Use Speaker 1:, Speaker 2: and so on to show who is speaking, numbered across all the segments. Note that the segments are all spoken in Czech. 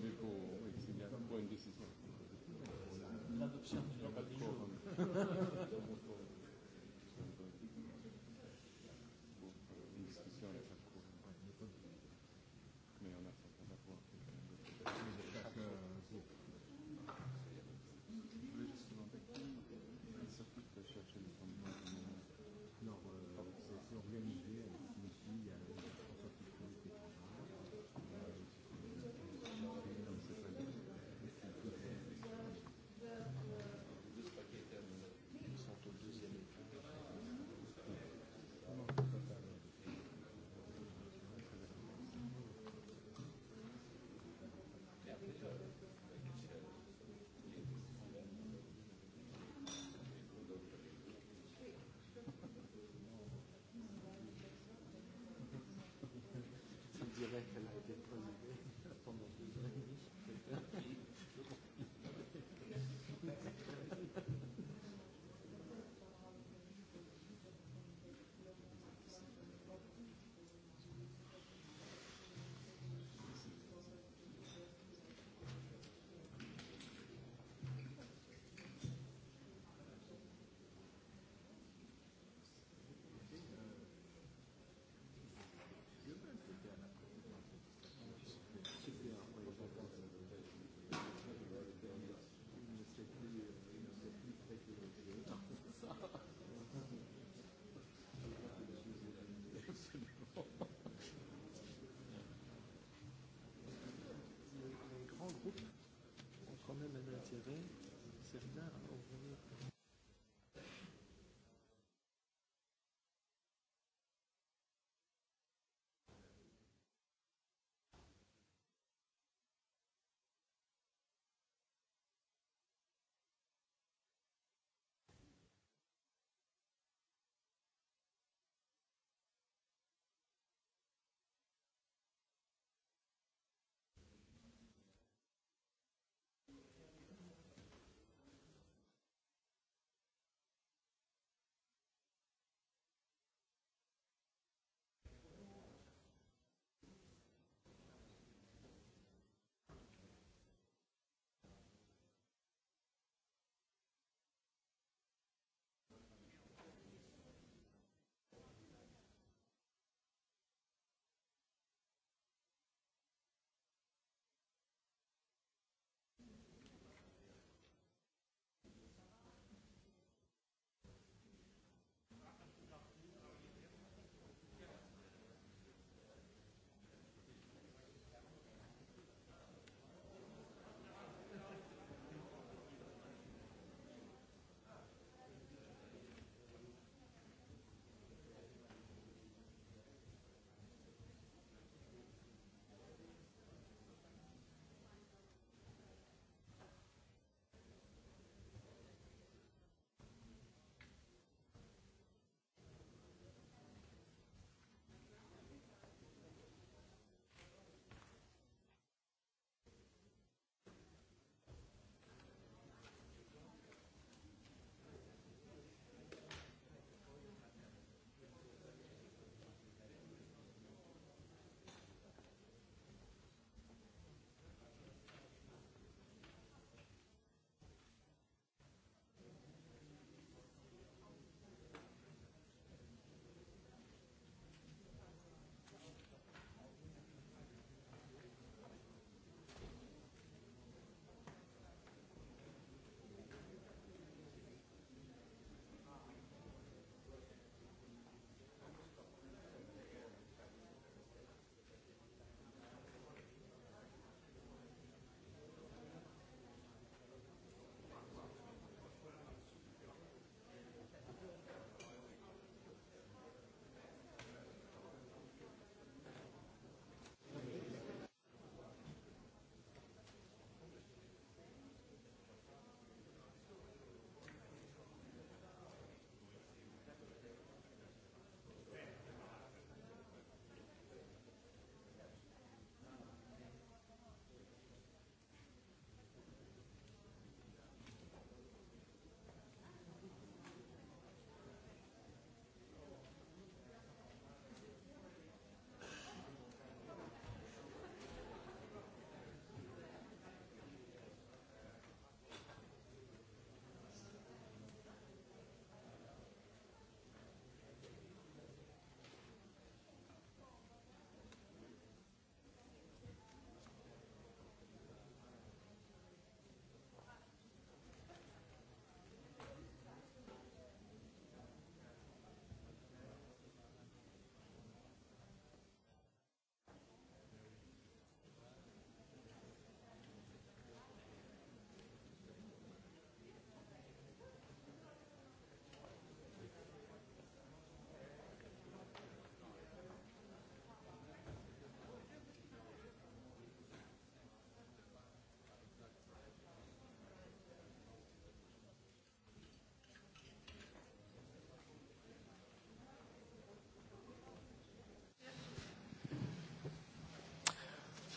Speaker 1: attendu pour. Oui, c'est bien pour une décision. L'adoption du. Pas de quorum. Thank you.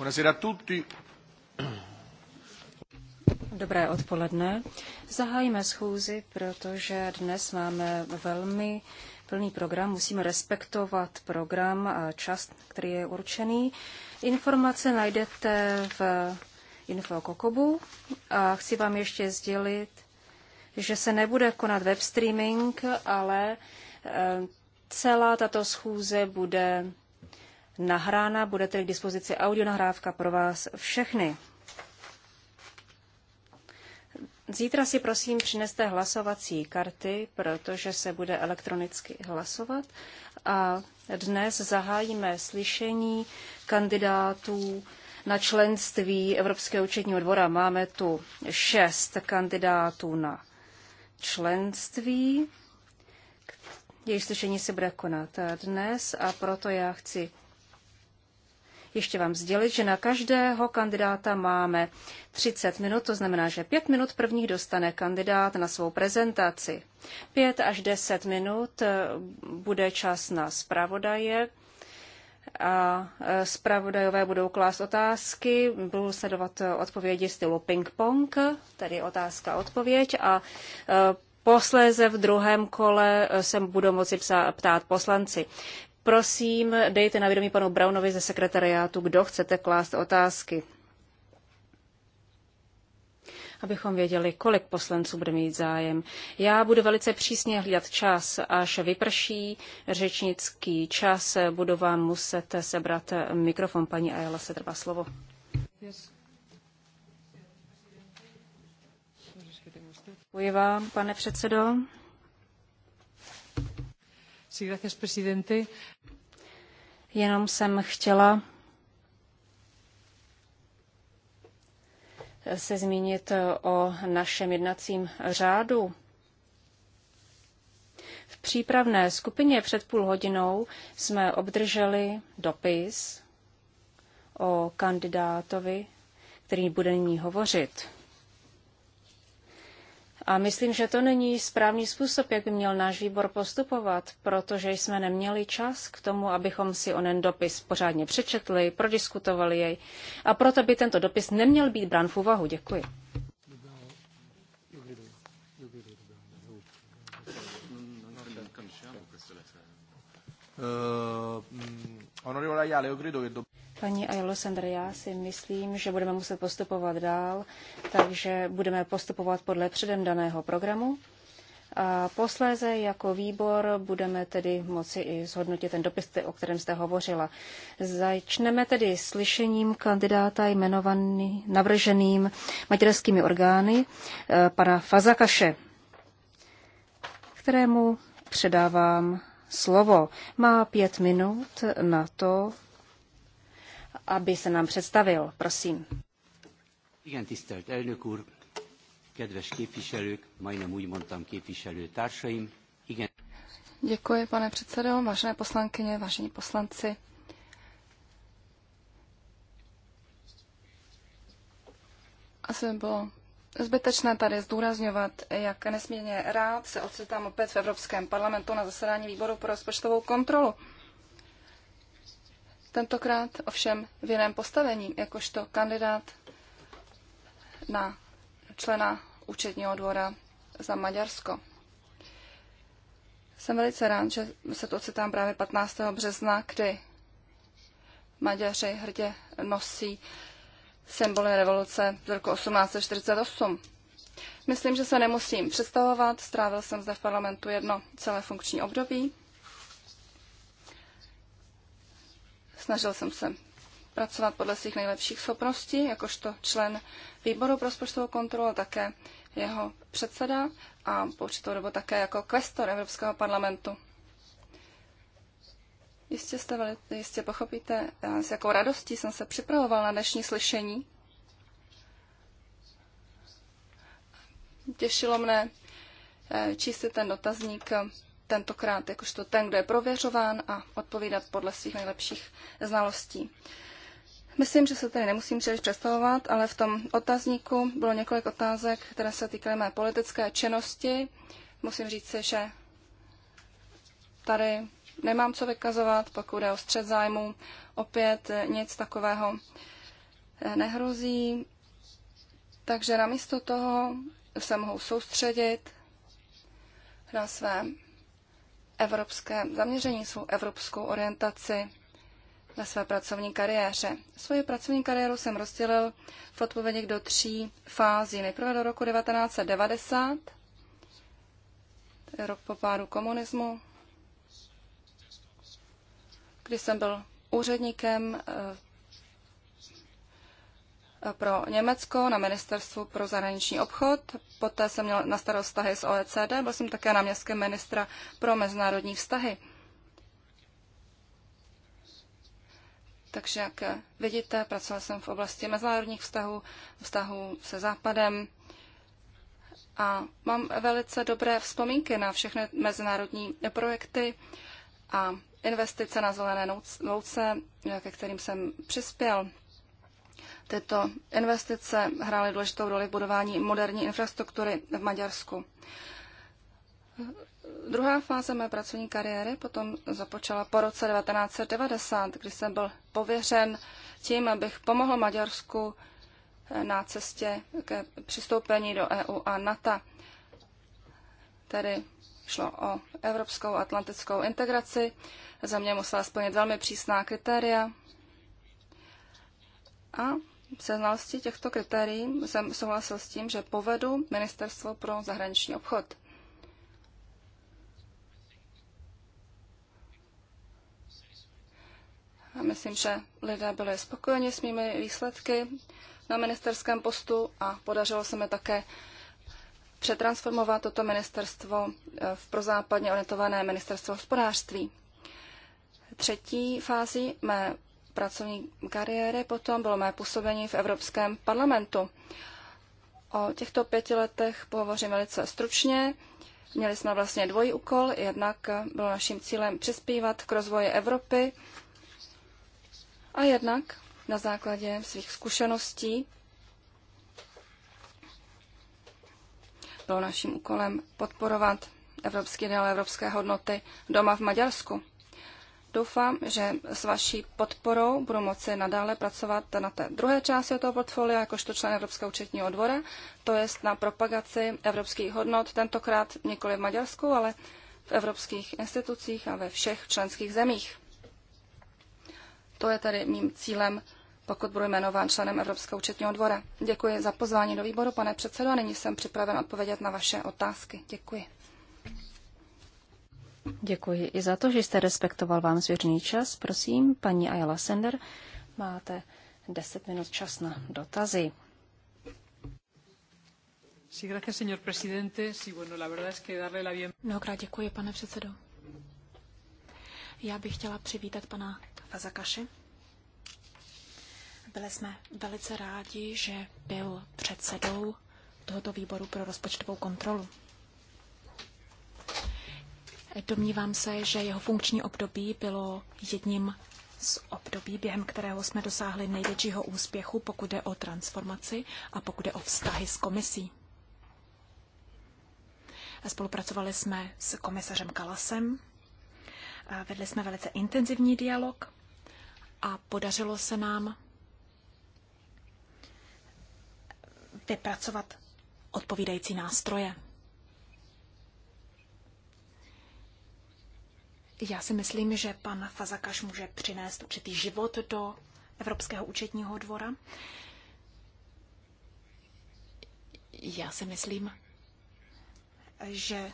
Speaker 1: Buonasera a tutti.
Speaker 2: Dobré odpoledne. Zahájíme schůzi, protože dnes máme velmi plný program. Musíme respektovat program a čas, který je určený. Informace najdete v Info Kokobu a chci vám ještě sdělit, že se nebude konat web streaming, ale eh, celá tato schůze bude nahrána, bude tedy k dispozici audionahrávka pro vás všechny. Zítra si prosím přineste hlasovací karty, protože se bude elektronicky hlasovat. A dnes zahájíme slyšení kandidátů na členství Evropského účetního dvora. Máme tu šest kandidátů na členství. Jejich slyšení se bude konat dnes a proto já chci ještě vám sdělit, že na každého kandidáta máme 30 minut, to znamená, že 5 minut prvních dostane kandidát na svou prezentaci. 5 až 10 minut eh, bude čas na zpravodaje a eh, zpravodajové budou klást otázky, budou sledovat eh, odpovědi stylu ping-pong, tedy otázka odpověď a Posléze v druhém kole se budou moci psa, ptát poslanci. Prosím, dejte na vědomí panu Brownovi ze sekretariátu, kdo chcete klást otázky. Abychom věděli, kolik poslanců bude mít zájem. Já budu velice přísně hlídat čas, až vyprší řečnický čas. Budu vám muset sebrat mikrofon. Paní Ayala, se trvá slovo. Děkuji vám, pane předsedo. Jenom jsem chtěla se zmínit o našem jednacím řádu. V přípravné skupině před půl hodinou jsme obdrželi dopis o kandidátovi, který bude nyní hovořit. A myslím, že to není správný způsob, jak by měl náš výbor postupovat, protože jsme neměli čas k tomu, abychom si onen dopis pořádně přečetli, prodiskutovali jej. A proto by tento dopis neměl být brán v úvahu. Děkuji. Uh, Paní Aylo Sandra, já si myslím, že budeme muset postupovat dál, takže budeme postupovat podle předem daného programu. A posléze jako výbor budeme tedy moci i zhodnotit ten dopis, o kterém jste hovořila. Začneme tedy slyšením kandidáta jmenovaný, navrženým maďarskými orgány, eh, pana Fazakaše, kterému předávám slovo. Má pět minut na to, aby se nám představil. Prosím.
Speaker 1: Igen, tisztelt elnök úr, kedves képviselők, majdnem úgy mondtam képviselő társaim. Igen.
Speaker 3: Děkuji, pane předsedo, vážené poslankyně, vážení poslanci. Asi by bylo zbytečné tady zdůrazňovat, jak nesmírně rád se ocitám opět v Evropském parlamentu na zasedání výboru pro rozpočtovou kontrolu. Tentokrát ovšem v jiném postavení, jakožto kandidát na člena účetního dvora za Maďarsko. Jsem velice rád, že se to ocitám právě 15. března, kdy Maďaři hrdě nosí symboly revoluce z roku 1848. Myslím, že se nemusím představovat, strávil jsem zde v parlamentu jedno celé funkční období Snažil jsem se pracovat podle svých nejlepších schopností, jakožto člen výboru pro rozpočtovou kontrolu, také jeho předseda a po určitou dobu také jako kvestor Evropského parlamentu. Jistě, jste, jistě pochopíte, s jakou radostí jsem se připravoval na dnešní slyšení. Těšilo mne eh, číst ten dotazník tentokrát jakožto ten, kdo je prověřován a odpovídat podle svých nejlepších znalostí. Myslím, že se tady nemusím příliš představovat, ale v tom otazníku bylo několik otázek, které se týkaly mé politické činnosti. Musím říct, že tady nemám co vykazovat, pokud jde o střed zájmu. Opět nic takového nehrozí. Takže namísto toho se mohou soustředit na své evropské zaměření, svou evropskou orientaci na své pracovní kariéře. Svoji pracovní kariéru jsem rozdělil v odpovědích do tří fází. Nejprve do roku 1990, rok po pádu komunismu, kdy jsem byl úředníkem eh, pro Německo na ministerstvu pro zahraniční obchod. Poté jsem měl na starost vztahy s OECD, byl jsem také náměstkem ministra pro mezinárodní vztahy. Takže jak vidíte, pracoval jsem v oblasti mezinárodních vztahů, vztahů se Západem a mám velice dobré vzpomínky na všechny mezinárodní projekty a investice na zelené louce, ke kterým jsem přispěl. Tyto investice hrály důležitou roli v budování moderní infrastruktury v Maďarsku. Druhá fáze mé pracovní kariéry potom započala po roce 1990, kdy jsem byl pověřen tím, abych pomohl Maďarsku na cestě ke přistoupení do EU a NATO. Tedy šlo o evropskou atlantickou integraci. Země musela splnit velmi přísná kritéria a se znalostí těchto kritérií jsem souhlasil s tím, že povedu Ministerstvo pro zahraniční obchod. A myslím, že lidé byli spokojeni s mými výsledky na ministerském postu a podařilo se mi také přetransformovat toto ministerstvo eh, v prozápadně orientované ministerstvo hospodářství. Třetí fází mé pracovní kariéry, potom bylo mé působení v Evropském parlamentu. O těchto pěti letech pohovořím velice stručně. Měli jsme vlastně dvojí úkol. Jednak bylo naším cílem přispívat k rozvoji Evropy a jednak na základě svých zkušeností bylo naším úkolem podporovat evropský dál evropské hodnoty doma v Maďarsku. Doufám, že s vaší podporou budu moci nadále pracovat na té druhé části toho portfolia, jakožto člen Evropského účetního dvora, to je na propagaci evropských hodnot, tentokrát nikoli v Maďarsku, ale v evropských institucích a ve všech členských zemích. To je tedy mým cílem, pokud budu jmenován členem Evropského účetního dvora. Děkuji za pozvání do výboru, pane předsedo, a nyní jsem připraven odpovědět na vaše otázky. Děkuji.
Speaker 2: Děkuji i za to, že jste respektoval vám svěřený čas. Prosím, paní Ayala Sender, máte 10 minut čas na dotazy.
Speaker 4: Mnohokrát děkuji, pane předsedo. Já bych chtěla přivítat pana Fazakaši. Byli jsme velice rádi, že byl předsedou tohoto výboru pro rozpočtovou kontrolu. Domnívám se, že jeho funkční období bylo jedním z období, během kterého jsme dosáhli největšího úspěchu, pokud jde o transformaci a pokud jde o vztahy s komisí. Spolupracovali jsme s komisařem Kalasem, vedli jsme velice intenzivní dialog a podařilo se nám vypracovat odpovídající nástroje. Já si myslím, že pan Fazakaš může přinést určitý život do Evropského účetního dvora. Já si myslím, že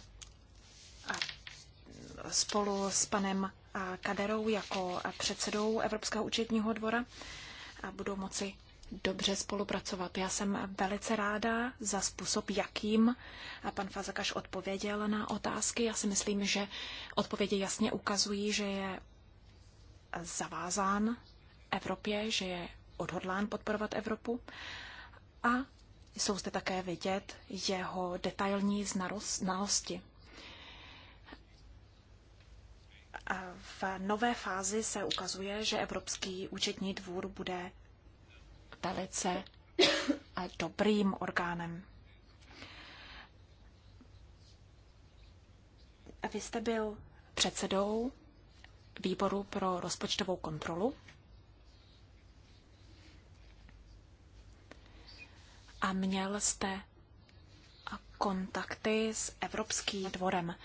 Speaker 4: spolu s panem Kaderou jako předsedou Evropského účetního dvora budou moci dobře spolupracovat. Já jsem velice ráda za způsob, jakým pan Fazakaš odpověděl na otázky. Já si myslím, že odpovědi jasně ukazují, že je zavázán Evropě, že je odhodlán podporovat Evropu a jsou zde také vidět jeho detailní znalosti. V nové fázi se ukazuje, že Evropský účetní dvůr bude velice eh, dobrým orgánem. Vy jste byl předsedou výboru pro rozpočtovou kontrolu. A měl jste kontakty s Evropským dvorem.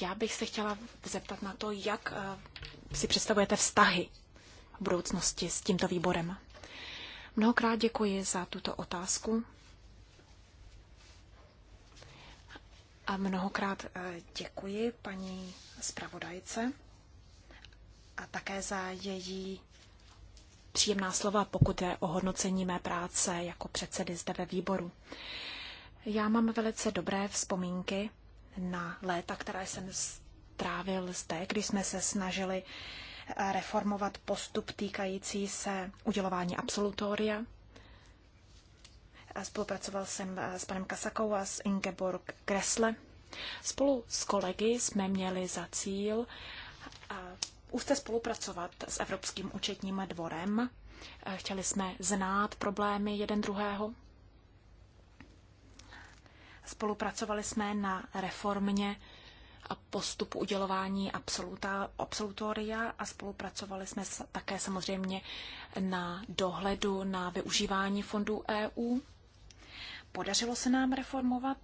Speaker 4: Já bych se chtěla zeptat na to, jak eh, si představujete vztahy v budoucnosti s tímto výborem. Mnohokrát děkuji za tuto otázku. A mnohokrát eh, děkuji paní zpravodajce a také za její příjemná slova, pokud je o hodnocení mé práce jako předsedy zde ve výboru. Já mám velice dobré vzpomínky na léta, které jsem strávil zde, když jsme se snažili reformovat postup týkající se udělování absolutoria. Spolupracoval jsem eh, s panem Kasakou a s Ingeborg Kresle. Spolu s kolegy jsme měli za cíl úzce spolupracovat s Evropským účetním dvorem. Eh, chtěli jsme znát problémy jeden druhého. Spolupracovali jsme na reformě postupu udělování absoluta, absolutoria a spolupracovali jsme také samozřejmě na dohledu na využívání fondů EU. Podařilo se nám reformovat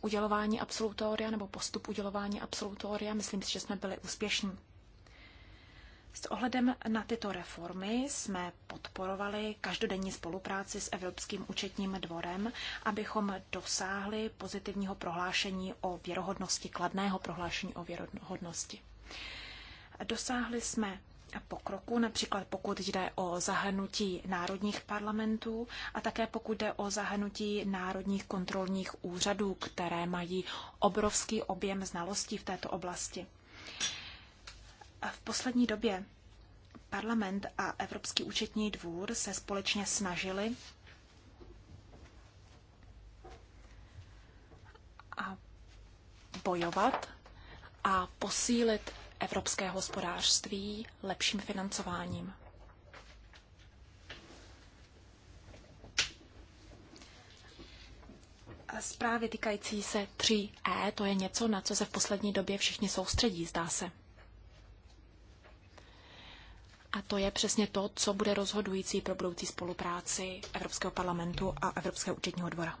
Speaker 4: udělování absolutoria nebo postup udělování absolutoria. Myslím si, že jsme byli úspěšní. S ohledem na tyto reformy jsme podporovali každodenní spolupráci s Evropským účetním dvorem, abychom dosáhli pozitivního prohlášení o věrohodnosti, kladného prohlášení o věrohodnosti. Dosáhli jsme pokroku, například pokud jde o zahrnutí národních parlamentů a také pokud jde o zahrnutí národních kontrolních úřadů, které mají obrovský objem znalostí v této oblasti. V poslední době parlament a Evropský účetní dvůr se společně snažili a bojovat a posílit evropské hospodářství lepším financováním. Zprávy týkající se 3E, to je něco, na co se v poslední době všichni soustředí, zdá se. A to je přesně to, co bude rozhodující pro budoucí spolupráci Evropského parlamentu a Evropského účetního dvora.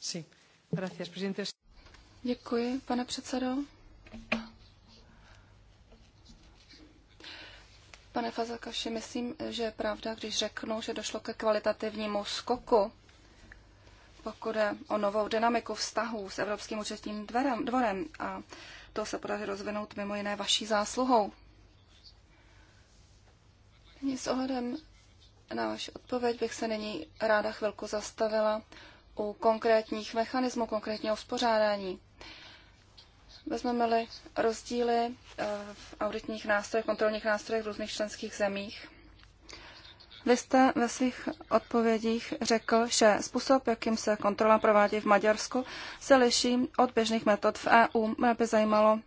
Speaker 1: Sí. Gracias, presidente.
Speaker 3: Děkuji, pane předsedo. Pane Fazakaši, myslím, že je pravda, když řeknu, že došlo ke kvalitativnímu skoku, pokud je o novou dynamiku vztahů s Evropským účetním dvorem a to se podaří rozvinout mimo jiné vaší zásluhou. Nyní s ohledem na vaši odpověď bych se nyní ráda chvilku zastavila u konkrétních mechanismů, konkrétního uspořádání. Vezmeme-li rozdíly eh, v auditních nástrojích, kontrolních nástrojích v různých členských zemích, vy jste ve svých odpovědích řekl, že způsob, jakým se kontrola provádí v Maďarsku, se liší od běžných metod v EU. Mě by, zajímalo,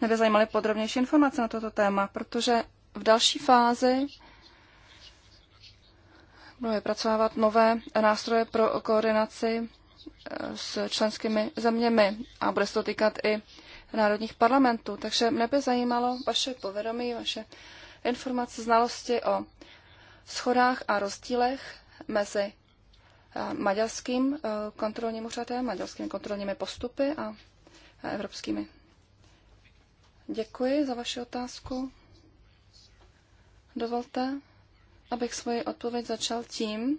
Speaker 3: mě by zajímaly podrobnější informace na toto téma, protože v další fázi budeme vypracovávat nové nástroje pro koordinaci e, s členskými zeměmi a bude se to týkat i národních parlamentů. Takže mě by zajímalo vaše povědomí, vaše informace, znalosti o schodách a rozdílech mezi eh, maďarským eh, kontrolním úřadem, maďarskými kontrolními postupy a eh, evropskými. Děkuji za vaši otázku. Dovolte, abych svoji odpověď začal tím,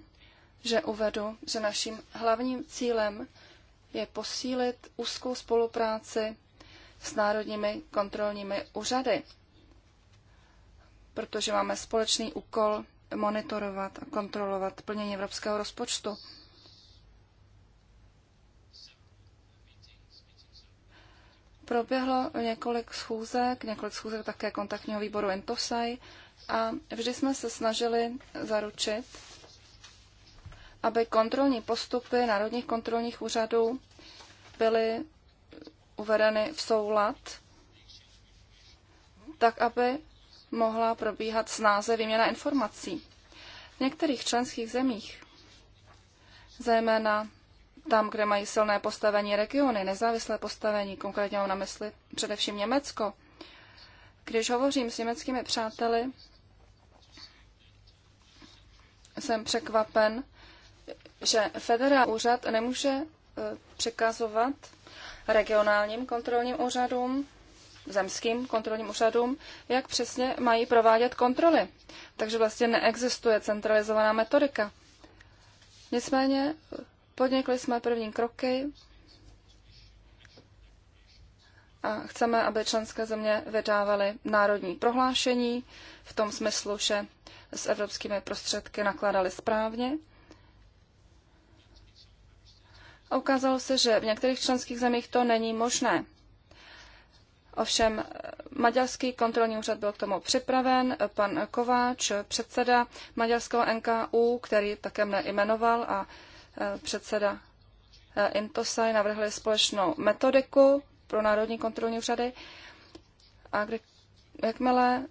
Speaker 3: že uvedu, že naším hlavním cílem je posílit úzkou spolupráci s národními kontrolními úřady, protože máme společný úkol monitorovat a kontrolovat plnění evropského rozpočtu. Proběhlo několik schůzek, několik schůzek také kontaktního výboru Entosai a vždy jsme se snažili zaručit, aby kontrolní postupy národních kontrolních úřadů byly uvedeny v soulad, tak aby mohla probíhat snáze výměna informací. V některých členských zemích, zejména tam, kde mají silné postavení regiony, nezávislé postavení, konkrétně mám na mysli především Německo, když hovořím s německými přáteli, jsem překvapen, že federální úřad nemůže eh, překazovat regionálním kontrolním úřadům zemským kontrolním úřadům, jak přesně mají provádět kontroly. Takže vlastně neexistuje centralizovaná metodika. Nicméně podnikli jsme první kroky a chceme, aby členské země vydávaly národní prohlášení v tom smyslu, že s evropskými prostředky nakládali správně. A ukázalo se, že v některých členských zemích to není možné. Ovšem eh, maďarský kontrolní úřad byl k tomu připraven. Eh, Pan Kováč, eh, předseda maďarského NKU, který také mne jmenoval a předseda Intosaj navrhli společnou metodiku pro národní kontrolní úřady. A kdy, jakmile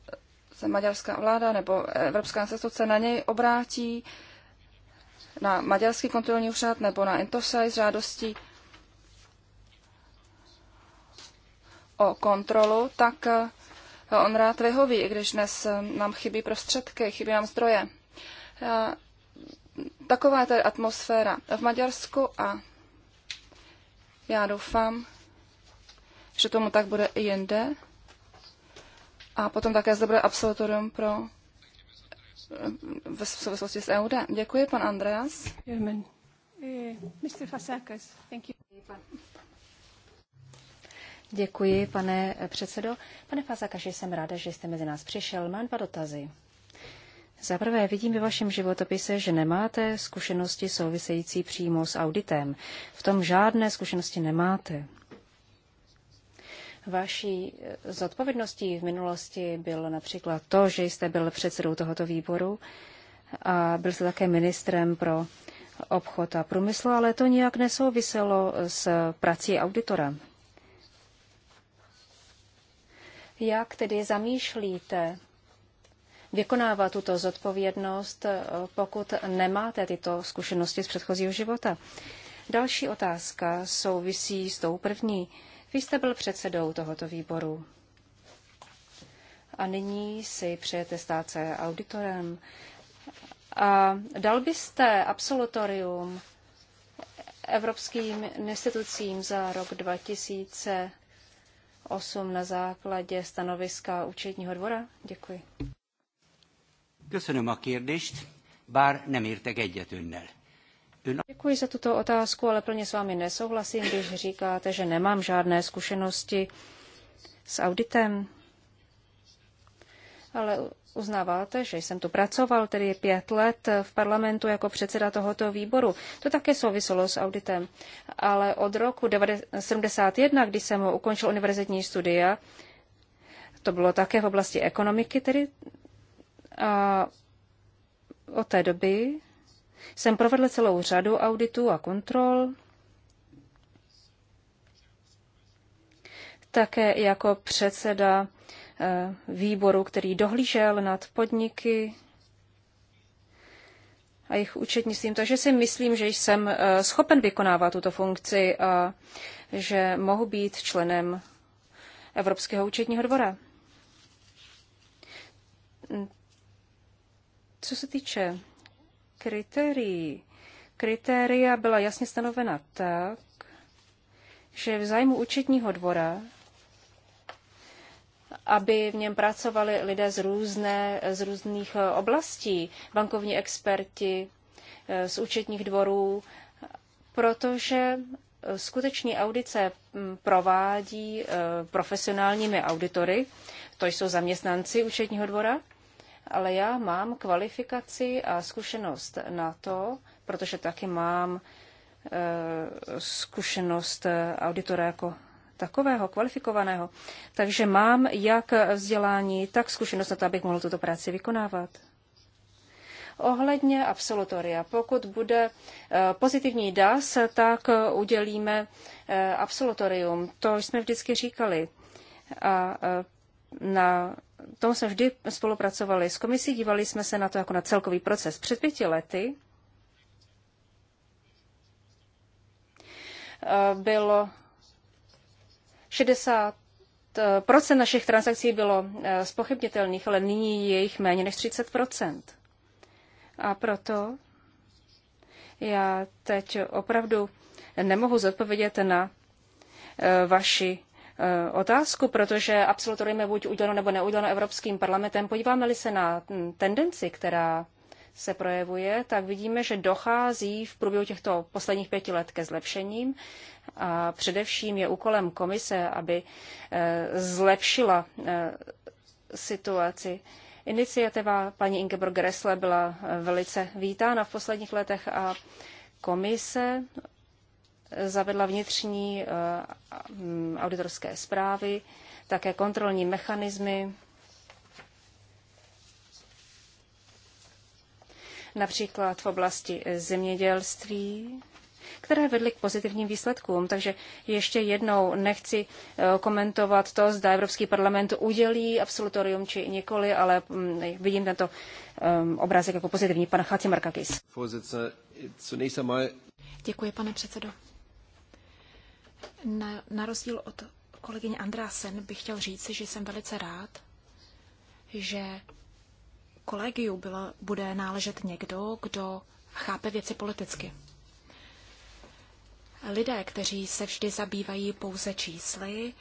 Speaker 3: se maďarská vláda nebo Evropská instituce na něj obrátí, na maďarský kontrolní úřad nebo na Intosaj s žádostí o kontrolu, tak eh, on rád vyhoví, i když dnes eh, nám chybí prostředky, chybí nám zdroje. Eh, taková je tady atmosféra v Maďarsku a já doufám, že tomu tak bude i jinde. A potom také zde bude absolutorium pro v souvislosti s EUD. Děkuji, pan Andreas.
Speaker 2: German. Mr. Fasakas, thank you. Děkuji, pane eh, předsedo. Pane Fazakaši, jsem ráda, že jste mezi nás přišel. Mám dva dotazy. Za prvé, vidím ve vašem životopise, že nemáte zkušenosti související přímo s auditem. V tom žádné zkušenosti nemáte. Vaší eh, zodpovědností v minulosti bylo například to, že jste byl předsedou tohoto výboru a byl jste také ministrem pro obchod a průmysl, ale to nijak nesouviselo s prací auditora. Jak tedy zamýšlíte vykonávat tuto zodpovědnost, eh, pokud nemáte tyto zkušenosti z předchozího života? Další otázka souvisí s tou první. Vy jste byl předsedou tohoto výboru. A nyní si přejete stát se auditorem. A dal byste absolutorium evropským institucím za rok 2000 8 na základě stanoviska účetního dvora? Děkuji.
Speaker 1: Köszönöm a kérdést, bár nem értek egyet önnel.
Speaker 2: Děkuji za tuto otázku, ale plně s vámi nesouhlasím, když říkáte, že nemám žádné zkušenosti s auditem. Ale Uznáváte, že jsem tu pracoval tedy pět let v parlamentu jako předseda tohoto výboru. To také souviselo s auditem. Ale od roku 1971, kdy jsem ukončil univerzitní studia, to bylo také v oblasti ekonomiky, tedy a od té doby jsem provedl celou řadu auditů a kontrol, také jako předseda Eh, výboru, který dohlížel nad podniky a jejich účetnictvím. Takže si myslím, že jsem eh, schopen vykonávat tuto funkci a že mohu být členem Evropského účetního dvora. Co se týče kritérií, kritéria byla jasně stanovena tak, že v zájmu účetního dvora aby v něm pracovali lidé z, různé, z různých eh, oblastí, bankovní experti, eh, z účetních dvorů, protože eh, skuteční audice hm, provádí profesionálními auditory, to jsou zaměstnanci účetního dvora, ale já mám kvalifikaci a zkušenost na to, protože taky mám zkušenost auditora jako takového kvalifikovaného. Takže mám jak vzdělání, tak zkušenost na to, abych mohl tuto práci vykonávat. Ohledně absolutoria. Pokud bude eh, pozitivní DAS, tak eh, udělíme eh, absolutorium. To jsme vždycky říkali. A na tom jsme vždy spolupracovali s komisí, dívali jsme se na to jako na celkový proces. Před pěti lety bylo 60 eh, procent našich transakcí bylo eh, spochybnitelných, ale nyní je jich méně než 30 A proto já teď opravdu nemohu zodpovědět na eh, vaši otázku, protože absolutorium je buď uděleno nebo neuděleno Evropským parlamentem. Podíváme-li se na mm, tendenci, která se projevuje, tak vidíme, že dochází v průběhu těchto posledních pěti let ke zlepšením. A především je úkolem komise, aby eh, zlepšila eh, situaci. Iniciativa paní Ingeborg Gressle byla eh, velice vítána v posledních letech a komise zavedla vnitřní auditorské zprávy, také kontrolní mechanismy například v oblasti zemědělství, které vedly k pozitivním výsledkům. Takže ještě jednou nechci eh, komentovat to, zda Evropský parlament udělí absolutorium či nikoli, ale mm, vidím tento ehm, obrázek jako pozitivní. Pan Chaci Markakis.
Speaker 4: Děkuji, pane předsedo. Na, na rozdíl od kolegyně Andrásen bych chtěl říct, že jsem velice rád, že kolegiu bylo, bude náležet někdo, kdo chápe věci politicky. Lidé, kteří se vždy zabývají pouze čísly,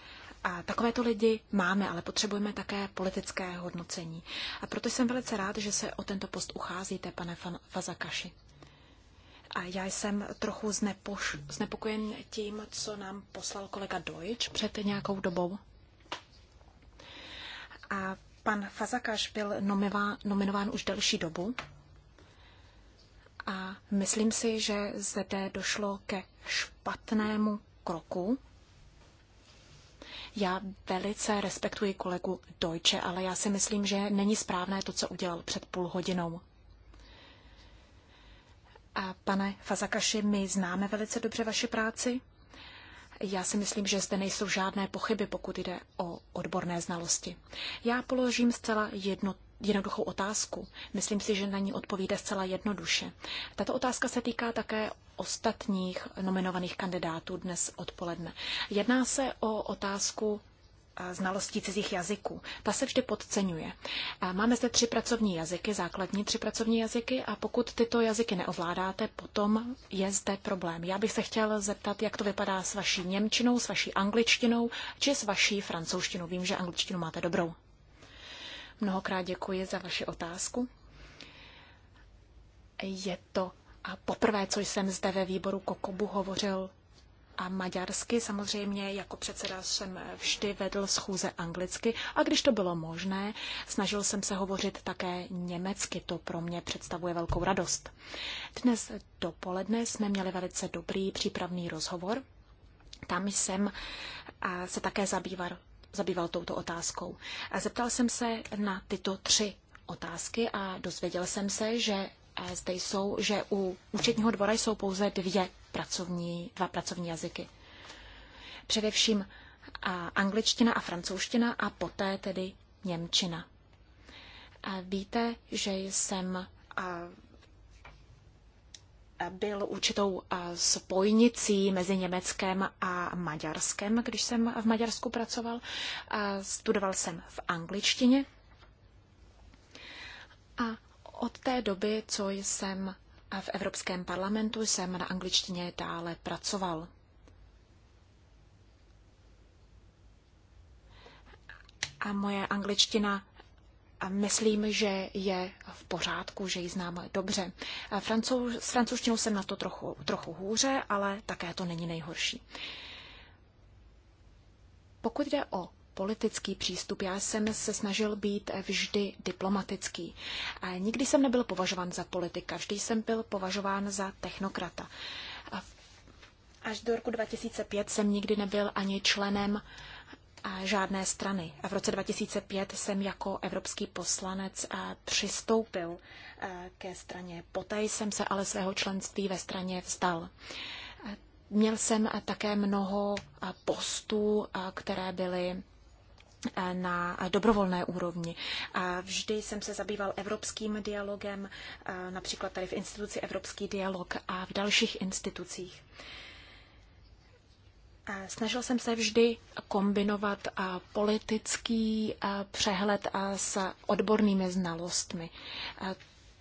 Speaker 4: a takovéto lidi máme, ale potřebujeme také politické hodnocení. A proto jsem velice rád, že se o tento post ucházíte, pane Fazakaši. A já jsem trochu znepoš, znepokojen tím, co nám poslal kolega Dojč před nějakou dobou. A Pan Fazakáš byl nominován, nominován už delší dobu a myslím si, že zde došlo ke špatnému kroku. Já velice respektuji kolegu Deutsche, ale já si myslím, že není správné to, co udělal před půl hodinou. A pane Fazakaši, my známe velice dobře vaši práci. Já si myslím, že zde nejsou žádné pochyby, pokud jde o odborné znalosti. Já položím zcela jedno, jednoduchou otázku. Myslím si, že na ní odpovíde zcela jednoduše. Tato otázka se týká také ostatních nominovaných kandidátů dnes odpoledne. Jedná se o otázku znalostí cizích jazyků. Ta se vždy podceňuje. Máme zde tři pracovní jazyky, základní tři pracovní jazyky a pokud tyto jazyky neovládáte, potom je zde problém. Já bych se chtěl zeptat, jak to vypadá s vaší němčinou, s vaší angličtinou či s vaší francouzštinou. Vím, že angličtinu máte dobrou. Mnohokrát děkuji za vaši otázku. Je to a poprvé, co jsem zde ve výboru Kokobu hovořil a maďarsky. Samozřejmě jako předseda jsem vždy vedl schůze anglicky a když to bylo možné, snažil jsem se hovořit také německy. To pro mě představuje velkou radost. Dnes dopoledne jsme měli velice dobrý přípravný rozhovor. Tam jsem se také zabýval, zabýval touto otázkou. Zeptal jsem se na tyto tři otázky a dozvěděl jsem se, že e, zde jsou, že u účetního dvora jsou pouze dvě pracovní, dva pracovní jazyky. Především a angličtina a francouzština a poté tedy němčina. A víte, že jsem a, byl určitou spojnicí mezi Německém a Maďarskem, když jsem v Maďarsku pracoval. Studoval jsem v angličtině. A od té doby, co jsem v Evropském parlamentu jsem na angličtině dále pracoval. A moje angličtina myslím, že je v pořádku, že ji znám dobře. Francouz s francouzštinou jsem na to trochu, trochu hůře, ale také to není nejhorší. Pokud jde o politický přístup. Já jsem se snažil být vždy diplomatický. A nikdy jsem nebyl považován za politika, vždy jsem byl považován za technokrata. A až do roku 2005 jsem nikdy nebyl ani členem žádné strany. A v roce 2005 jsem jako evropský poslanec přistoupil ke straně. Poté jsem se ale svého členství ve straně vzdal. Měl jsem také mnoho postů, které byly Eh, na dobrovolné úrovni. Vždy jsem se zabýval evropským dialogem, eh, například tady v instituci Evropský dialog a v dalších institucích. Snažil jsem se vždy kombinovat eh, politický přehled s odbornými znalostmi.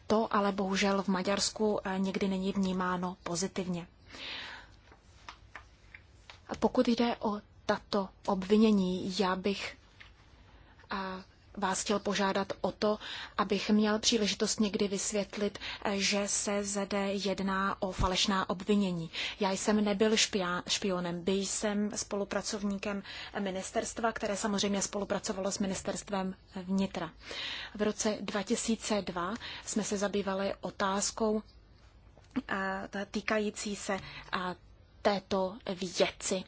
Speaker 4: To ale bohužel v Maďarsku někdy není vnímáno pozitivně. Pokud jde o tato obvinění, já bych vás chtěl požádat o to, abych měl příležitost někdy vysvětlit, eh, že se zde jedná o falešná obvinění. Já jsem nebyl špionem, byl jsem spolupracovníkem ministerstva, které samozřejmě spolupracovalo s ministerstvem vnitra. V roce 2002 jsme se zabývali otázkou eh, týkající se eh, této věci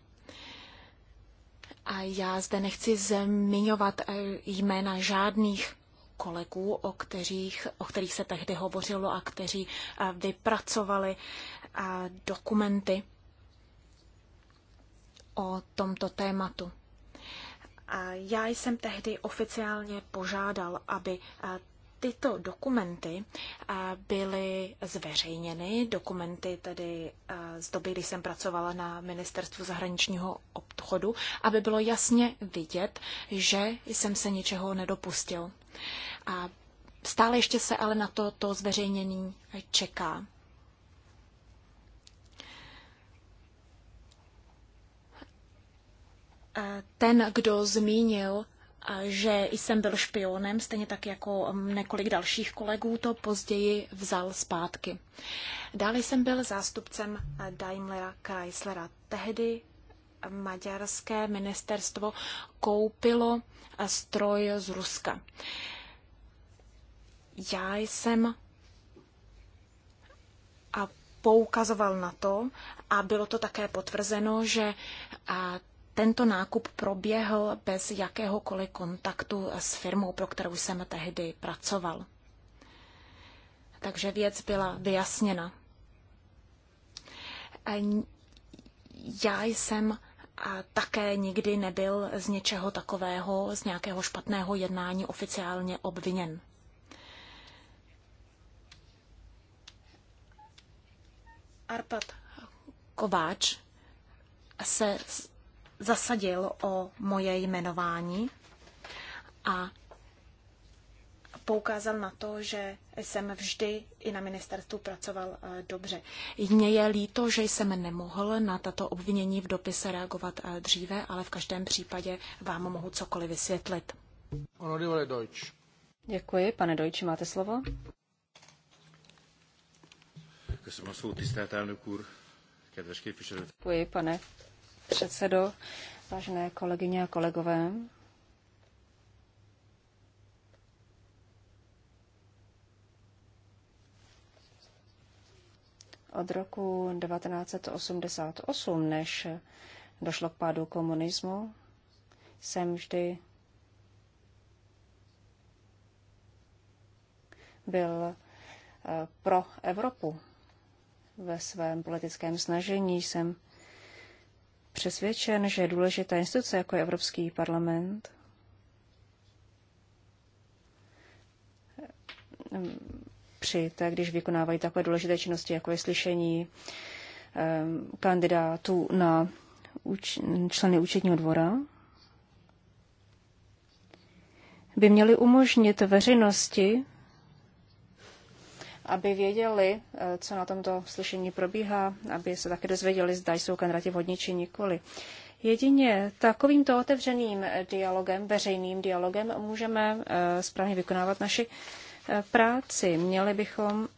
Speaker 4: a já zde nechci zmiňovat eh, jména žádných kolegů, o kterých, o kterých se tehdy hovořilo a kteří eh, vypracovali eh, dokumenty o tomto tématu. Já jsem tehdy oficiálně požádal, aby tyto dokumenty eh, byly zveřejněny, dokumenty tedy eh, z doby, kdy jsem pracovala na Ministerstvu zahraničního obchodu, aby bylo jasně vidět, že jsem se ničeho nedopustil. A stále ještě se ale na to, to zveřejnění čeká. Eh, ten, kdo zmínil že jsem byl špionem, stejně tak jako mm, několik dalších kolegů to později vzal zpátky. Dále jsem byl zástupcem Daimlera Chryslera. Tehdy maďarské ministerstvo koupilo eh, stroj z Ruska. Já jsem a eh, poukazoval na to, a bylo to také potvrzeno, že eh, tento nákup proběhl bez jakéhokoliv kontaktu s firmou, pro kterou jsem tehdy pracoval. Takže věc byla vyjasněna. Ehm, já jsem a také nikdy nebyl z něčeho takového, z nějakého špatného jednání oficiálně obviněn. Arpad Kováč se zasadil o moje jmenování a poukázal na to, že jsem vždy i na ministerstvu pracoval eh, dobře. Mně je líto, že jsem nemohl na tato obvinění v dopise reagovat eh, dříve, ale v každém případě vám mohu cokoliv vysvětlit.
Speaker 2: Děkuji. Pane Dojči, máte slovo. Děkuji, pane předsedo, vážené kolegyně a kolegové. Od roku 1988, než došlo k pádu komunismu, jsem vždy byl eh, pro Evropu. Ve svém politickém snažení jsem přesvědčen, že důležité instituce, jako je Evropský parlament, při té, když vykonávají takové důležité činnosti, jako je slyšení kandidátů na členy účetního dvora, by měly umožnit veřejnosti aby věděli, eh, co na tomto slyšení probíhá, aby se také dozvěděli, zda jsou kandidáti vhodní či nikoli. Jedině takovýmto otevřeným dialogem, veřejným dialogem, můžeme eh, správně vykonávat naši eh, práci. Měli bychom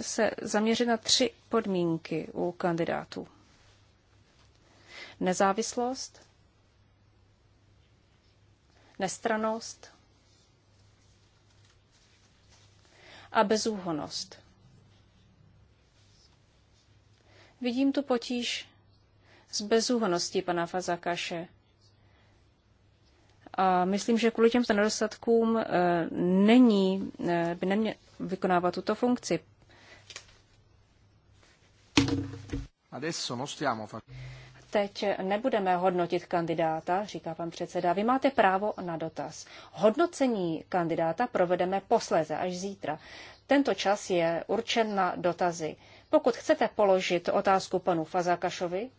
Speaker 2: se zaměřit na tři podmínky u kandidátů. Nezávislost, nestranost a bezúhonost. Vidím tu potíž z bezúhonosti pana Fazakaše. A myslím, že kvůli těmto nedostatkům e, není, e, by neměl vykonávat tuto funkci.
Speaker 1: Adesso non stiamo facendo.
Speaker 2: Teď nebudeme hodnotit kandidáta, říká pan předseda. Vy máte právo na dotaz. Hodnocení kandidáta provedeme posléze až zítra. Tento čas je určen na dotazy. Pokud chcete položit otázku panu Fazakašovi,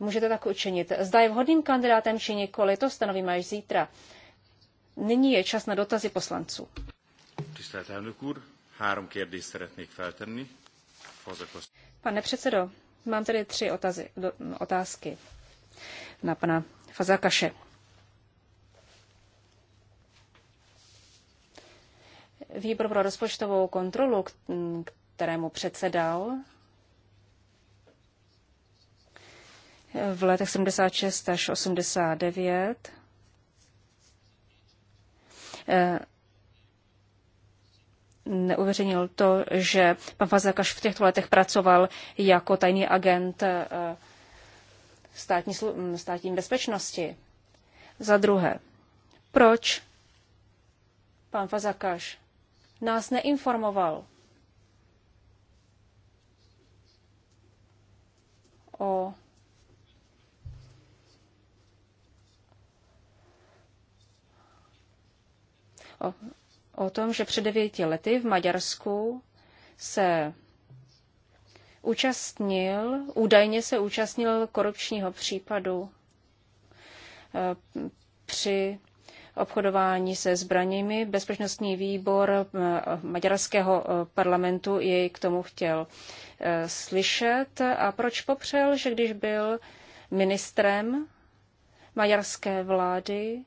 Speaker 2: můžete tak učinit. Zda je vhodným kandidátem či nikoli, to stanovíme až zítra. Nyní je čas na dotazy poslanců. Pane předsedo, Mám tedy tři otazy, do, otázky na pana Fazakaše. Výbor pro rozpočtovou kontrolu, kterému předsedal, v letech 76 až 89 neuvěřenil to, že pan Fazakaš v těchto letech pracoval jako tajný agent eh, státní, mm, státní bezpečnosti. Za druhé, proč pan Fazakaš nás neinformoval o o o tom, že před devěti lety v Maďarsku se účastnil, údajně se účastnil korupčního případu eh, při obchodování se zbraněmi. Bezpečnostní výbor eh, maďarského eh, parlamentu jej k tomu chtěl slyšet. A proč popřel, že když byl ministrem maďarské vlády,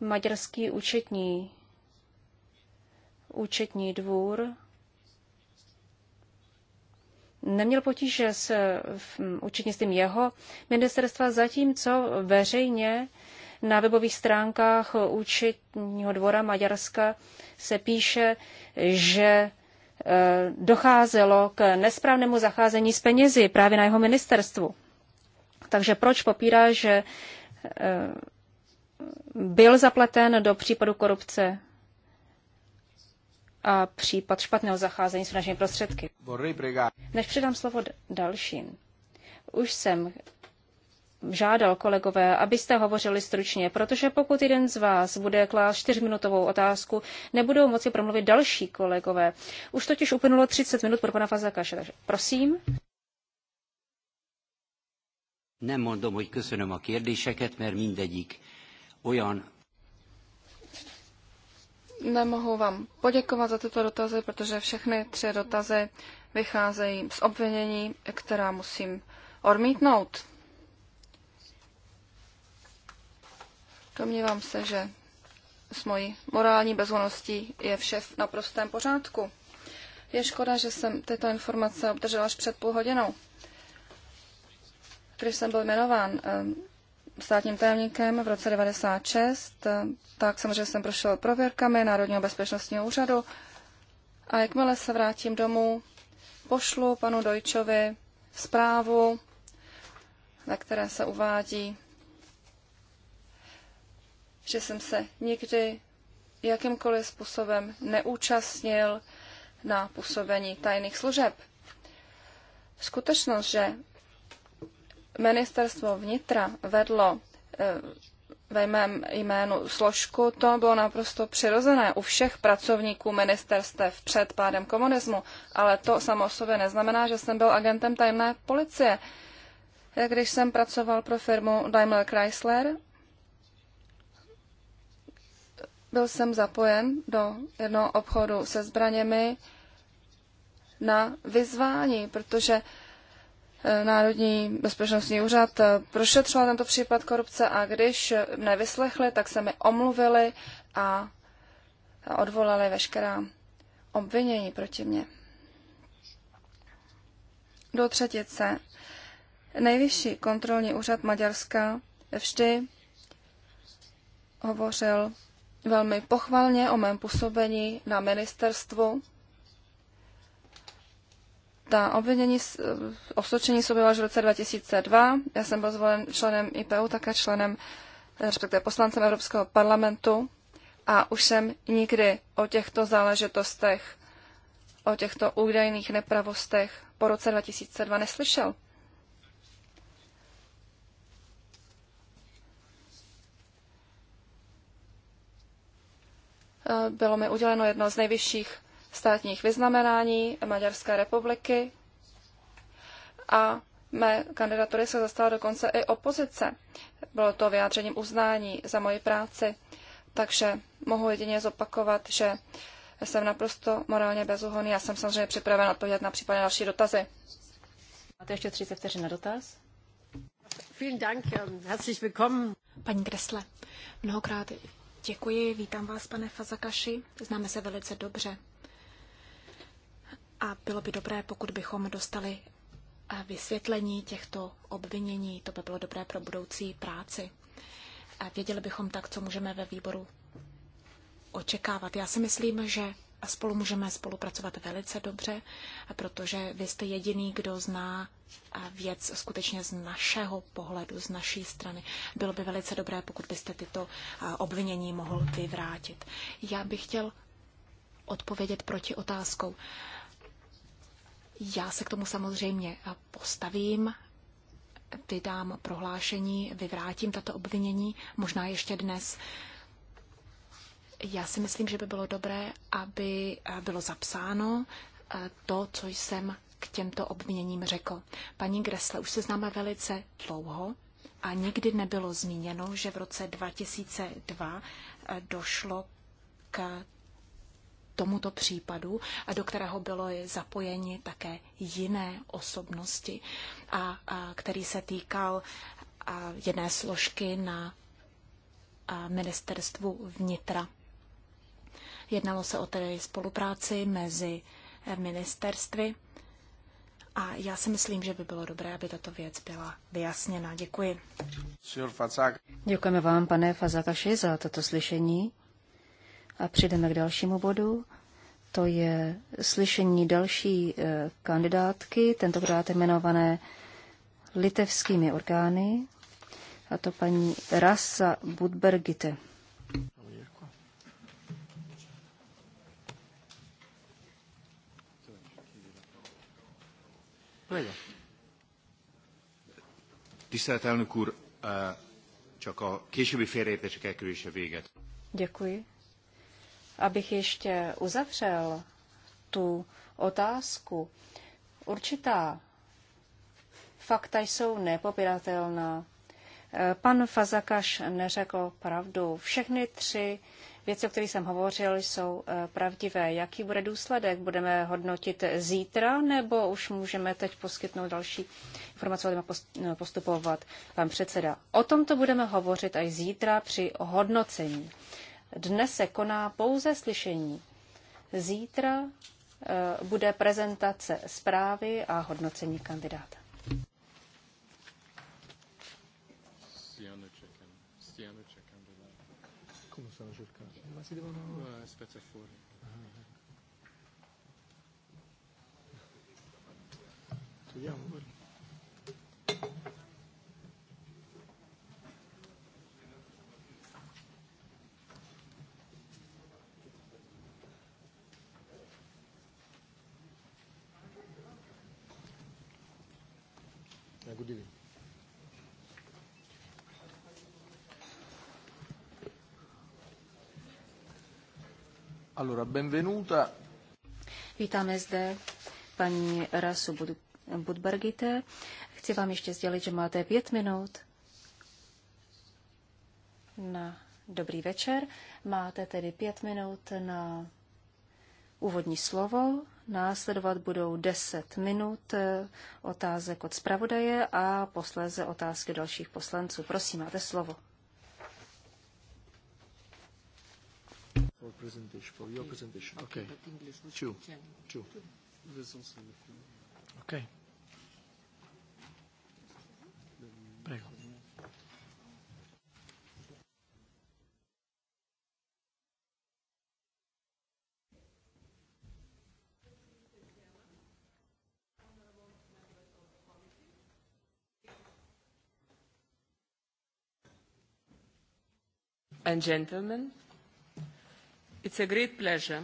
Speaker 2: maďarský účetní, účetní dvůr neměl potíže s účetnictvím jeho ministerstva, zatímco veřejně na webových stránkách účetního dvora Maďarska se píše, že e, docházelo k nesprávnému zacházení s penězi právě na jeho ministerstvu. Takže proč popírá, že e, byl zapleten do případu korupce a případ špatného zacházení s našimi prostředky. Než předám slovo dalším, už jsem žádal kolegové, abyste hovořili stručně, protože pokud jeden z vás bude klást čtyřminutovou otázku, nebudou moci promluvit další kolegové. Už totiž uplynulo 30 minut pro pana Fazakaše, takže prosím.
Speaker 1: Nemondom, hogy köszönöm a kérdéseket, mert mindegyik olyan
Speaker 3: nemohu vám poděkovat za tyto dotazy, protože všechny tři dotazy vycházejí z obvinění, která musím odmítnout. Domnívám se, že s mojí morální bezvoností je vše v naprostém pořádku. Je škoda, že jsem tyto informace obdržela až před půl hodinou. Když jsem byl jmenován státním tajemníkem v roce 96, tak samozřejmě jsem prošel prověrkami Národního bezpečnostního úřadu a jakmile se vrátím domů, pošlu panu Dojčovi zprávu, na které se uvádí, že jsem se nikdy jakýmkoliv způsobem neúčastnil na působení tajných služeb. Skutečnost, že ministerstvo vnitra vedlo eh, ve mém jménu složku, to bylo naprosto přirozené u všech pracovníků ministerstev před pádem komunismu, ale to samo o sobě neznamená, že jsem byl agentem tajné policie. Když jsem pracoval pro firmu Daimler Chrysler, byl jsem zapojen do jednoho obchodu se zbraněmi na vyzvání, protože Eh, Národní bezpečnostní úřad eh, prošetřoval tento případ korupce a když mne vyslechli, tak se mi omluvili a odvolali veškerá obvinění proti mně. Do třetice. Nejvyšší kontrolní úřad Maďarska vždy hovořil velmi pochvalně o mém působení na ministerstvu ta obvinění, eh, osočení jsou byla už v roce 2002. Já jsem byl zvolen členem IPU, také členem, eh, respektive poslancem Evropského parlamentu a už jsem nikdy o těchto záležitostech, o těchto údajných nepravostech po roce 2002 neslyšel. Eh, bylo mi uděleno jedno z nejvyšších státních vyznamenání Maďarské republiky a mé kandidatury se zastala dokonce i opozice. Bylo to vyjádřením uznání za moji práci, takže mohu jedině zopakovat, že jsem naprosto morálně bezuhonný a jsem samozřejmě připraven odpovědět
Speaker 2: na případně další dotazy. Máte ještě 30 vteřin na dotaz?
Speaker 4: Vielen Dank, herzlich willkommen. Paní Kresle, mnohokrát děkuji, vítám vás, pane Fazakaši, známe se velice dobře. A bylo by dobré, pokud bychom dostali eh, vysvětlení těchto obvinění. To by bylo dobré pro budoucí práci. A věděli bychom tak, co můžeme ve výboru očekávat. Já si myslím, že spolu můžeme spolupracovat velice dobře, protože vy jste jediný, kdo zná eh, věc skutečně z našeho pohledu, z naší strany. Bylo by velice dobré, pokud byste tyto eh, obvinění mohl vyvrátit. Já bych chtěl odpovědět proti otázkou. Já se k tomu samozřejmě eh, postavím, vydám prohlášení, vyvrátím tato obvinění, možná ještě dnes. Já si myslím, že by bylo dobré, aby eh, bylo zapsáno eh, to, co jsem k těmto obviněním řekl. Paní Gresle už se známe velice dlouho a nikdy nebylo zmíněno, že v roce 2002 došlo k tomuto případu, a do kterého bylo zapojeni také jiné osobnosti, a, a který se týkal a, jedné složky na a, ministerstvu vnitra. Jednalo se o tedy spolupráci mezi ministerstvy a já si myslím, že by bylo dobré, aby tato věc byla vyjasněna. Děkuji.
Speaker 2: Děkujeme vám, pane Fazakaši, za toto slyšení. A přijdeme k dalšímu bodu. To je slyšení další eh, kandidátky, tentokrát jmenované litevskými orgány, a to paní Rasa Budbergite. Eh, Děkuji. Abych ještě uzavřel tu otázku, určitá fakta jsou nepopiratelná. Eh, pan Fazakaš neřekl pravdu. Všechny tři věci, o kterých jsem hovořil, jsou eh, pravdivé. Jaký bude důsledek? Budeme hodnotit zítra, nebo už můžeme teď poskytnout další informace, budeme eh, postupovat? Pan předseda, o tomto budeme hovořit až zítra při hodnocení. Dnes se koná pouze slyšení. Zítra eh, bude prezentace zprávy a hodnocení kandidáta.
Speaker 1: Yeah, sono Good Allora, benvenuta.
Speaker 2: Vítáme zde paní Rasu Bud- Budbergite. Chci vám ještě sdělit, že máte pět minut na dobrý večer. Máte tedy pět minut na úvodní slovo Následovat budou 10 minut eh, otázek od zpravodaje a posléze otázky dalších poslanců. Prosím, máte slovo.
Speaker 1: For Okay. Okay. Prego. and gentlemen, it's a great pleasure.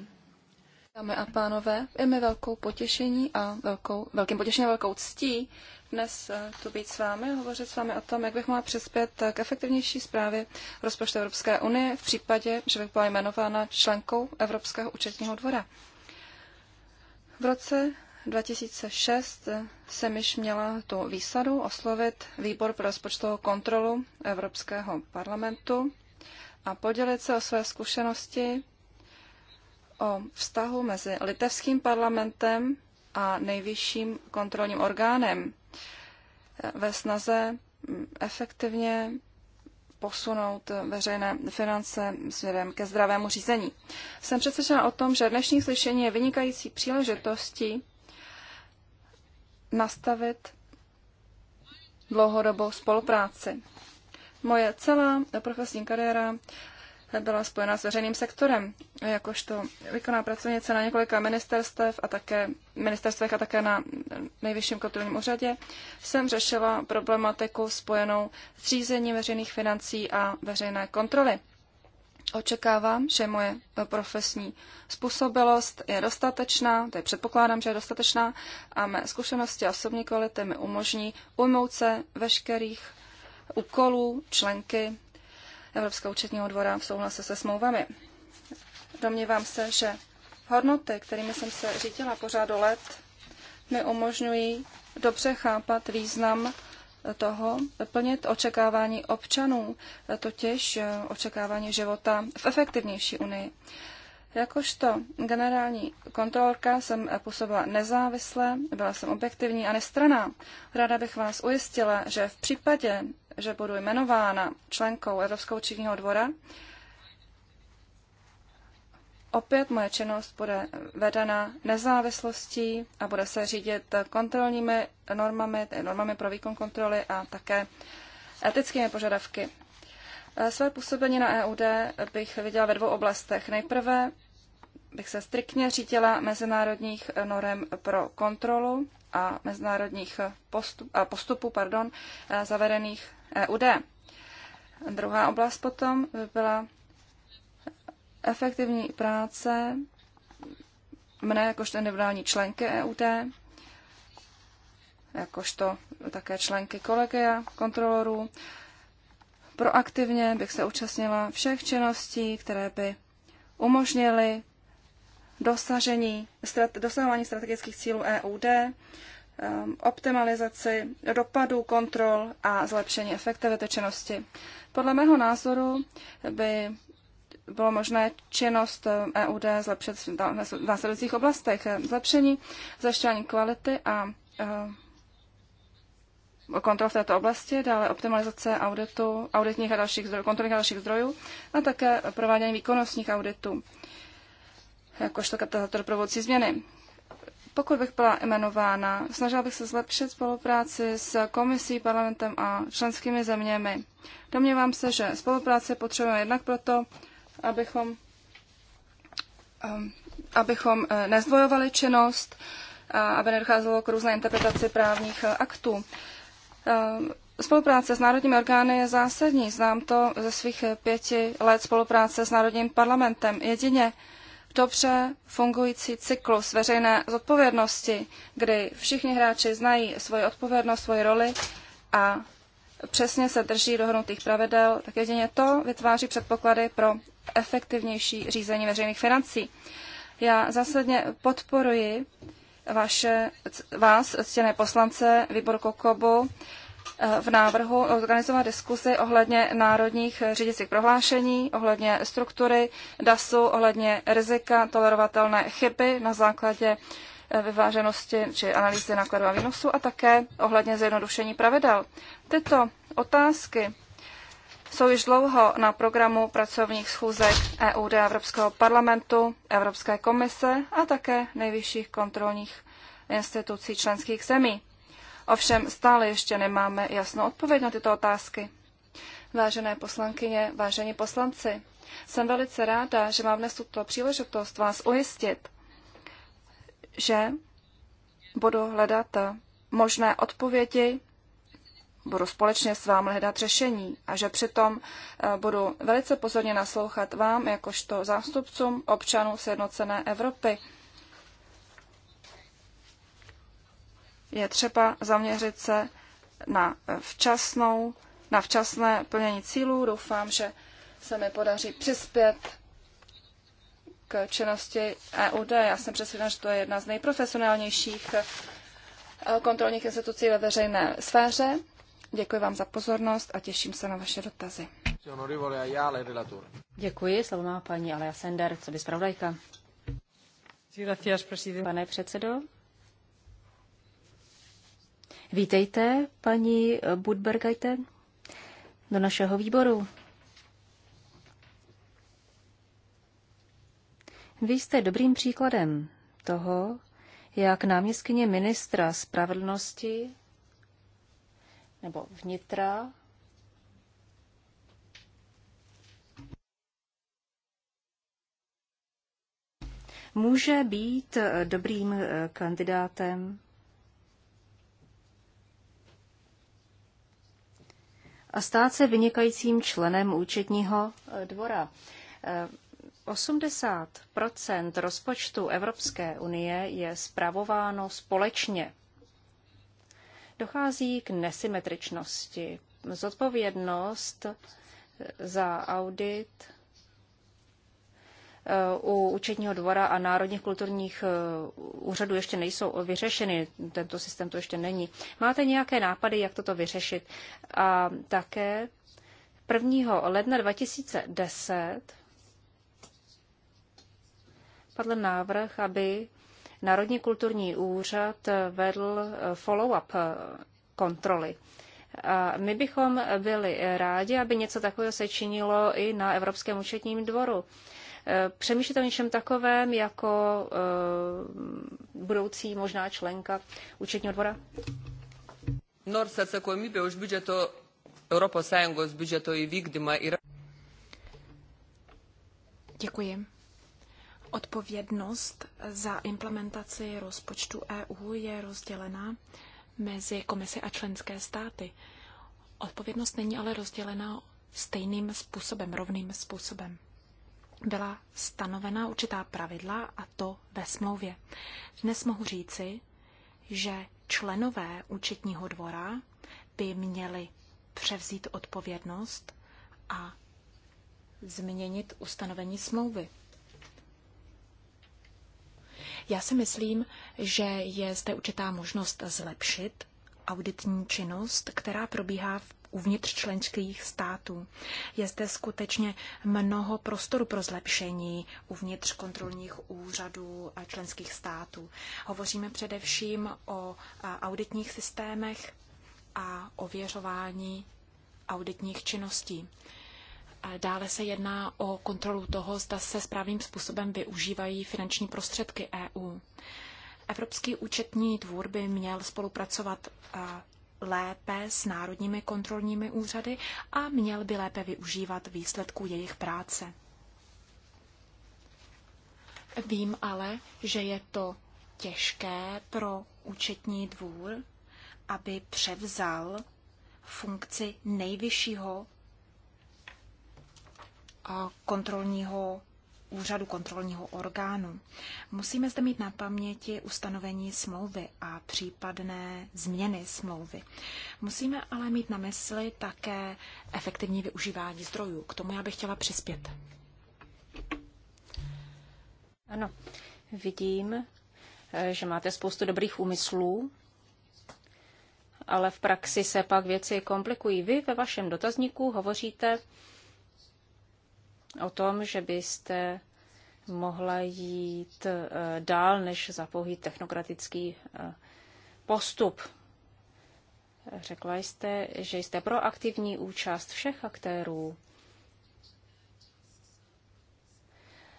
Speaker 3: Dámy a pánové, je mi velkou potěšení a velkou, velkým potěšením velkou ctí dnes eh, tu být s vámi, hovořit s vámi o tom, jak bych mohla přispět eh, k efektivnější zprávě rozpočtu Evropské unie v případě, že bych byla jmenována členkou Evropského účetního dvora. V roce 2006 eh, jsem již měla tu výsadu oslovit výbor pro rozpočtovou kontrolu Evropského parlamentu a podělit se o své zkušenosti o vztahu mezi litevským parlamentem a nejvyšším kontrolním orgánem ve snaze mm, efektivně posunout veřejné finance směrem ke zdravému řízení. Jsem přesvědčena o tom, že dnešní slyšení je vynikající příležitostí nastavit dlouhodobou spolupráci. Moje celá profesní kariéra byla spojena s veřejným sektorem, jakožto vykoná pracovnice na několika ministerstev a také ministerstvech a také na nejvyšším kontrolním úřadě, jsem řešila problematiku spojenou s řízením veřejných financí a veřejné kontroly. Očekávám, že moje profesní způsobilost je dostatečná, tedy předpokládám, že je dostatečná a mé zkušenosti a osobní kvality mi umožní ujmout se veškerých úkolů členky Evropského účetního dvora v souhlasu se smlouvami. Domnívám se, že hodnoty, kterými jsem se řídila pořád do let, mi umožňují dobře chápat význam toho plnit očekávání občanů, totiž eh, očekávání života v efektivnější unii. Jakožto generální kontrolorka jsem působila nezávisle, byla jsem objektivní a nestraná. Ráda bych vás ujistila, že v případě že budu jmenována členkou Evropského učitního dvora, opět moje činnost bude vedena nezávislostí a bude se řídit kontrolními normami, normami pro výkon kontroly a také etickými požadavky. Eh, své působení na EUD bych viděla ve dvou oblastech. Nejprve bych se striktně řídila mezinárodních norem pro kontrolu a mezinárodních postup, a postupů pardon, eh, zavedených EUD. Druhá oblast potom by byla efektivní práce mne jakožto individuální členky EUD, jakožto také členky kolegia, kontrolorů. Proaktivně bych se účastnila všech činností, které by umožnily dosažení, strat, dosahování strategických cílů EUD, um, optimalizaci dopadů kontrol a zlepšení efektivity činnosti. Podle mého názoru by bylo možné činnost um, EUD zlepšit v následujících oblastech. Zlepšení zajišťování kvality a um, kontrol v této oblasti, dále optimalizace auditu, auditních a dalších zdrojů, kontrolních a dalších zdrojů a také provádění výkonnostních auditů jakožto katalyzátor provodící změny. Pokud bych byla jmenována, snažila bych se zlepšit spolupráci s komisí, parlamentem a členskými zeměmi. Domnívám se, že spolupráce potřebujeme jednak proto, abychom, eh, abychom eh, nezdvojovali činnost, aby nedocházelo k různé interpretaci právních eh, aktů. Spolupráce s národními orgány je zásadní. Znám to ze svých pěti let spolupráce s Národním parlamentem. Jedině dobře fungující cyklus veřejné zodpovědnosti, kdy všichni hráči znají svoji odpovědnost, svoji roli a přesně se drží dohodnutých pravidel, tak jedině to vytváří předpoklady pro efektivnější řízení veřejných financí. Já zásadně podporuji vaše, vás, ctěné poslance výboru Kokobu, v návrhu organizovat diskuzi ohledně národních řídicích prohlášení, ohledně struktury DASu, ohledně rizika tolerovatelné chyby na základě eh, vyváženosti či analýzy nákladů a výnosů a také ohledně zjednodušení pravidel. Tyto otázky jsou již dlouho na programu pracovních schůzek EUD Evropského parlamentu, Evropské komise a také nejvyšších kontrolních institucí členských zemí. Ovšem stále ještě nemáme jasnou odpověď na tyto otázky. Vážené poslankyně, vážení poslanci, jsem velice ráda, že mám dnes tuto příležitost vás ujistit, že budu hledat možné odpovědi, budu společně s vámi hledat řešení a že přitom eh, budu velice pozorně naslouchat vám, jakožto zástupcům občanů Sjednocené Evropy je třeba zaměřit se na včasnou, na včasné plnění cílů. Doufám, že se mi podaří přispět k činnosti EUD. Já jsem přesvědčena, že to je jedna z nejprofesionálnějších eh, kontrolních institucí ve veřejné sféře. Děkuji vám za pozornost a
Speaker 2: těším se na vaše dotazy. Děkuji, slovo má paní Alea Sender, co by zpravodajka. Pane předsedo, Vítejte, paní Budbergajte, do našeho výboru. Vy jste dobrým příkladem toho, jak náměstkyně ministra spravedlnosti nebo vnitra může být dobrým eh, kandidátem a stát se vynikajícím členem účetního eh, dvora. 80 eh, rozpočtu Evropské unie je spravováno společně. Dochází k nesymetričnosti. Zodpovědnost eh, za audit Eh, u účetního dvora a národních kulturních eh, úřadů ještě nejsou vyřešeny. Tento systém to ještě není. Máte nějaké nápady, jak toto vyřešit? A také 1. ledna 2010 padl návrh, aby Národní kulturní úřad eh, vedl follow-up kontroly. A my bychom byli rádi, aby něco takového se činilo i na Evropském účetním dvoru přemýšlet o něčem takovém jako eh, budoucí možná členka
Speaker 4: účetního dvora?
Speaker 1: Nors atsakomybė už biudžeto, ES biudžeto įvykdymą yra.
Speaker 4: Děkuji. Odpovědnost za implementaci rozpočtu EU je rozdělena mezi komisi a členské státy. Odpovědnost není ale rozdělena stejným způsobem, rovným způsobem byla stanovena určitá pravidla a to ve smlouvě. Dnes mohu říci, že členové účetního dvora by měli převzít odpovědnost a změnit ustanovení smlouvy. Já si myslím, že je zde určitá možnost zlepšit auditní činnost, která probíhá v uvnitř členských států. Je zde skutečně mnoho prostoru pro zlepšení uvnitř kontrolních úřadů členských států. Hovoříme především o auditních systémech a ověřování auditních činností. Dále se jedná o kontrolu toho, zda se správným způsobem využívají finanční prostředky EU. Evropský účetní dvůr by měl spolupracovat lépe s národními kontrolními úřady a měl by lépe využívat výsledků jejich práce. Vím ale, že je to těžké pro účetní dvůr, aby převzal funkci nejvyššího kontrolního úřadu kontrolního orgánu. Musíme zde mít na paměti ustanovení smlouvy a případné změny smlouvy. Musíme ale mít na mysli také efektivní využívání zdrojů. K tomu já bych chtěla přispět. Ano, vidím, eh, že máte spoustu dobrých úmyslů,
Speaker 2: ale v praxi se pak věci komplikují. Vy ve vašem dotazníku hovoříte o tom, že byste mohla jít eh, dál než za pouhý technokratický eh, postup. Řekla jste, že jste pro aktivní účast všech aktérů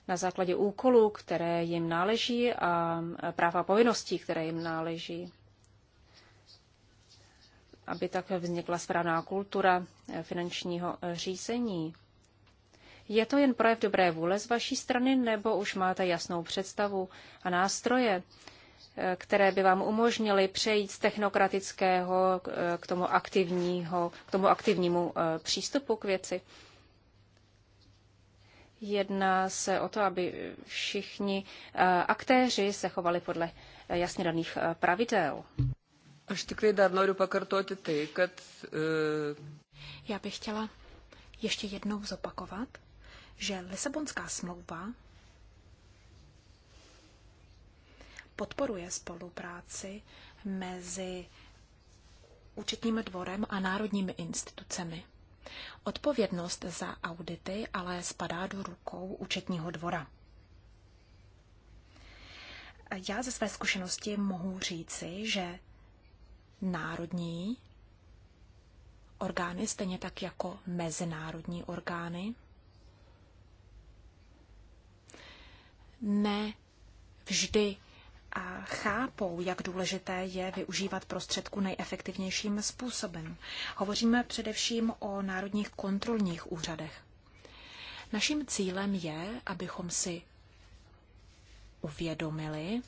Speaker 2: na základě úkolů, které jim náleží a eh, práva povinností, které jim náleží aby tak vznikla správná kultura finančního řízení. Je to jen projev dobré vůle z vaší strany, nebo už máte jasnou představu a nástroje, eh, které by vám umožnily přejít z technokratického eh, k tomu, aktivního, k tomu aktivnímu eh, přístupu k věci? Jedná se o to, aby všichni aktéři se chovali podle jasně daných pravidel.
Speaker 1: Až tikrai dar noriu pakartoti
Speaker 4: Já bych chtěla ještě jednou zopakovat, že Lisabonská smlouva podporuje spolupráci mezi účetním dvorem a národními institucemi. Odpovědnost za audity ale spadá do rukou účetního dvora. Já ze své zkušenosti mohu říci, že národní orgány, stejně tak jako mezinárodní orgány, ne vždy a chápou, jak důležité je využívat prostředku nejefektivnějším způsobem. Hovoříme především o národních kontrolních úřadech. Naším cílem je, abychom si uvědomili,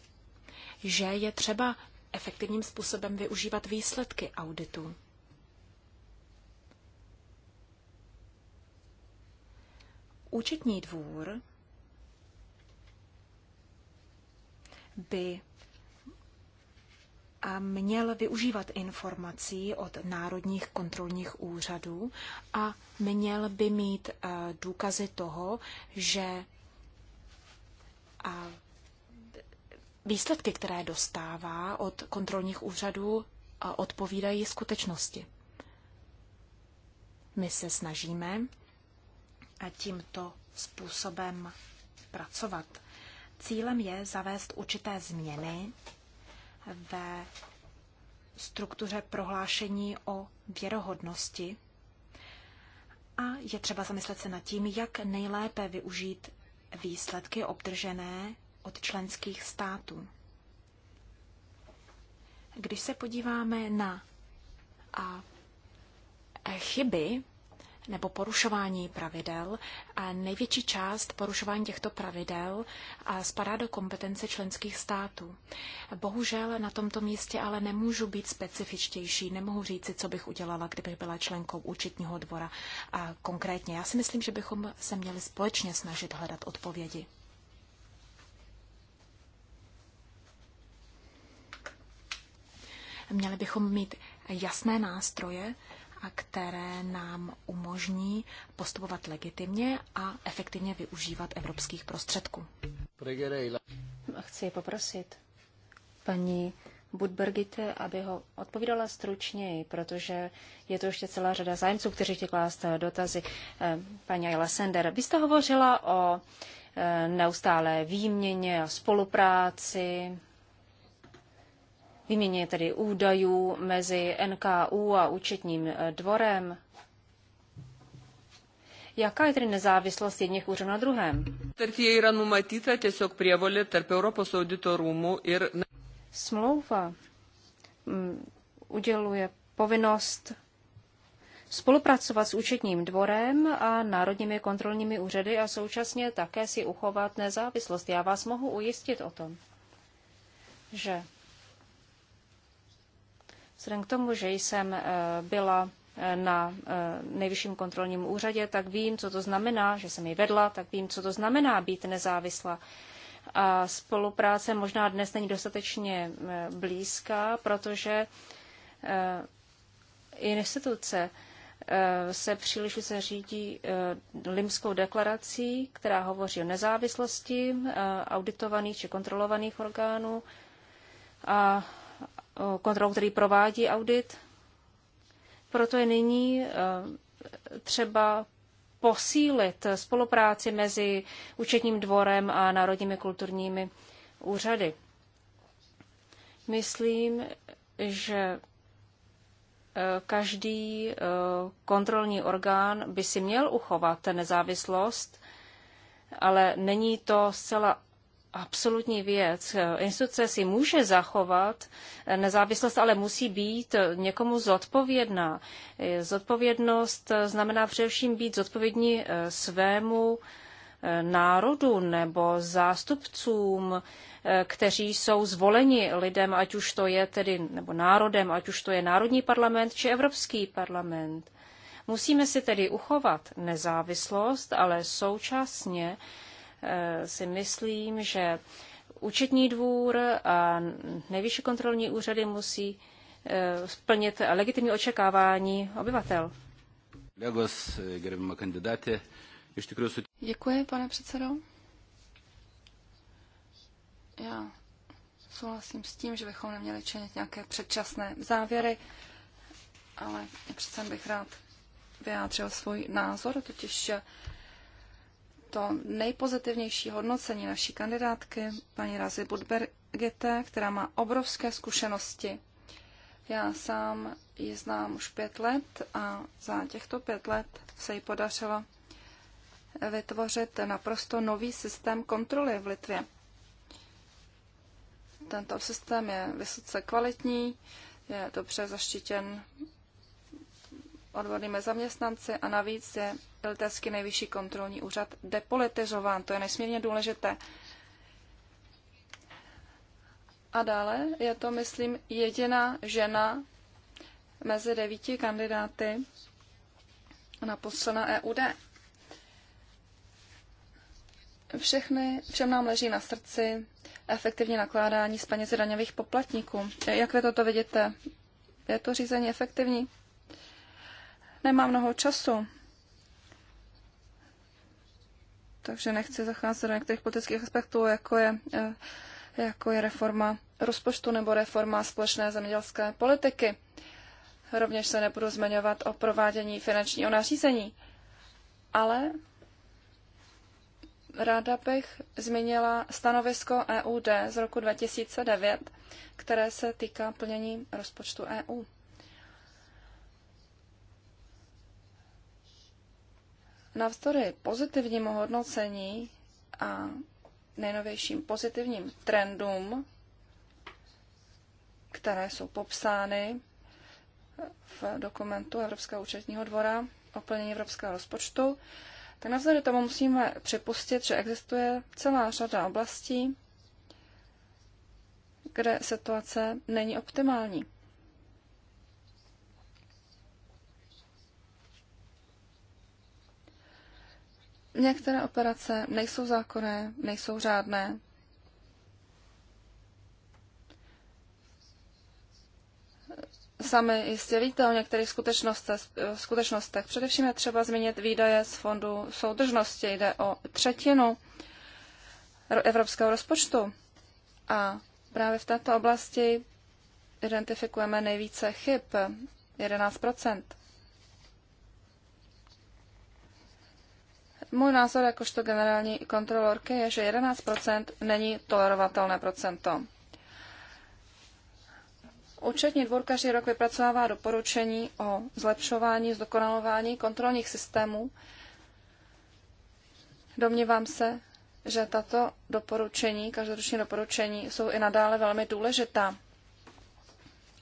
Speaker 4: že je třeba efektivním způsobem využívat výsledky auditu. Účetní dvůr by a měl využívat informací od národních kontrolních úřadů a měl by mít eh, důkazy toho, že výsledky, které dostává od kontrolních úřadů, odpovídají skutečnosti. My se snažíme a tímto způsobem pracovat Cílem je zavést určité změny ve struktuře prohlášení o věrohodnosti a je třeba zamyslet se nad tím, jak nejlépe využít výsledky obdržené od členských států. Když se podíváme na a e, chyby nebo porušování pravidel. A největší část porušování těchto pravidel spadá do kompetence členských států. Bohužel na tomto místě ale nemůžu být specifičtější, nemohu říci, co bych udělala, kdybych byla členkou účetního dvora a konkrétně. Já si myslím, že bychom se měli společně snažit hledat odpovědi. Měli bychom mít jasné nástroje, které nám umožní postupovat legitimně a efektivně využívat evropských prostředků. Chci poprosit paní
Speaker 2: Budbergite, aby ho odpovídala stručněji, protože je to ještě celá řada zájemců, kteří chtějí klást dotazy. Eh, paní Ayla Sender, vy jste hovořila o eh, neustálé výměně a spolupráci výměně tedy údajů mezi NKU a účetním eh, dvorem. Jaká je tedy nezávislost jedných úřadů na druhém? Smlouva mm, uděluje povinnost spolupracovat s účetním dvorem a národními kontrolními úřady a současně také si uchovat nezávislost. Já vás mohu ujistit o tom, že Vzhledem k tomu, že jsem eh, byla eh, na eh, nejvyšším kontrolním úřadě, tak vím, co to znamená, že jsem ji vedla, tak vím, co to znamená být nezávislá. A spolupráce možná dnes není dostatečně blízká, protože instituce se příliš se řídí limskou deklarací, která hovoří o nezávislosti auditovaných či kontrolovaných orgánů. A kontrolu, který provádí audit. Proto je nyní eh, třeba posílit spolupráci mezi účetním dvorem a národními kulturními úřady. Myslím, že eh, každý eh, kontrolní orgán by si měl uchovat nezávislost, ale není to zcela absolutní věc. Instituce si může zachovat nezávislost, ale musí být někomu zodpovědná. Zodpovědnost znamená především být zodpovědní eh, svému eh, národu nebo zástupcům, eh, kteří jsou zvoleni lidem, ať už to je tedy, nebo národem, ať už to je Národní parlament či Evropský parlament. Musíme si tedy uchovat nezávislost, ale současně Eh, si myslím, že účetní dvůr a nejvyšší kontrolní úřady musí eh, splnit legitimní očekávání obyvatel.
Speaker 5: Eh,
Speaker 2: Děkuji, pane předsedo.
Speaker 3: Já souhlasím s tím, že bychom neměli činit nějaké předčasné závěry, ale přece bych rád vyjádřil svůj názor, totiž to nejpozitivnější hodnocení naší kandidátky, paní Razy Budbergete, která má obrovské zkušenosti. Já sám ji znám už pět let a za těchto pět let se jí podařilo vytvořit naprosto nový systém kontroly v Litvě. Tento systém je vysoce kvalitní, je dobře zaštítěn odbornými zaměstnanci a navíc je Litevský nejvyšší kontrolní úřad depolitizován. To je nesmírně důležité. A dále je to, myslím, jediná žena mezi devíti kandidáty na poslana EUD. Všechny, všem nám leží na srdci efektivní nakládání s penězi daňových poplatníků. Jak vy toto vidíte? Je to řízení efektivní? nemá mnoho času, takže nechci zacházet do některých politických aspektů, jako je, eh, jako je reforma rozpočtu nebo reforma společné zemědělské politiky. Rovněž se nebudu zmiňovat o provádění finančního nařízení, ale ráda bych zmínila stanovisko EUD z roku 2009, které se týká plnění rozpočtu EU. Navzdory pozitivnímu hodnocení a nejnovějším pozitivním trendům, které jsou popsány v dokumentu Evropského účetního dvora o plnění evropského rozpočtu, tak navzdory tomu musíme připustit, že existuje celá řada oblastí, kde situace není optimální. Některé operace nejsou zákonné, nejsou řádné. Sami jistě víte o některých skutečnostech, skutečnostech. Především je třeba zmínit výdaje z fondu soudržnosti. Jde o třetinu evropského rozpočtu. A právě v této oblasti identifikujeme nejvíce chyb, 11 Můj názor jakožto generální kontrolorky je, že 11% není tolerovatelné procento. Účetní dvůr každý rok vypracovává doporučení o zlepšování, zdokonalování kontrolních systémů. Domnívám se, že tato doporučení, každoroční doporučení, jsou i nadále velmi důležitá.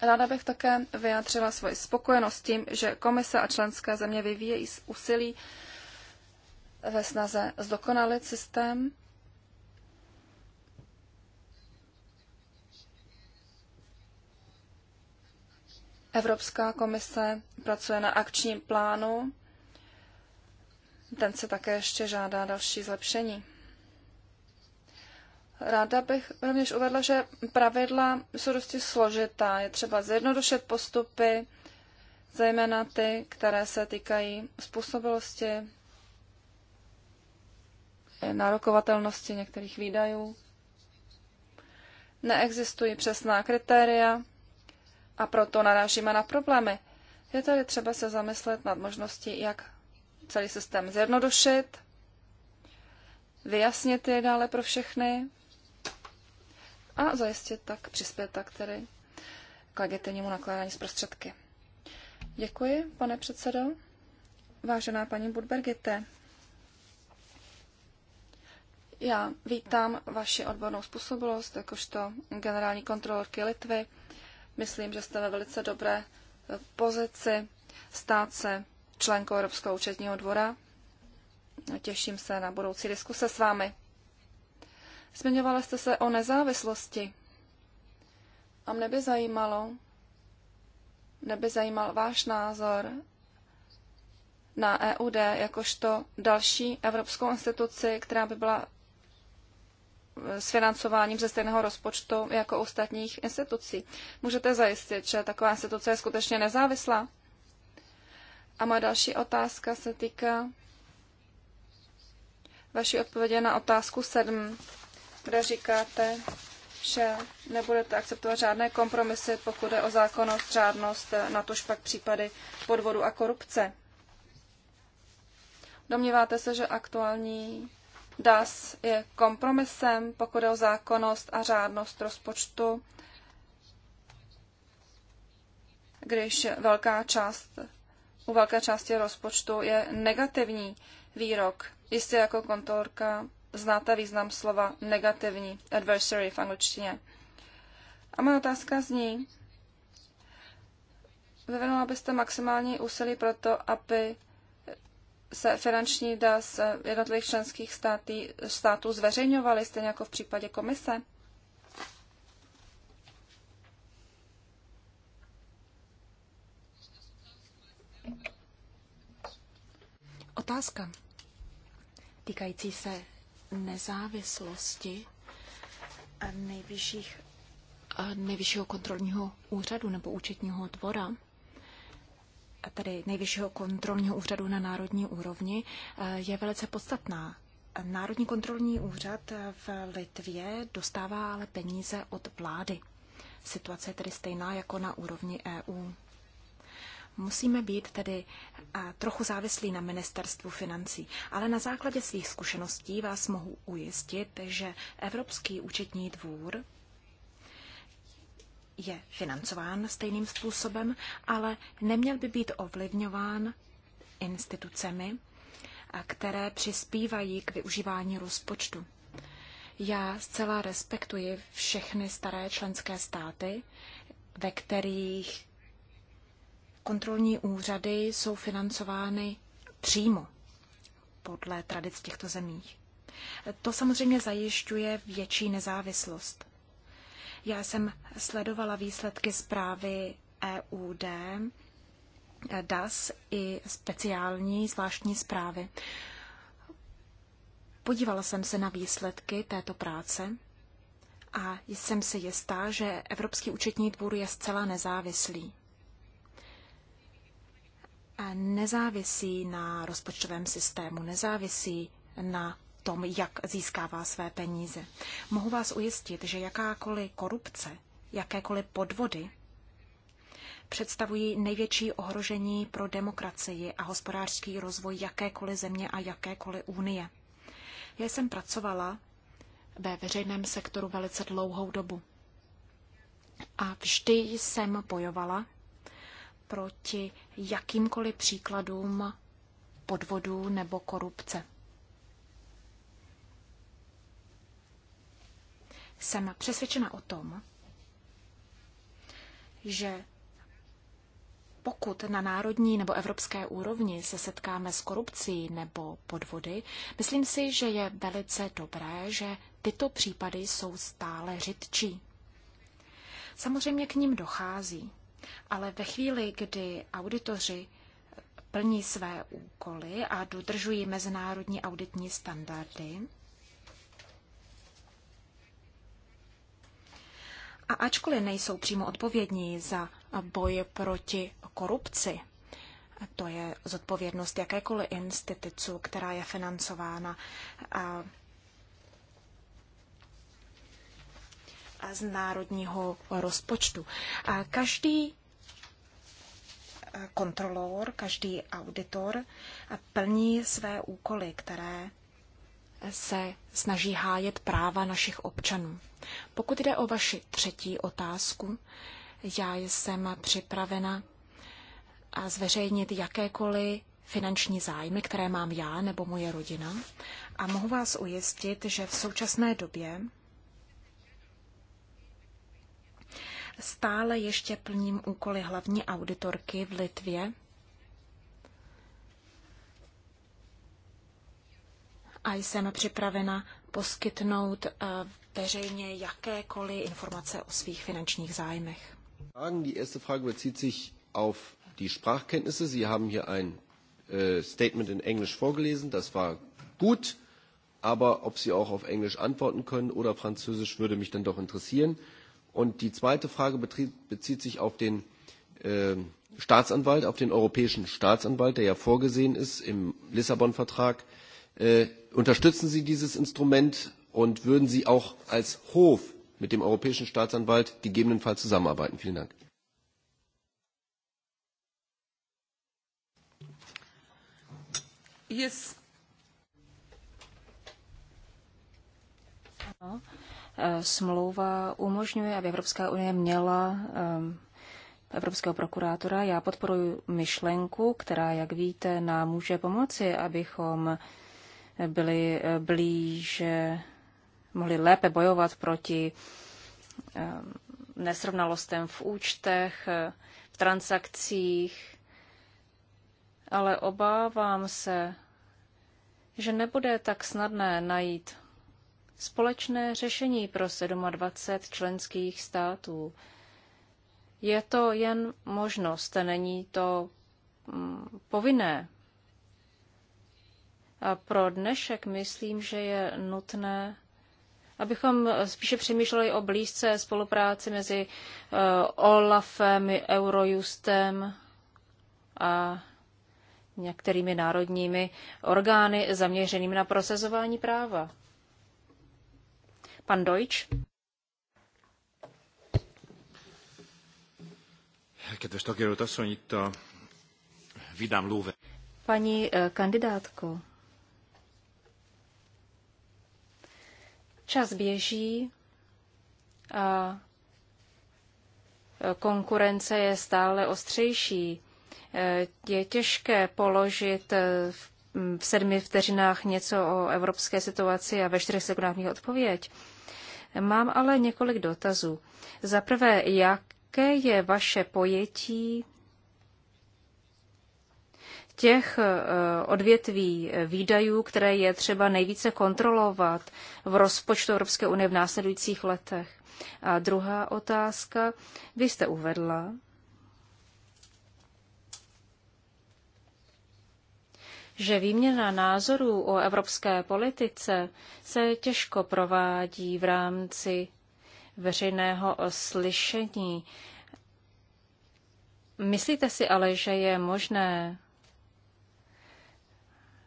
Speaker 3: Ráda bych také vyjádřila svoji spokojenost tím, že komise a členské země vyvíjejí úsilí ve snaze zdokonalit systém. Evropská komise pracuje na akčním plánu. Ten se také ještě žádá další zlepšení. Ráda bych rovněž uvedla, že pravidla jsou dosti složitá. Je třeba zjednodušit postupy, zejména ty, které se týkají způsobilosti nárokovatelnosti některých výdajů. Neexistují přesná kritéria a proto narážíme na problémy. Je tady třeba se zamyslet nad možností, jak celý systém zjednodušit, vyjasnit je dále pro všechny a zajistit tak, přispět tak tedy k legitimnímu nakládání z prostředky. Děkuji, pane předsedo. Vážená paní Budbergite, já vítám vaši odbornou způsobilost, jakožto generální kontrolorky Litvy. Myslím, že jste ve velice dobré e, pozici stát se členkou Evropského účetního dvora. Těším se na budoucí diskuse s vámi. Zmiňovala jste se o nezávislosti. A mne by zajímalo, mne by zajímal váš názor na EUD jakožto další evropskou instituci, která by byla s financováním ze stejného rozpočtu jako ostatních institucí. Můžete zajistit, že taková instituce je skutečně nezávislá? A moje další otázka se týká vaší odpovědi na otázku 7, kde říkáte, že nebudete akceptovat žádné kompromisy, pokud je o zákonnost, řádnost, na tož pak případy podvodu a korupce. Domníváte se, že aktuální DAS je kompromisem, pokud je o zákonnost a řádnost rozpočtu, když velká část, u velké části rozpočtu je negativní výrok. Jistě jako kontorka znáte význam slova negativní, adversary v angličtině. A moje otázka zní, vyvinula byste maximální úsilí pro to, aby se finanční da z jednotlivých členských státy, států zveřejňovaly, stejně jako v případě komise?
Speaker 4: Otázka týkající se nezávislosti eh, nejvyšších, eh, nejvyššího kontrolního úřadu nebo účetního dvora tedy nejvyššího kontrolního úřadu na národní úrovni, eh, je velice podstatná. Národní kontrolní úřad v Litvě dostává ale peníze od vlády. Situace je tedy stejná jako na úrovni EU. Musíme být tedy eh, trochu závislí na ministerstvu financí, ale na základě svých zkušeností vás mohu ujistit, že Evropský účetní dvůr je financován stejným způsobem, ale neměl by být ovlivňován institucemi, které přispívají k využívání rozpočtu. Já zcela respektuji všechny staré členské státy, ve kterých kontrolní úřady jsou financovány přímo podle tradic těchto zemích. To samozřejmě zajišťuje větší nezávislost. Já jsem sledovala výsledky zprávy EUD, DAS i speciální zvláštní zprávy. Podívala jsem se na výsledky této práce a jsem si jistá, že Evropský účetní dvůr je zcela nezávislý. nezávisí na rozpočtovém systému, nezávisí na tom, jak získává své peníze. Mohu vás ujistit, že jakákoliv korupce, jakékoliv podvody představují největší ohrožení pro demokracii a hospodářský rozvoj jakékoliv země a jakékoliv unie. Já jsem pracovala ve veřejném sektoru velice dlouhou dobu. A vždy jsem bojovala proti jakýmkoliv příkladům podvodů nebo korupce. Jsem přesvědčena o tom, že pokud na národní nebo evropské úrovni se setkáme s korupcí nebo podvody, myslím si, že je velice dobré, že tyto případy jsou stále řidčí. Samozřejmě k ním dochází, ale ve chvíli, kdy auditoři plní své úkoly a dodržují mezinárodní auditní standardy, A ačkoliv nejsou přímo odpovědní za boj proti korupci, to je zodpovědnost jakékoliv institucu, která je financována a, z národního rozpočtu. každý e, kontrolor, každý auditor plní své úkoly, které se snaží hájet práva našich občanů. Pokud jde o vaši třetí otázku, já jsem připravena a zveřejnit jakékoliv finanční zájmy, které mám já nebo moje rodina. A mohu vás ujistit, že v současné době stále ještě plním úkoly hlavní auditorky v Litvě a jsem připravena poskytnout eh, veřejně jakékoliv informace o svých finančních zájmech.
Speaker 5: Die erste Frage bezieht sich auf die Sprachkenntnisse. Sie haben hier ein äh, Statement
Speaker 2: in Englisch vorgelesen. Das war gut, aber ob Sie auch auf Englisch antworten können oder Französisch, würde mich dann doch interessieren. Und die zweite Frage bezieht sich auf
Speaker 5: den äh, Staatsanwalt, auf den europäischen Staatsanwalt, der ja vorgesehen ist im Lissabon-Vertrag Äh, unterstützen Sie dieses Instrument und würden Sie auch als Hof mit dem europäischen Staatsanwalt gegebenenfalls zusammenarbeiten? Vielen Dank.
Speaker 1: Yes.
Speaker 2: Äh, smlouva umožňuje, aby Evropská unie měla ehm, evropského prokurátora. Já podporuji myšlenku, která, jak víte, nám může pomoci, abychom byli blíže, mohli lépe bojovat proti eh, nesrovnalostem v účtech, eh, v transakcích, ale obávám se, že nebude tak snadné najít společné řešení pro 27 členských států. Je to jen možnost, není to mm, povinné. A pro dnešek myslím, že je nutné, abychom spíše přemýšleli o blízce spolupráci mezi eh, OLAFem, Eurojustem a některými národními orgány zaměřenými na procesování práva. Pan Deutsch.
Speaker 5: Kedves tagjelölt asszony, itt a vidám lóve.
Speaker 2: Paní eh, kandidátko, Čas běží a konkurence je stále ostřejší. E, je těžké položit e, v sedmi vteřinách něco o evropské situaci a ve čtyřech sekundách mít odpověď. Mám ale několik dotazů. Za prvé, jaké je vaše pojetí těch eh, odvětví eh, výdajů, které je třeba nejvíce kontrolovat v rozpočtu Evropské unie v následujících letech. A druhá otázka, vy jste uvedla, že výměna názorů o evropské politice se těžko provádí v rámci veřejného eh, slyšení. Myslíte si ale, že je možné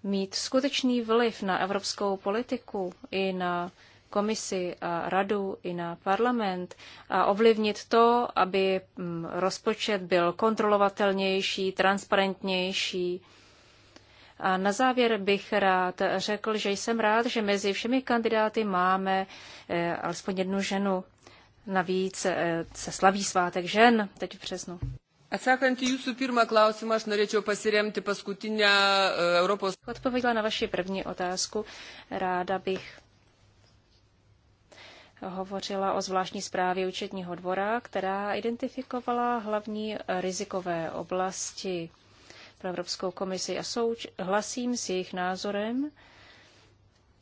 Speaker 2: mít skutečný vliv na evropskou politiku i na komisi a radu i na parlament a ovlivnit to, aby mm, rozpočet byl kontrolovatelnější, transparentnější. A na závěr bych rád řekl, že jsem rád, že mezi všemi kandidáty máme eh, alespoň jednu ženu. Navíc eh, se slaví svátek žen teď v březnu.
Speaker 1: Atsakant į jūsų pirmą klausimą, aš norėčiau pasiremti paskutinę e,
Speaker 2: Europos... Odpověděla na vaši první otázku. Ráda bych hovořila o zvláštní zprávě účetního dvora, která identifikovala hlavní rizikové oblasti pro Evropskou komisi a hlasím s jejich názorem.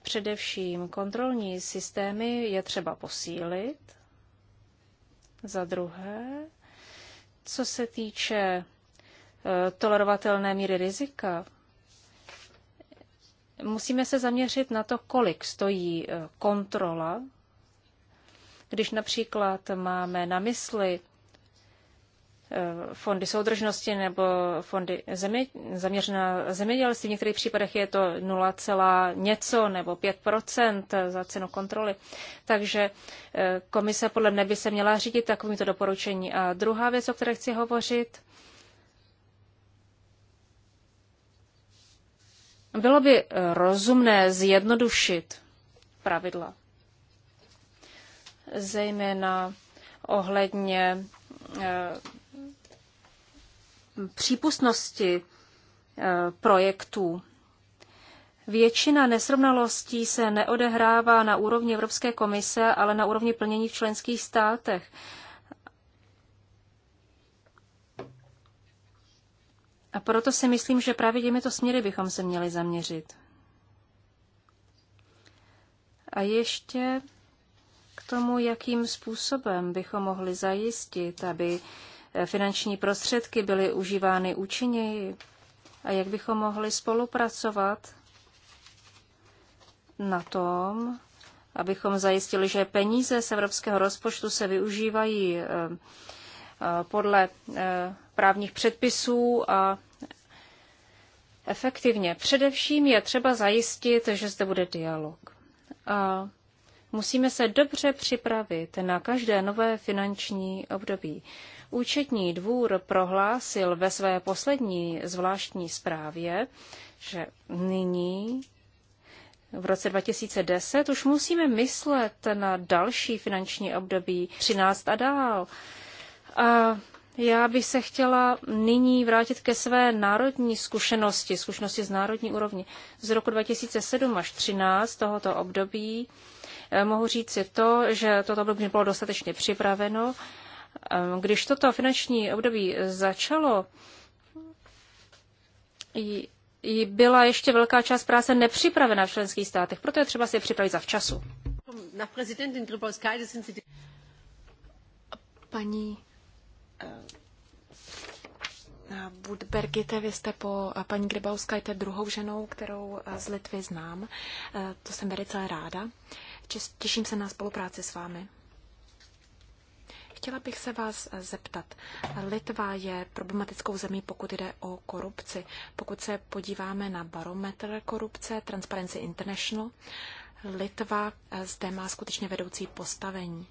Speaker 2: Především kontrolní systémy je třeba posílit. Za druhé, co se týče eh, tolerovatelné míry rizika, musíme se zaměřit na to, kolik stojí eh, kontrola, když například máme na mysli Eh, fondy soudržnosti nebo fondy zemi, zaměřená zemědělství. V některých případech je to 0, něco nebo 5 za cenu kontroly. Takže eh, komise podle mne by se měla řídit takovýmto doporučení. A druhá věc, o které chci hovořit, Bylo by eh, rozumné zjednodušit pravidla, zejména ohledně přípustnosti eh, projektů. Většina nesrovnalostí se neodehrává na úrovni Evropské komise, ale na úrovni plnění v členských státech. A proto si myslím, že právě těmito směry bychom se měli zaměřit. A ještě k tomu, jakým způsobem bychom mohli zajistit, aby finanční prostředky byly užívány účinněji a jak bychom mohli spolupracovat na tom, abychom zajistili, že peníze z evropského rozpočtu se využívají eh, eh, podle eh, právních předpisů a efektivně. Především je třeba zajistit, že zde bude dialog. A musíme se dobře připravit na každé nové finanční období. Účetní dvůr prohlásil ve své poslední zvláštní zprávě, že nyní v roce 2010 už musíme myslet na další finanční období 13 a dál. A já bych se chtěla nyní vrátit ke své národní zkušenosti, zkušenosti z národní úrovni. Z roku 2007 až 2013 tohoto období eh, mohu říct si to, že toto období bylo dostatečně připraveno Ehm, když toto finanční období začalo, byla ještě velká část práce nepřipravena v členských státech, proto je třeba si je připravit za včasu.
Speaker 4: Paní eh, Budbergite, vy jste po paní Grybauskajte druhou ženou, kterou eh, z Litvy znám. Eh, to jsem velice ráda. Těším se na spolupráci s vámi. Chtěla bych se vás eh, zeptat. Litva je problematickou zemí, pokud jde o korupci. Pokud se podíváme na barometr korupce Transparency International, Litva eh, zde má skutečně vedoucí postavení.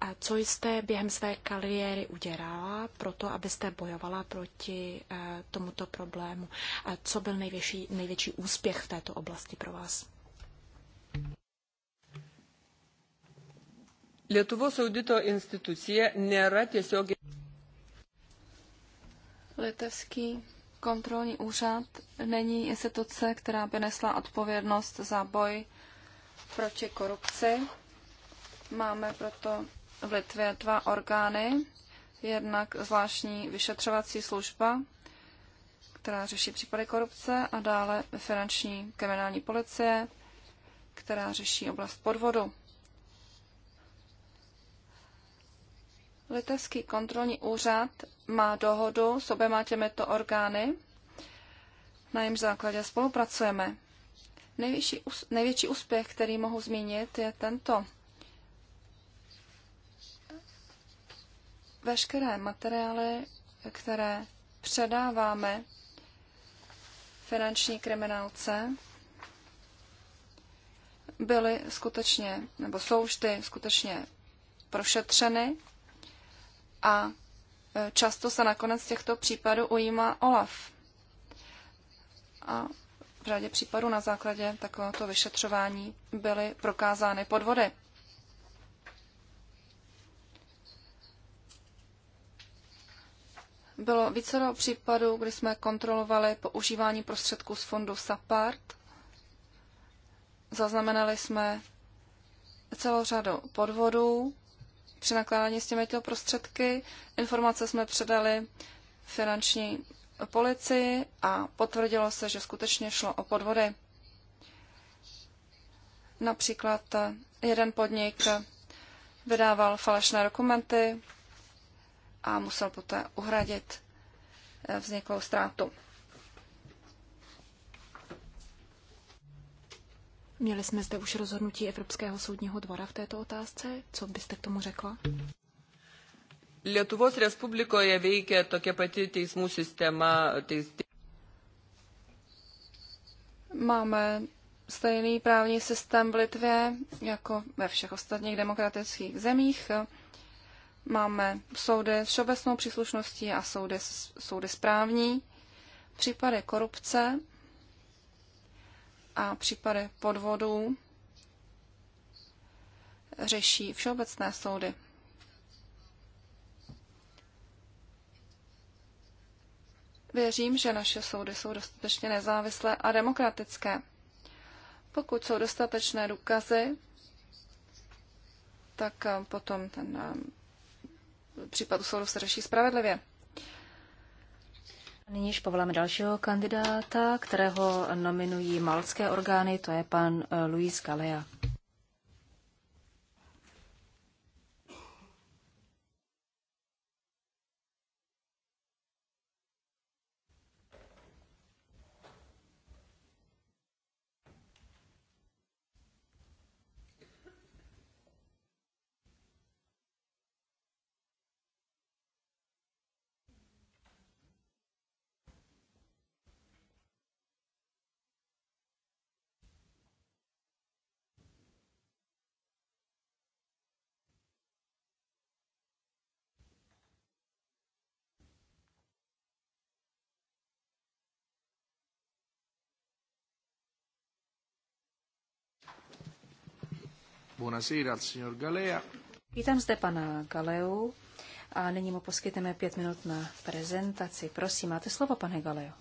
Speaker 4: A co jste během své kariéry udělala pro to, abyste bojovala proti eh, tomuto problému? A co byl největší, největší úspěch v této oblasti pro vás?
Speaker 1: Lietuvos audito institucija nėra tiesiogiai.
Speaker 3: Litevský kontrolní úřad není instituce, která by nesla odpovědnost za boj proti korupci. Máme proto v Litvě dva orgány. Jednak zvláštní vyšetřovací služba, která řeší případy korupce, a dále finanční kriminální policie, která řeší oblast podvodu. Litevský kontrolní úřad má dohodu s oběma těmito orgány, na jejím základě spolupracujeme. Největší, největší úspěch, který mohu zmínit, je tento. Veškeré materiály, které předáváme finanční kriminálce, byly skutečně, nebo jsou vždy skutečně prošetřeny a e, často se nakonec těchto případů ujímá OLAF. A v řadě případů na základě takovéhoto vyšetřování byly prokázány podvody. Bylo více do případů, kdy jsme kontrolovali používání prostředků z fondu SAPART. Zaznamenali jsme celou řadu podvodů, při nakládání s těmito prostředky. Informace jsme předali finanční policii a potvrdilo se, že skutečně šlo o podvody. Například jeden podnik vydával falešné dokumenty a musel poté
Speaker 4: uhradit eh, vzniklou ztrátu. Měli jsme zde už rozhodnutí Evropského soudního dvora v této otázce. Co byste k tomu řekla?
Speaker 1: Lietuvos Respublikoje veikia tokia pati teismų sistema.
Speaker 3: Máme stejný právní systém v Litvě jako ve všech ostatních demokratických zemích. Máme soudy s všeobecnou příslušností a soudy, soudy správní. V případě korupce a případy podvodů řeší všeobecné soudy. Věřím, že naše soudy jsou dostatečně nezávislé a demokratické. Pokud jsou dostatečné důkazy, tak eh, potom ten eh, případ u soudu se řeší spravedlivě.
Speaker 2: Nyníž povoláme dalšího kandidáta, kterého nominují malské orgány, to je pan eh, Luis Galea. Vítám zde pana Galeu a nyní mu poskytneme pět minut na prezentaci. Prosím, máte slovo, pane Galeo.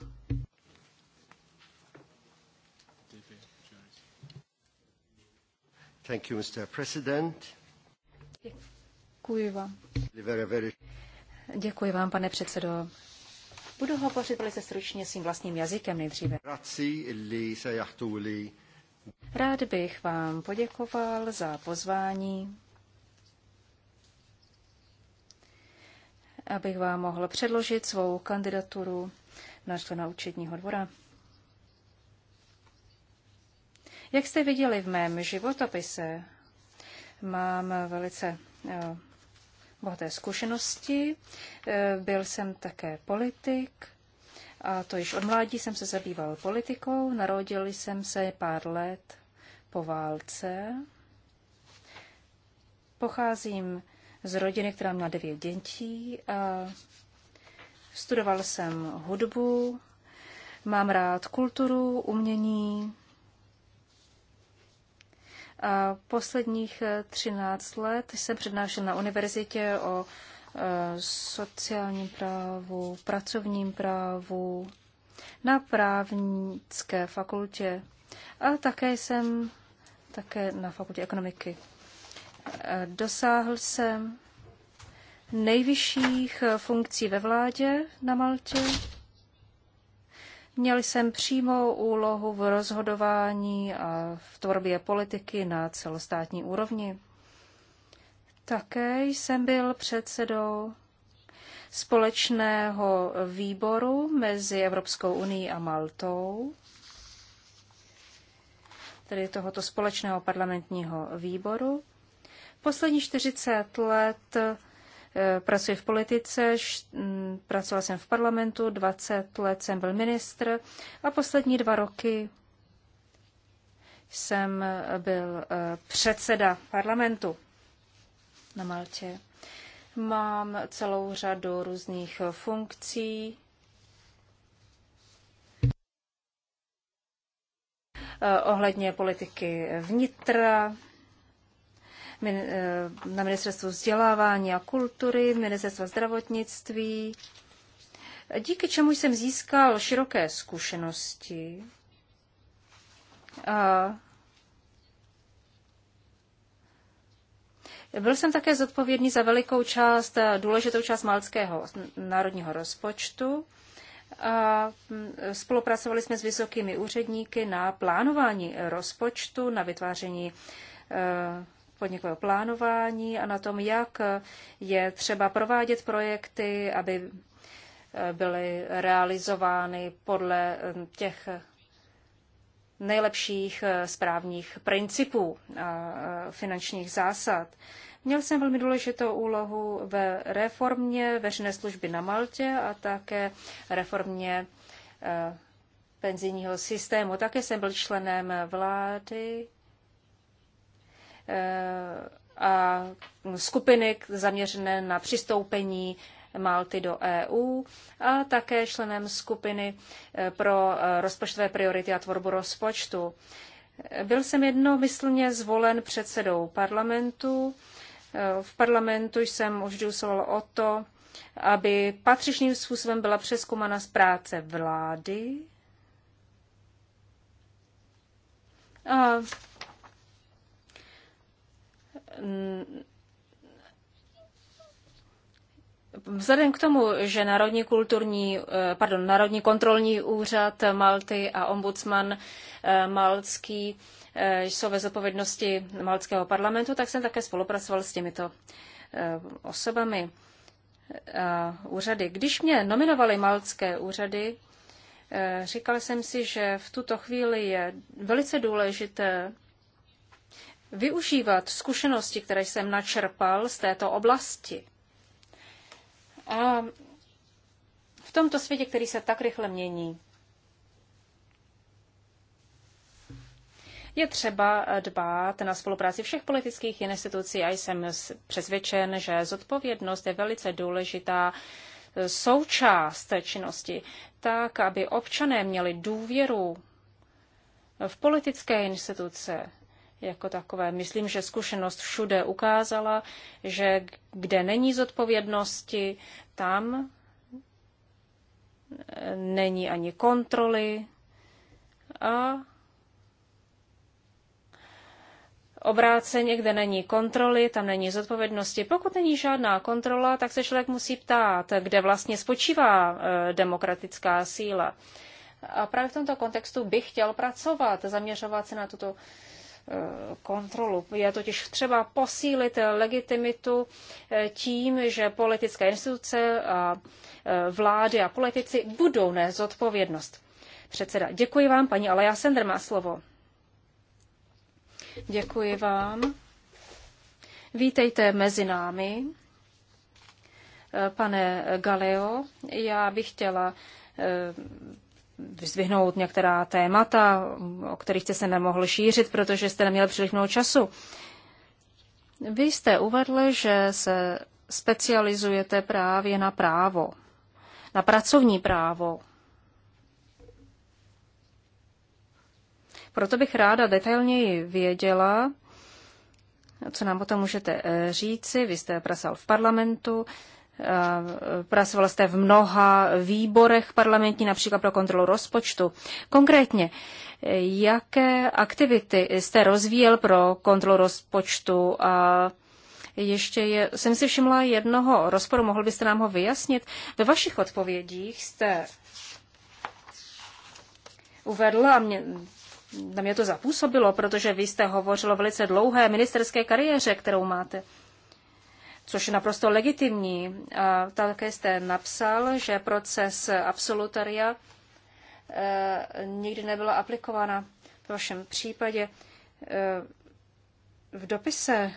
Speaker 5: Thank you, Mr. President.
Speaker 2: Děkuji vám. Děkuji vám, pane předsedo. Budu hovořit velice stručně svým vlastním jazykem nejdříve.
Speaker 5: Grazie li
Speaker 2: Rád bych vám poděkoval za pozvání, abych vám mohl předložit svou kandidaturu na člena účetního dvora. Jak jste viděli v mém životopise, mám velice eh, bohaté zkušenosti. Eh, byl jsem také politik, a to již od mládí jsem se zabýval politikou. Narodil jsem se pár let po válce. Pocházím z rodiny, která má devět dětí. A studoval jsem hudbu, mám rád kulturu, umění. A posledních 13 let jsem přednášel na univerzitě o Eh, sociálním právu, pracovním právu, na právnické fakultě a také jsem také na fakultě ekonomiky. Eh, dosáhl jsem nejvyšších eh, funkcí ve vládě na Maltě. Měl jsem přímou úlohu v rozhodování a v tvorbě politiky na celostátní úrovni. Také jsem byl předsedou společného výboru mezi Evropskou unii a Maltou, tedy tohoto společného parlamentního výboru. Poslední 40 let eh, pracuji v politice, hm, pracoval jsem v parlamentu, 20 let jsem byl ministr a poslední dva roky jsem eh, byl eh, předseda parlamentu na Maltě. Mám celou řadu různých funkcí. Eh, ohledně politiky vnitra, eh, na ministerstvu vzdělávání a kultury, ministerstva zdravotnictví, díky čemu jsem získal široké zkušenosti. A Byl jsem také zodpovědný za velikou část, důležitou část malckého národního rozpočtu. A mm, spolupracovali jsme s vysokými úředníky na plánování rozpočtu, na vytváření eh, podnikového plánování a na tom, jak je třeba provádět projekty, aby eh, byly realizovány podle eh, těch nejlepších eh, správních principů a finančních zásad. Měl jsem velmi důležitou úlohu ve reformě veřejné služby na Maltě a také reformě eh, penzijního systému. Také jsem byl členem vlády eh, a skupiny zaměřené na přistoupení Malty do EU a také členem skupiny eh, pro eh, rozpočtové priority a tvorbu rozpočtu. Byl jsem jednomyslně zvolen předsedou parlamentu. Eh, v parlamentu jsem už důsoval o to, aby patřičným způsobem byla přeskumana z práce vlády a Vzhledem k tomu, že Národní, kulturní, eh, pardon, Národní kontrolní úřad Malty a ombudsman eh, Malcký eh, jsou ve zodpovědnosti Malckého parlamentu, tak jsem také spolupracoval s těmito osobami úřady. Když mě nominovali malcké úřady, říkal jsem si, že v tuto chvíli je velice důležité využívat zkušenosti, které jsem načerpal z této oblasti. A v tomto světě, který se tak rychle mění, je třeba dbát na spolupráci všech politických institucí a jsem přesvědčen, že zodpovědnost je velice důležitá součást činnosti, tak aby občané měli důvěru v politické instituce, jako takové. Myslím, že zkušenost všude ukázala, že kde není zodpovědnosti, tam eh, není ani kontroly a obráceně, kde není kontroly, tam není zodpovědnosti. Pokud není žádná kontrola, tak se člověk musí ptát, kde vlastně spočívá eh, demokratická síla. A právě v tomto kontextu bych chtěl pracovat, zaměřovat se na tuto kontrolu. Je totiž třeba posílit legitimitu eh, tím, že politické instituce a eh, vlády a politici budou nést odpovědnost. Předseda, děkuji vám, paní Aleja Sender má slovo. Děkuji vám. Vítejte mezi námi, eh, pane Galeo. Já bych chtěla vyzvihnout některá témata, o kterých jste se nemohl šířit, protože jste neměl příliš mnoho času. Vy jste uvedl, že se specializujete právě na právo, na pracovní právo. Proto bych ráda detailněji věděla, co nám o tom můžete eh, říci. Vy jste pracoval v parlamentu, Eh, Pracoval jste v mnoha výborech parlamentní, například pro kontrolu rozpočtu. Konkrétně, jaké aktivity jste rozvíjel pro kontrolu rozpočtu a ještě je, jsem si všimla jednoho rozporu, mohl byste nám ho vyjasnit. Ve vašich odpovědích jste uvedla, a mě, na mě to zapůsobilo, protože vy jste hovořil o velice dlouhé ministerské kariéře, kterou máte což je naprosto legitimní. A také jste napsal, že proces absolutaria e, eh, nikdy nebyla aplikována. V vašem případě e, v dopise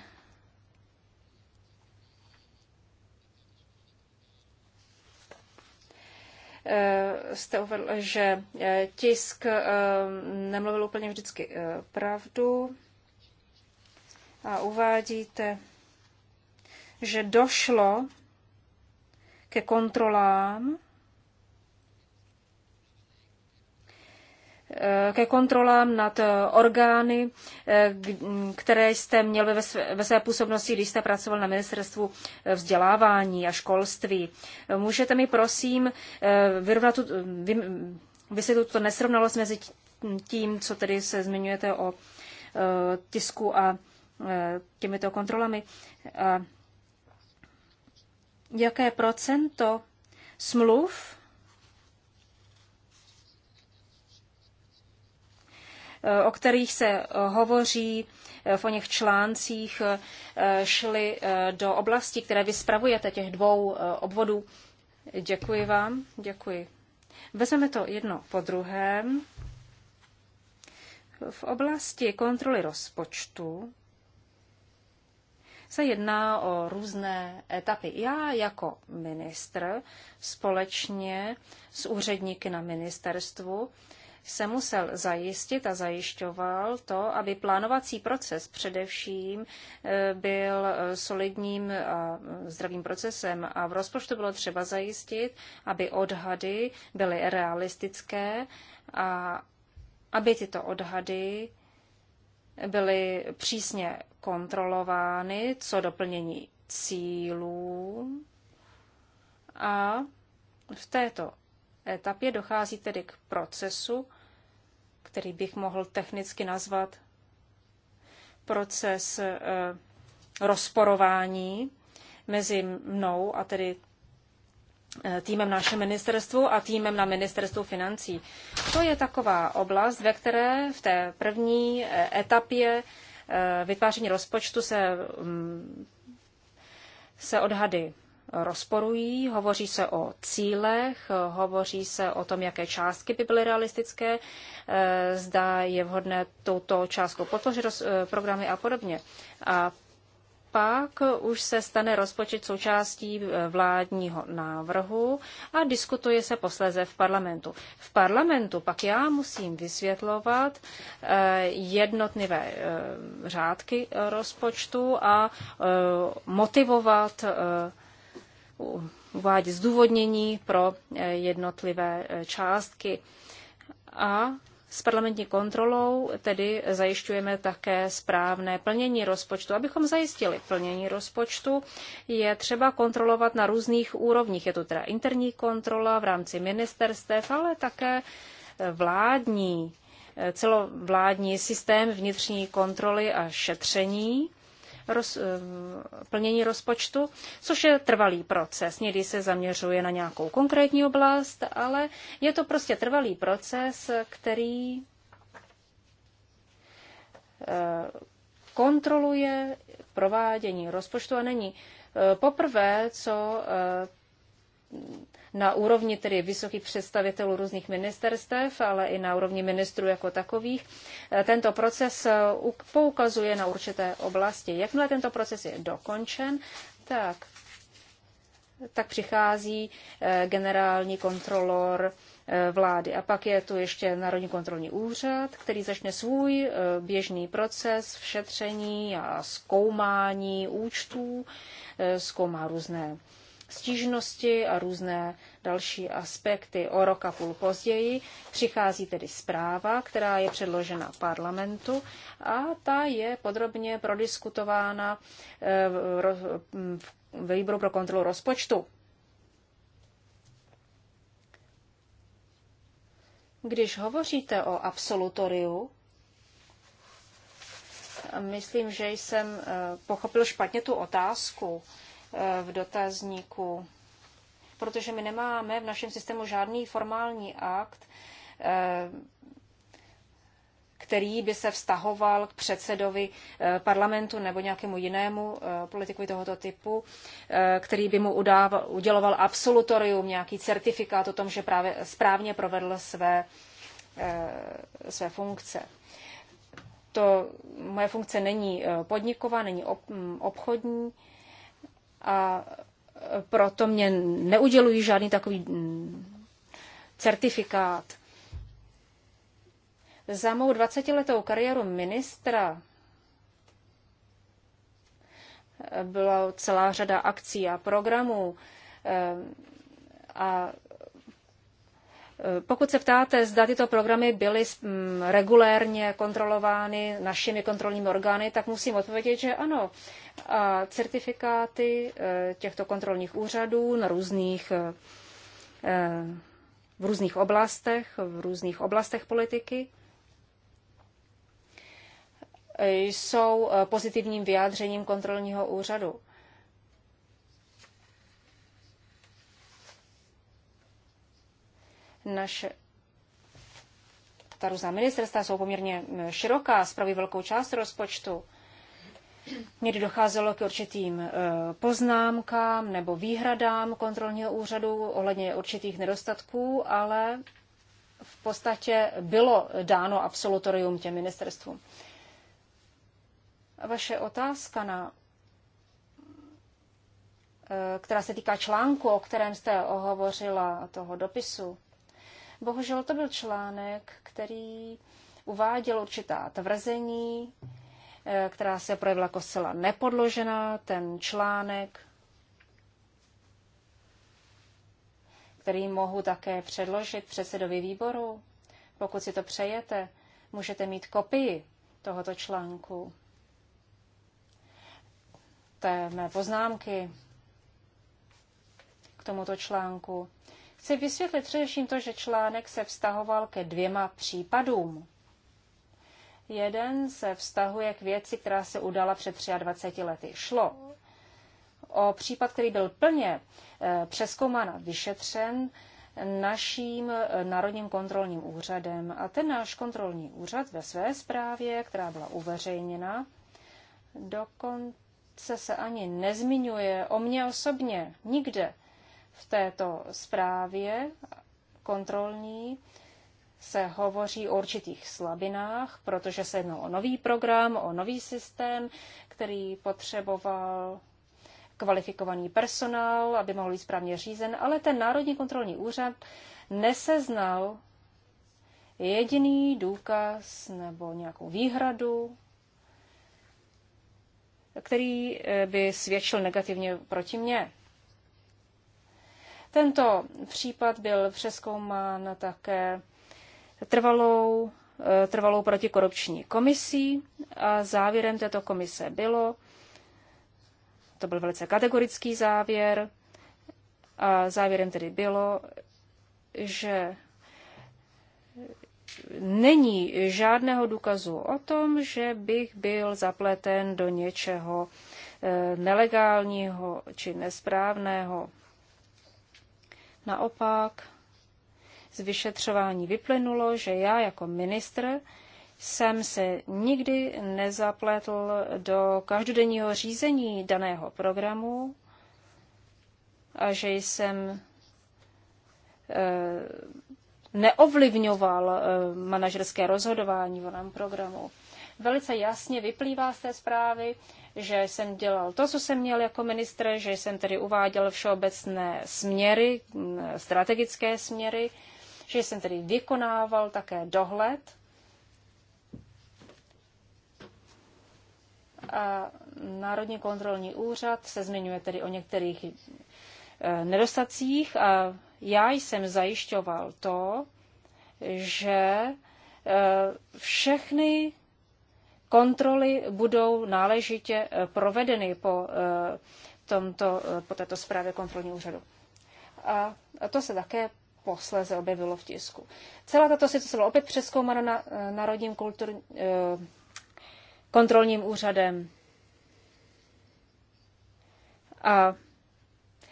Speaker 2: eh, jste uvedl, že tisk nemluvil úplně vždycky pravdu a uvádíte, že došlo ke kontrolám, eh, ke kontrolám nad eh, orgány, eh, které jste měl ve své, ve své působnosti, když jste pracoval na ministerstvu vzdělávání a školství. Můžete mi prosím vyrovnat tu, vy, vysvětlit tuto nesrovnalost mezi tím, co tedy se zmiňujete o tisku a těmito kontrolami. A jaké procento smluv o kterých se hovoří v o něch článcích, šly do oblasti, které vy spravujete, těch dvou obvodů. Děkuji vám, děkuji. Vezmeme to jedno po druhém. V oblasti kontroly rozpočtu se jedná o různé etapy. Já jako ministr společně s úředníky na ministerstvu se musel zajistit a zajišťoval to, aby plánovací proces především eh, byl eh, solidním a eh, zdravým procesem a v rozpočtu bylo třeba zajistit, aby odhady byly realistické a aby tyto odhady byly přísně kontrolovány co doplnění cílů a v této etapě dochází tedy k procesu, který bych mohl technicky nazvat proces eh, rozporování mezi mnou a tedy eh, týmem našem ministerstvu a týmem na ministerstvu financí. To je taková oblast, ve které v té první eh, etapě Eh, vytváření rozpočtu se, mm, se odhady rozporují, hovoří se o cílech, hovoří se o tom, jaké částky by byly realistické, eh, zda je vhodné touto částkou podpořit eh, programy a podobně. A pak už se stane rozpočet součástí eh, vládního návrhu a diskutuje se posléze v parlamentu. V parlamentu pak já musím vysvětlovat eh, jednotlivé eh, řádky rozpočtu a motivovat uvádět zdůvodnění pro jednotlivé částky. A s parlamentní kontrolou tedy zajišťujeme také správné plnění rozpočtu. Abychom zajistili plnění rozpočtu, je třeba kontrolovat na různých úrovních. Je to teda interní kontrola v rámci ministerstev, ale také vládní, celovládní systém vnitřní kontroly a šetření roz, eh, plnění rozpočtu, což je trvalý proces. Někdy se zaměřuje na nějakou konkrétní oblast, ale je to prostě trvalý proces, který eh, kontroluje provádění rozpočtu a není eh, poprvé, co na úrovni tedy vysokých představitelů různých ministerstev, ale i na úrovni ministrů jako takových. E, tento proces e, poukazuje na určité oblasti. Jakmile tento proces je dokončen, tak, tak přichází e, generální kontrolor vlády. A pak je tu ještě Národní kontrolní úřad, který začne svůj běžný proces všetření a zkoumání účtů, zkoumá různé stížnosti a různé další aspekty. O rok a půl později přichází tedy zpráva, která je předložena parlamentu a ta je podrobně prodiskutována eh, ve výboru pro kontrolu rozpočtu. Když hovoříte o absolutoriu, myslím, že jsem eh, pochopil špatně tu otázku v dotazníku, protože my nemáme v našem systému žádný formální akt, eh, který by se vztahoval k předsedovi eh, parlamentu nebo nějakému jinému eh, politikovi tohoto typu, který by mu udával, uděloval absolutorium, nějaký certifikát o tom, že právě správně provedl své, své funkce. To moje funkce není podniková, není mm, obchodní, a proto mě neudělují žádný takový mm, certifikát. Za mou 20-letou kariéru ministra byla celá řada akcí a programů eh, a pokud se ptáte, zda tyto programy byly mm, regulérně kontrolovány našimi kontrolními orgány, tak musím odpovědět, že ano. A certifikáty eh, těchto kontrolních úřadů na různých, eh, v různých oblastech, v různých oblastech politiky eh, jsou pozitivním vyjádřením kontrolního úřadu. naše ta různá ministerstva jsou poměrně eh, široká, spraví velkou část rozpočtu. Někdy docházelo k určitým eh, poznámkám nebo výhradám kontrolního úřadu ohledně určitých nedostatků, ale v podstatě bylo dáno absolutorium těm ministerstvům. Vaše otázka, na, eh, která se týká článku, o kterém jste ohovořila toho dopisu, Bohužel to byl článek, který uváděl určitá tvrzení, eh, která se projevila jako zcela nepodložená. Ten článek, který mohu také předložit předsedovi výboru, pokud si to přejete, můžete mít kopii tohoto článku. je mé poznámky k tomuto článku. Chci vysvětlit především to, že článek se vztahoval ke dvěma případům. Jeden se vztahuje k věci, která se udala před 23 lety. Šlo o případ, který byl plně eh, přeskoumán a vyšetřen naším eh, Národním kontrolním úřadem. A ten náš kontrolní úřad ve své zprávě, která byla uveřejněna, dokonce se ani nezmiňuje o mně osobně nikde. V této zprávě kontrolní se hovoří o určitých slabinách, protože se jednalo o nový program, o nový systém, který potřeboval kvalifikovaný personál, aby mohl být správně řízen, ale ten Národní kontrolní úřad neseznal jediný důkaz nebo nějakou výhradu, který eh, by svědčil negativně proti mně. Tento případ byl přeskoumán také trvalou, eh, trvalou protikorupční komisí a závěrem této komise bylo, to byl velice kategorický závěr, a závěrem tedy bylo, že není žádného důkazu o tom, že bych byl zapleten do něčeho eh, nelegálního či nesprávného. Naopak z vyšetřování vyplynulo, že já jako ministr jsem se nikdy nezapletl do každodenního řízení daného programu a že jsem eh, neovlivňoval eh, manažerské rozhodování v daném programu. Velice jasně vyplývá z té zprávy, že jsem dělal to, co jsem měl jako ministr, že jsem tedy uváděl všeobecné směry, strategické směry, že jsem tedy vykonával také dohled. A Národní kontrolní úřad se zmiňuje tedy o některých e, nedostacích a já jsem zajišťoval to, že e, všechny kontroly budou náležitě eh, provedeny po, eh, tomto, eh, po této zprávě kontrolního úřadu. A to se také posléze objevilo v tisku. Celá tato situace byla opět přeskoumána na, Národním kultur, kontrolním úřadem. A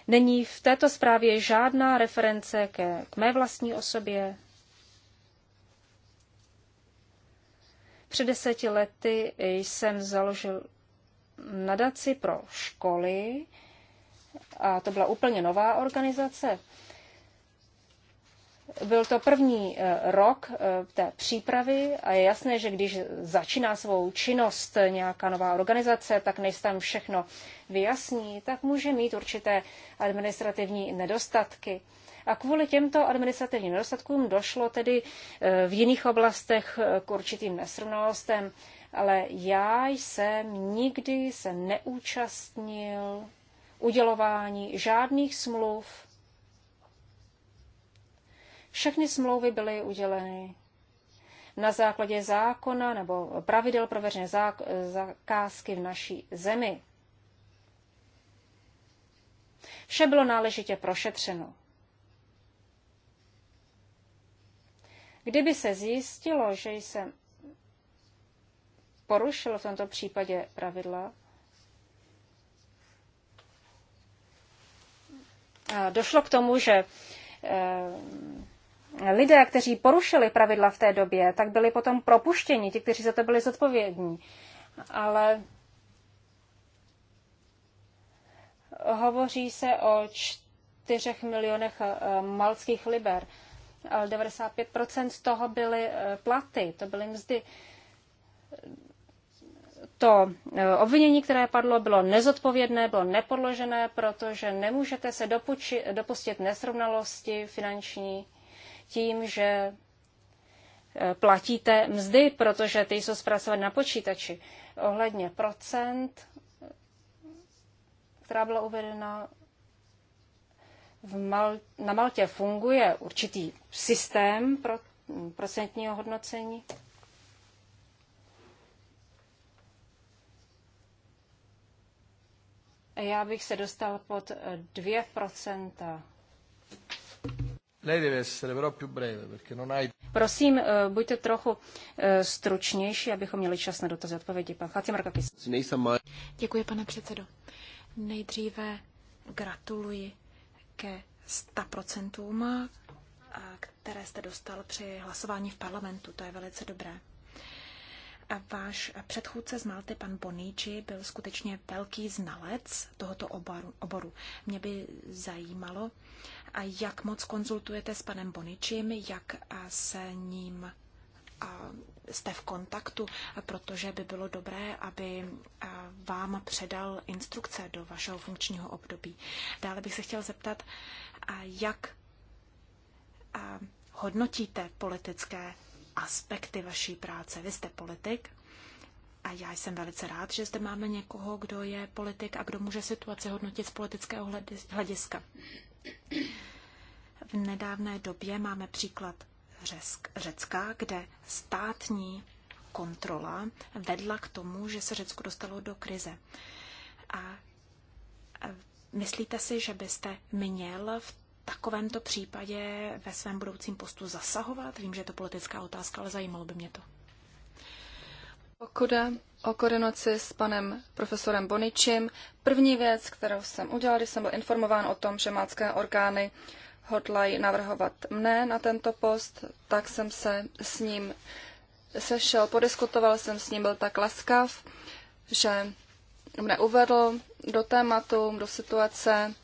Speaker 2: není v této zprávě žádná reference ke, k mé vlastní osobě, Před deseti lety jsem založil nadaci pro školy a to byla úplně nová organizace. Byl to první eh, rok eh, té přípravy a je jasné, že když začíná svou činnost nějaká nová organizace, tak než tam všechno vyjasní, tak může mít určité administrativní nedostatky. A kvůli těmto administrativním nedostatkům došlo tedy e, v jiných oblastech e, k určitým nesrovnalostem, ale já jsem nikdy se neúčastnil udělování žádných smluv. Všechny smlouvy byly uděleny na základě zákona nebo pravidel pro veřejné zakázky v naší zemi. Vše bylo náležitě prošetřeno. Kdyby se zjistilo, že jsem porušil v tomto případě pravidla, a došlo k tomu, že eh, lidé, kteří porušili pravidla v té době, tak byli potom propuštěni, ti, kteří za to byli zodpovědní. Ale hovoří se o čtyřech milionech eh, malských liber ale 95% z toho byly eh, platy, to byly mzdy. To eh, obvinění, které padlo, bylo nezodpovědné, bylo nepodložené, protože nemůžete se dopuči, dopustit nesrovnalosti finanční tím, že eh, platíte mzdy, protože ty jsou zpracované na počítači. Ohledně procent, která byla uvedena v Mal- na Maltě funguje určitý systém pro procentního hodnocení. Já bych se dostal pod 2%. Eh,
Speaker 1: Lei deve essere però più breve, perché non hai...
Speaker 2: Prosím, eh, buďte trochu eh,
Speaker 4: stručnější, abychom měli čas na dotazy odpovědi. Pan Chacimarkakis. Děkuji, pane předsedo. Nejdříve gratuluji ke 100%, které jste dostal při hlasování v parlamentu. To je velice dobré. A váš předchůdce z Malty, pan Bonici, byl skutečně velký znalec tohoto oboru. Mě by zajímalo, jak moc konzultujete s panem Boničím, jak se ním jste v kontaktu, protože by bylo dobré, aby eh, vám předal instrukce do vašeho funkčního období. Dále bych se chtěl zeptat, eh, jak eh, hodnotíte politické aspekty vaší práce. Vy jste politik a já jsem velice rád, že zde máme někoho, kdo je politik a kdo může situaci hodnotit z politického hlediska. V nedávné době máme příklad Řecka, kde státní kontrola vedla k tomu, že se Řecko dostalo do krize. A myslíte si, že byste měl v takovémto případě ve svém budoucím postu zasahovat? Vím, že je to politická otázka, ale zajímalo by mě to.
Speaker 3: Pokud je o koordinaci s panem profesorem Boničem, první věc, kterou jsem udělal, když jsem byl informován o tom, že mácké orgány uh, hodlají navrhovat mne na tento post, tak jsem se s ním sešel, podiskutoval jsem s ním, byl tak laskav, že mne uvedl do tématu, do situace,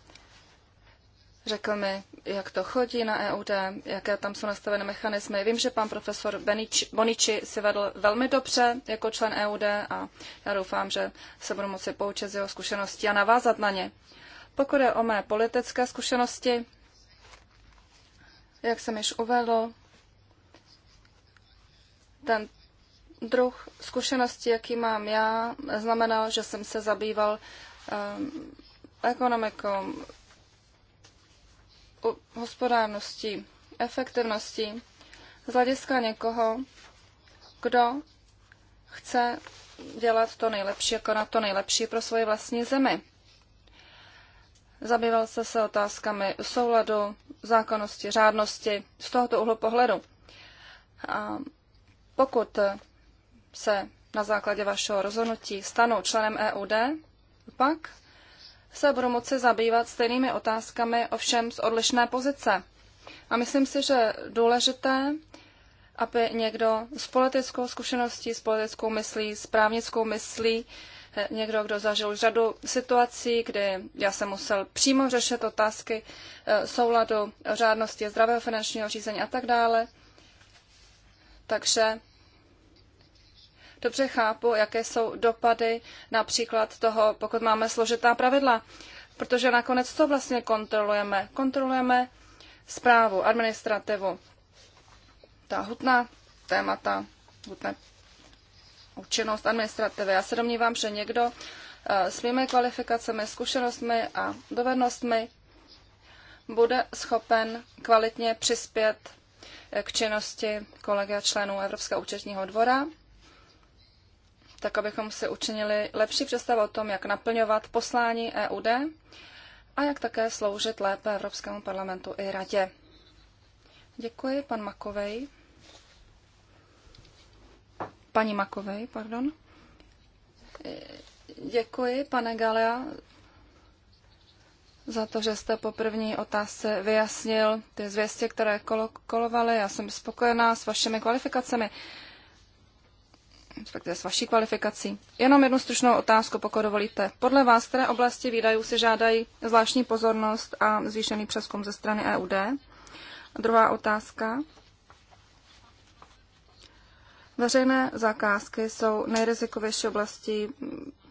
Speaker 3: řekl mi, jak to chodí na EUD, jaké tam jsou nastavené mechanismy. Vím, že pan profesor Bonici, Boniči si vedl velmi dobře jako člen EUD a já doufám, že se budu moci poučit z jeho zkušeností a navázat na ně. Pokud je o mé politické zkušenosti, jak jsem již uvedl, ten druh zkušenosti, jaký mám já, znamenal, že jsem se zabýval um, ekonomikou, hospodárností, efektivností z hlediska někoho, kdo chce dělat to nejlepší jako na to nejlepší pro svoji vlastní zemi. Zabýval se se otázkami souladu, zákonnosti, řádnosti z tohoto úhlu pohledu. A pokud se na základě vašeho rozhodnutí stanu členem EUD, pak se budu moci zabývat stejnými otázkami, ovšem z odlišné pozice. A myslím si, že důležité, aby někdo s politickou zkušeností, s politickou myslí, s právnickou myslí, někdo, kdo zažil řadu situací, kdy já jsem musel přímo řešit otázky eh, souladu řádnosti zdravého finančního řízení a tak dále. Takže dobře chápu, jaké jsou dopady například toho, pokud máme složitá pravidla. Protože nakonec to vlastně kontrolujeme. Kontrolujeme zprávu, administrativu, ta hutná témata, hutné účinnost administrativy. Já se domnívám, že někdo eh, s mými kvalifikacemi, zkušenostmi a dovednostmi bude schopen kvalitně přispět eh, k činnosti kolegia členů Evropského účetního dvora, tak abychom si učinili lepší představu o tom, jak naplňovat poslání EUD a jak také sloužit lépe Evropskému parlamentu i radě. Děkuji, pan Makovej paní Makovej, pardon. Děkuji, pane Galea, za to, že jste po první otázce vyjasnil ty zvěstě, které kol- kolovaly. Já jsem spokojená s vašimi kvalifikacemi, respektive s vaší kvalifikací. Jenom jednu stručnou otázku, pokud dovolíte. Podle vás, které oblasti výdajů si žádají zvláštní pozornost a zvýšený přeskum ze strany EUD? A druhá otázka. Veřejné zakázky jsou nejrizikovější oblastí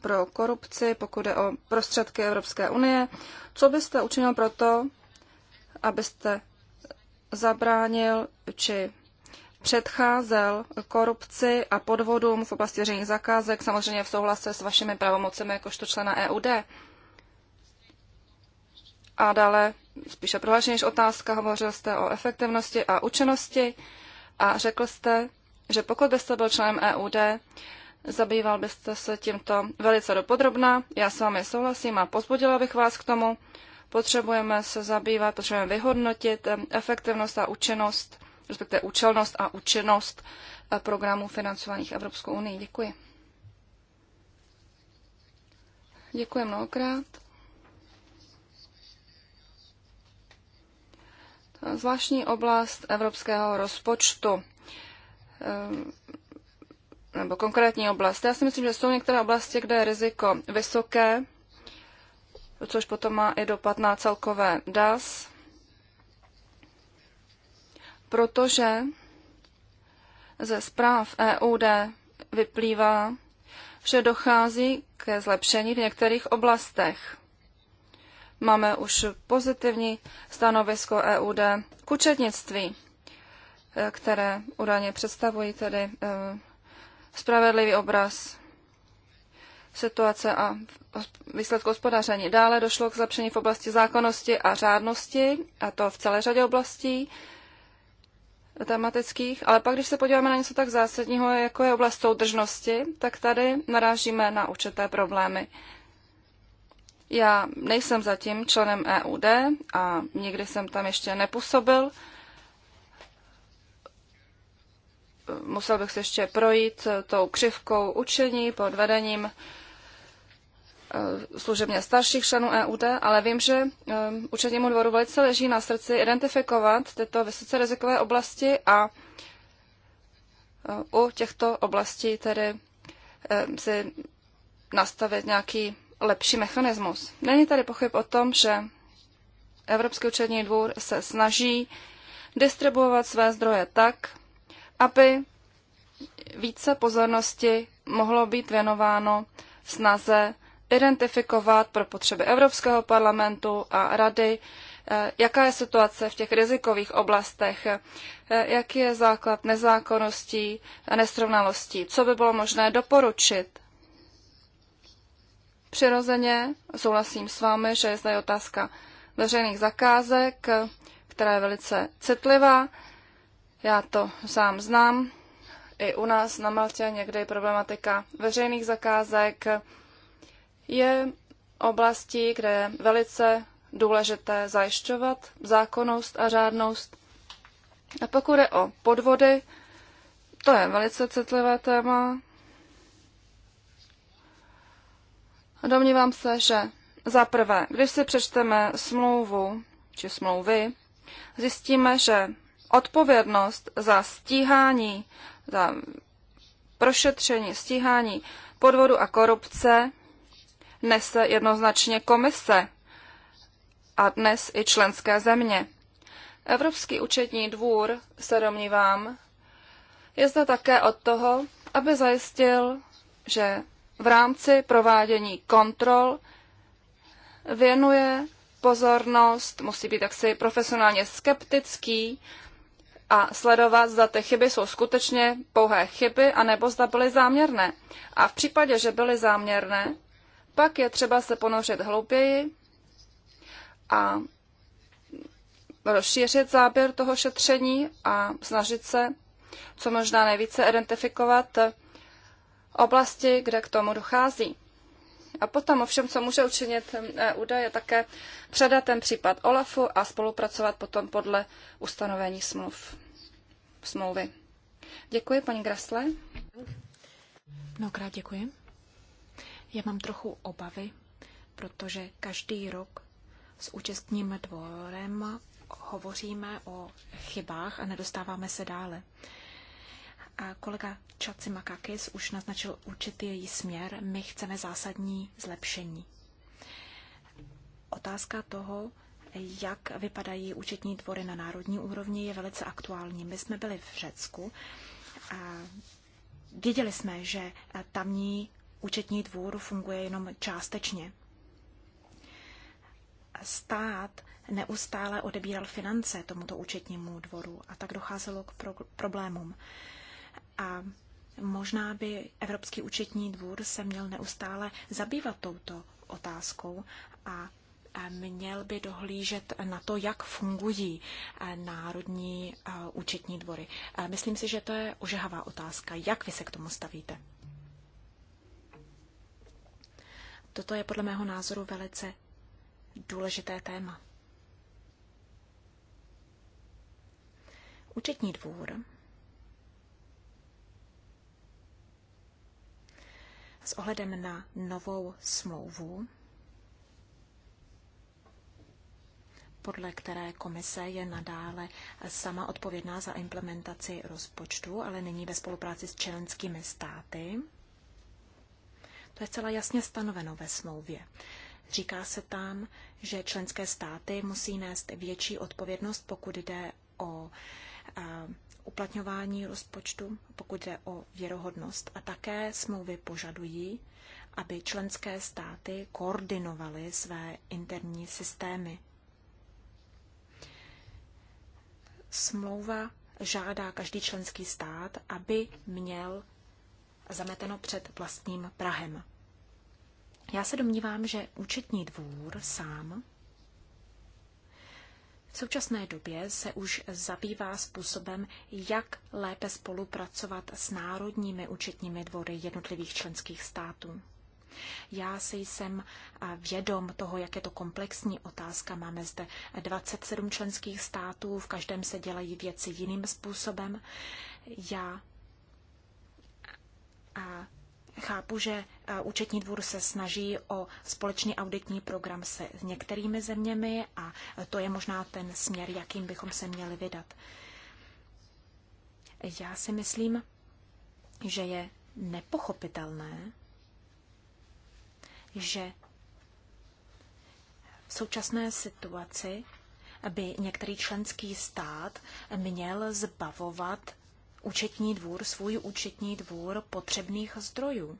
Speaker 3: pro korupci, pokud je o prostředky Evropské unie. Co byste učinil proto, abyste zabránil či předcházel korupci a podvodům v oblasti veřejných zakázek, samozřejmě v souhlase s vašimi pravomocemi jakožto člena EUD. A dále, spíše prohlášení než otázka, hovořil jste o efektivnosti a účinnosti a řekl jste, že pokud byste byl členem EUD, zabýval byste se tímto velice dopodrobná. Já s vámi souhlasím a pozbudila bych vás k tomu. Potřebujeme se zabývat, potřebujeme vyhodnotit efektivnost a účinnost, respektive účelnost a účinnost programů financovaných Evropskou unii. Děkuji. Děkuji mnohokrát. Zvláštní oblast evropského rozpočtu. Eh, nebo konkrétní oblast. Já si myslím, že jsou některé oblasti, kde je riziko vysoké, což potom má i dopad na celkové DAS, protože ze zpráv EUD vyplývá, že dochází ke zlepšení v některých oblastech. Máme už pozitivní stanovisko EUD k učetnictví. Eh, které údajně představují tedy eh, spravedlivý obraz situace a výsledku hospodaření. Dále došlo k zlepšení v oblasti zákonnosti a řádnosti, a to v celé řadě oblastí tematických, ale pak, když se podíváme na něco tak zásadního, jako je oblast soudržnosti, tak tady narážíme na určité problémy. Já nejsem zatím členem EUD a nikdy jsem tam ještě nepůsobil, musel bych se ještě projít eh, tou křivkou učení pod vedením eh, služebně starších členů EUD, ale vím, že eh, učenímu dvoru velice leží na srdci identifikovat tyto vysoce rizikové oblasti a u těchto oblastí tedy si nastavit nějaký lepší mechanismus. Není tady pochyb o tom, že Evropský učení dvůr se snaží distribuovat své zdroje tak, aby více pozornosti mohlo být věnováno snaze identifikovat pro potřeby Evropského parlamentu a rady, eh, jaká je situace v těch rizikových oblastech, eh, jaký je základ nezákonností a nesrovnalostí, co by bylo možné doporučit. Přirozeně souhlasím s vámi, že je zde otázka veřejných zakázek, která je velice citlivá já to sám znám. I u nás na Maltě někdy problematika veřejných zakázek je oblastí, kde je velice důležité zajišťovat zákonnost a řádnost. A pokud je o podvody, to je velice citlivé téma. Domnívám se, že za prvé, když si přečteme smlouvu či smlouvy, zjistíme, že odpovědnost za stíhání, za prošetření, stíhání podvodu a korupce nese jednoznačně komise a dnes i členské země. Evropský účetní dvůr, se domnívám, je zde také od toho, aby zajistil, že v rámci provádění kontrol věnuje pozornost, musí být taksi profesionálně skeptický a sledovat, zda ty chyby jsou skutečně pouhé chyby, anebo zda byly záměrné. A v případě, že byly záměrné, pak je třeba se ponořit hlouběji a rozšířit záběr toho šetření a snažit se co možná nejvíce identifikovat oblasti, kde k tomu dochází. A potom ovšem, co může učinit eh, údaj, je také předat ten případ OLAFu a spolupracovat potom podle ustanovení smluv smlouvy. Děkuji, paní Grasle.
Speaker 4: Mnohokrát děkuji. Já mám trochu obavy, protože každý rok s účastním dvorem hovoříme o chybách a nedostáváme se dále. A kolega Čaci Makakis už naznačil určitý její směr. My chceme zásadní zlepšení. Otázka toho, jak vypadají účetní dvory na národní úrovni, je velice aktuální. My jsme byli v Řecku. A věděli jsme, že tamní účetní dvůr funguje jenom částečně. Stát neustále odebíral finance tomuto účetnímu dvoru a tak docházelo k pro- problémům. A možná by Evropský účetní dvůr se měl neustále zabývat touto otázkou a měl by dohlížet na to, jak fungují eh, národní eh, účetní dvory. Eh, myslím si, že to je ožehavá otázka. Jak vy se k tomu stavíte? Toto je podle mého názoru velice důležité téma. Účetní dvůr s ohledem na novou smlouvu podle které komise je nadále sama odpovědná za implementaci rozpočtu, ale není ve spolupráci s členskými státy. To je celá jasně stanoveno ve smlouvě. Říká se tam, že členské státy musí nést větší odpovědnost, pokud jde o uplatňování rozpočtu, pokud jde o věrohodnost. A také smlouvy požadují, aby členské státy koordinovaly své interní systémy. Smlouva žádá každý členský stát, aby měl zameteno před vlastním Prahem. Já se domnívám, že účetní dvůr sám v současné době se už zabývá způsobem, jak lépe spolupracovat s národními účetními dvory jednotlivých členských států. Já si jsem vědom toho, jak je to komplexní otázka. Máme zde 27 členských států, v každém se dělají věci jiným způsobem. Já a Chápu, že účetní dvůr se snaží o společný auditní program se některými zeměmi a to je možná ten směr, jakým bychom se měli vydat. Já si myslím, že je nepochopitelné, že v současné situaci by některý členský stát měl zbavovat účetní dvůr, svůj účetní dvůr potřebných zdrojů.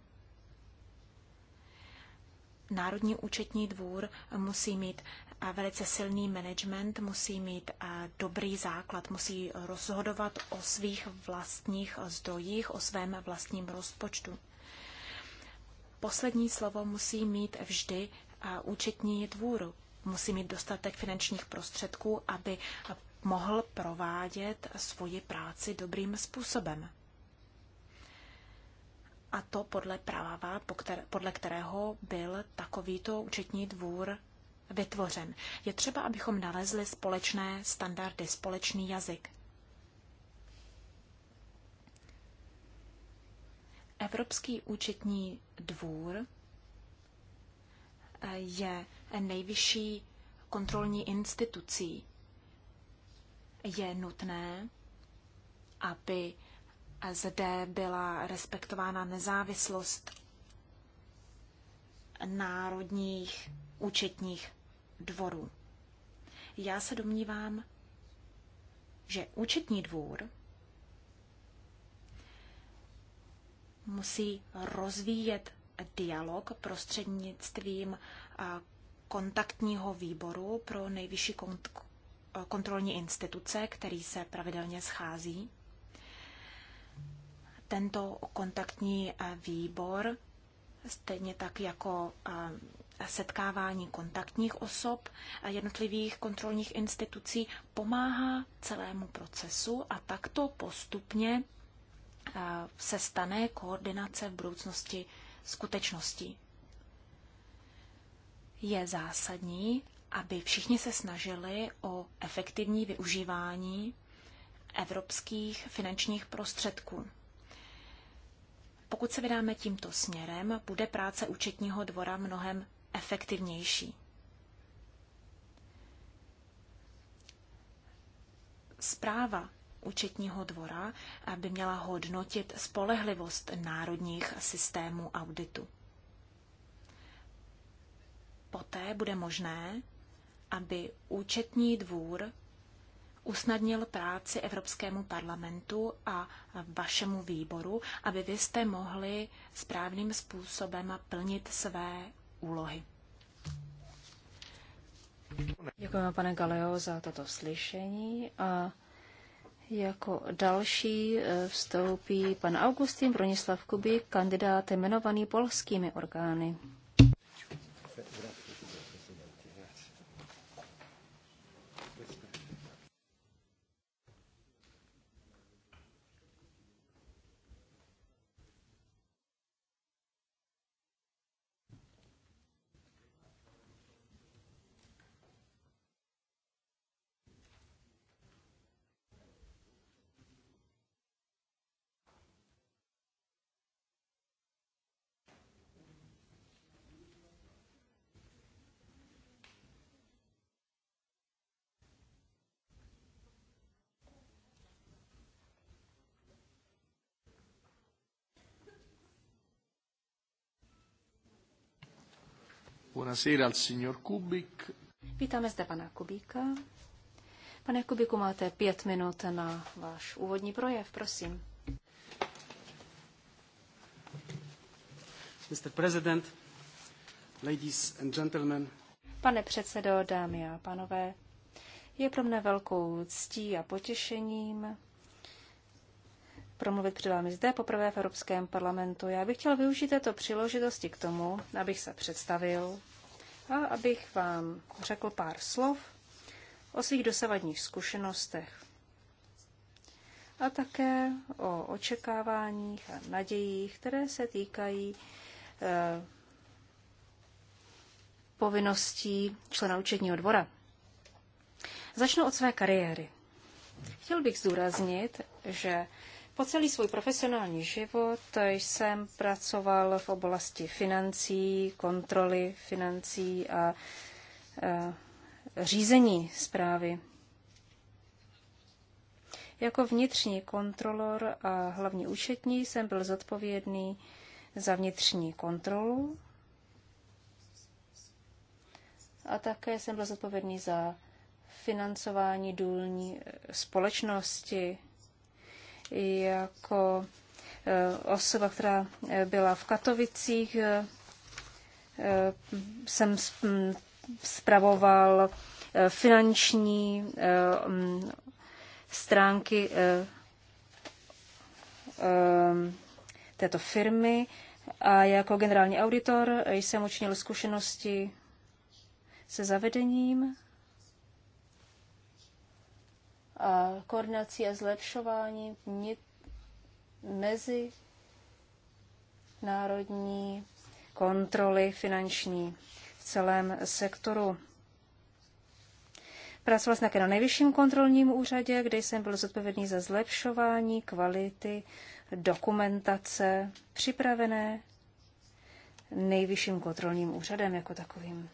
Speaker 4: Národní účetní dvůr musí mít velice silný management, musí mít dobrý základ, musí rozhodovat o svých vlastních zdrojích, o svém vlastním rozpočtu. Poslední slovo musí mít vždy účetní dvůr. Musí mít dostatek finančních prostředků, aby mohl provádět svoji práci dobrým způsobem. A to podle práva, podle kterého byl takovýto účetní dvůr vytvořen. Je třeba, abychom nalezli společné standardy, společný jazyk. Evropský účetní dvůr eh, je nejvyšší kontrolní institucí. Je nutné, aby zde byla respektována nezávislost národních účetních dvorů. Já se domnívám, že účetní dvůr musí rozvíjet dialog prostřednictvím kontaktního výboru pro nejvyšší kont kontrolní instituce, který se pravidelně schází. Tento kontaktní výbor, stejně tak jako setkávání kontaktních osob a jednotlivých kontrolních institucí, pomáhá celému procesu a takto postupně se stane koordinace v budoucnosti skutečností. Je zásadní, aby všichni se snažili o efektivní využívání evropských finančních prostředků. Pokud se vydáme tímto směrem, bude práce účetního dvora mnohem efektivnější. Zpráva účetního dvora by měla hodnotit spolehlivost národních systémů auditu. Poté bude možné, aby účetní dvůr usnadnil práci Evropskému parlamentu a vašemu výboru, aby vy jste mohli správným způsobem plnit své úlohy.
Speaker 2: Děkujeme, pane Galeo, za toto slyšení. A... Jako další e, vstoupí pan Augustin Bronislav Kubík, kandidát jmenovaný polskými orgány.
Speaker 1: Buonasera al signor Kubik.
Speaker 2: Vítáme zde pana Kubíka. Pane Kubiku, máte pět minut na váš úvodní projev, prosím.
Speaker 1: Mr. President, ladies and gentlemen.
Speaker 2: Pane předsedo, dámy a pánové, je pro mne velkou ctí a potěšením promluvit před vámi zde poprvé v Evropském parlamentu. Já bych chtěl využít této příležitosti k tomu, abych se představil a abych vám řekl pár slov o svých dosavadních zkušenostech a také o očekáváních a nadějích, které se týkají eh, povinností člena účetního dvora. Začnu od své kariéry. Chtěl bych zdůraznit, že po celý svůj profesionální život jsem pracoval v oblasti financí, kontroly financí a, a řízení zprávy. Jako vnitřní kontrolor a hlavní účetní jsem byl zodpovědný za vnitřní kontrolu a také jsem byl zodpovědný za financování důlní společnosti jako e, osoba, která e, byla v Katovicích, e, jsem spravoval finanční stránky této firmy a jako generální auditor jsem učinil zkušenosti se zavedením a koordinací a zlepšování mezi národní kontroly finanční v celém sektoru. Pracoval jsem také na nejvyšším kontrolním úřadě, kde jsem byl zodpovědný za zlepšování kvality dokumentace připravené nejvyšším kontrolním úřadem jako takovým.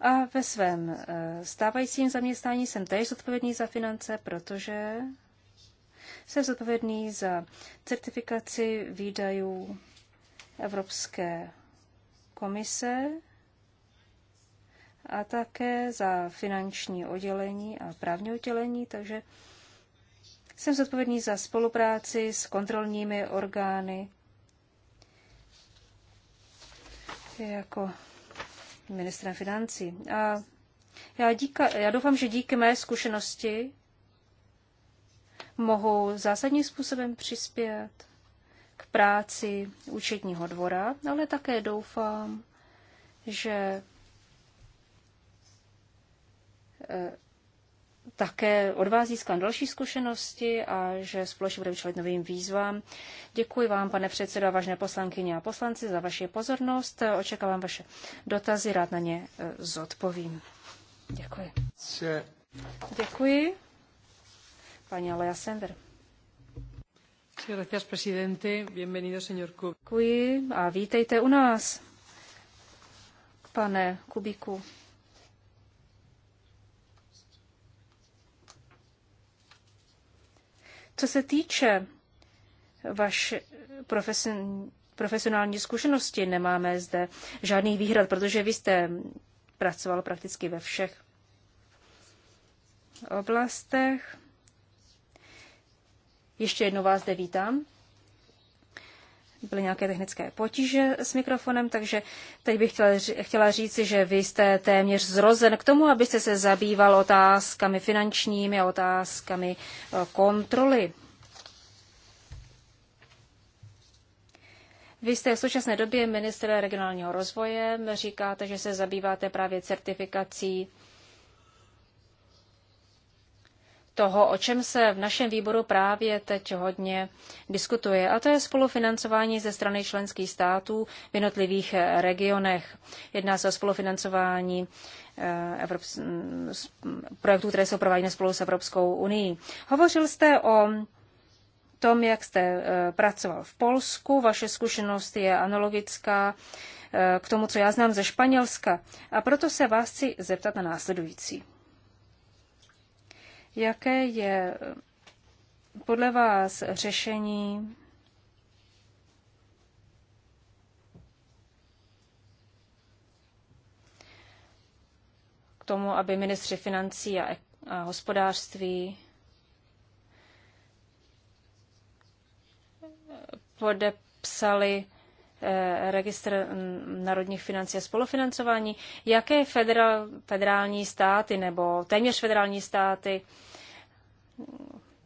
Speaker 2: A ve svém eh, stávajícím zaměstnání jsem též zodpovědný za finance, protože jsem zodpovědný za certifikaci výdajů Evropské komise a také za finanční oddělení a právní oddělení, takže jsem zodpovědný za spolupráci s kontrolními orgány jako ministrem financí. A já, díka, já doufám, že díky mé zkušenosti mohou zásadním způsobem přispět k práci účetního dvora, ale také doufám, že eh, také od vás získám další zkušenosti a že společně budeme čelit novým výzvám. Děkuji vám, pane předsedo a vážné poslankyně a poslanci, za vaši pozornost. Očekávám vaše dotazy, rád na ně eh, zodpovím. Děkuji. Děkuji. Paní Alea Sender. Děkuji a vítejte u nás, pane Kubiku. Co se týče vaše profesion, profesionální zkušenosti, nemáme zde žádný výhrad, protože vy jste pracoval prakticky ve všech oblastech. Ještě jednou vás zde vítám byly nějaké technické potíže s mikrofonem, takže teď bych chtěla, chtěla říci, že vy jste téměř zrozen k tomu, abyste se zabýval otázkami finančními a otázkami e, kontroly. Vy jste v současné době minister regionálního rozvoje, říkáte, že se zabýváte právě certifikací toho, o čem se v našem výboru právě teď hodně diskutuje, a to je spolufinancování ze strany členských států v jednotlivých eh, regionech. Jedná se o spolufinancování eh, projektů, které jsou prováděny spolu s Evropskou unii. Hovořil jste o tom, jak jste eh, pracoval v Polsku. Vaše zkušenost je analogická k tomu, co já znám ze Španělska. A proto se vás chci zeptat na následující. Jaké je eh, podle vás řešení k tomu, aby ministři financí a, a hospodářství eh, podepsali Eh, registr mm, národních financí a spolufinancování, jaké federal, federální státy nebo téměř federální státy,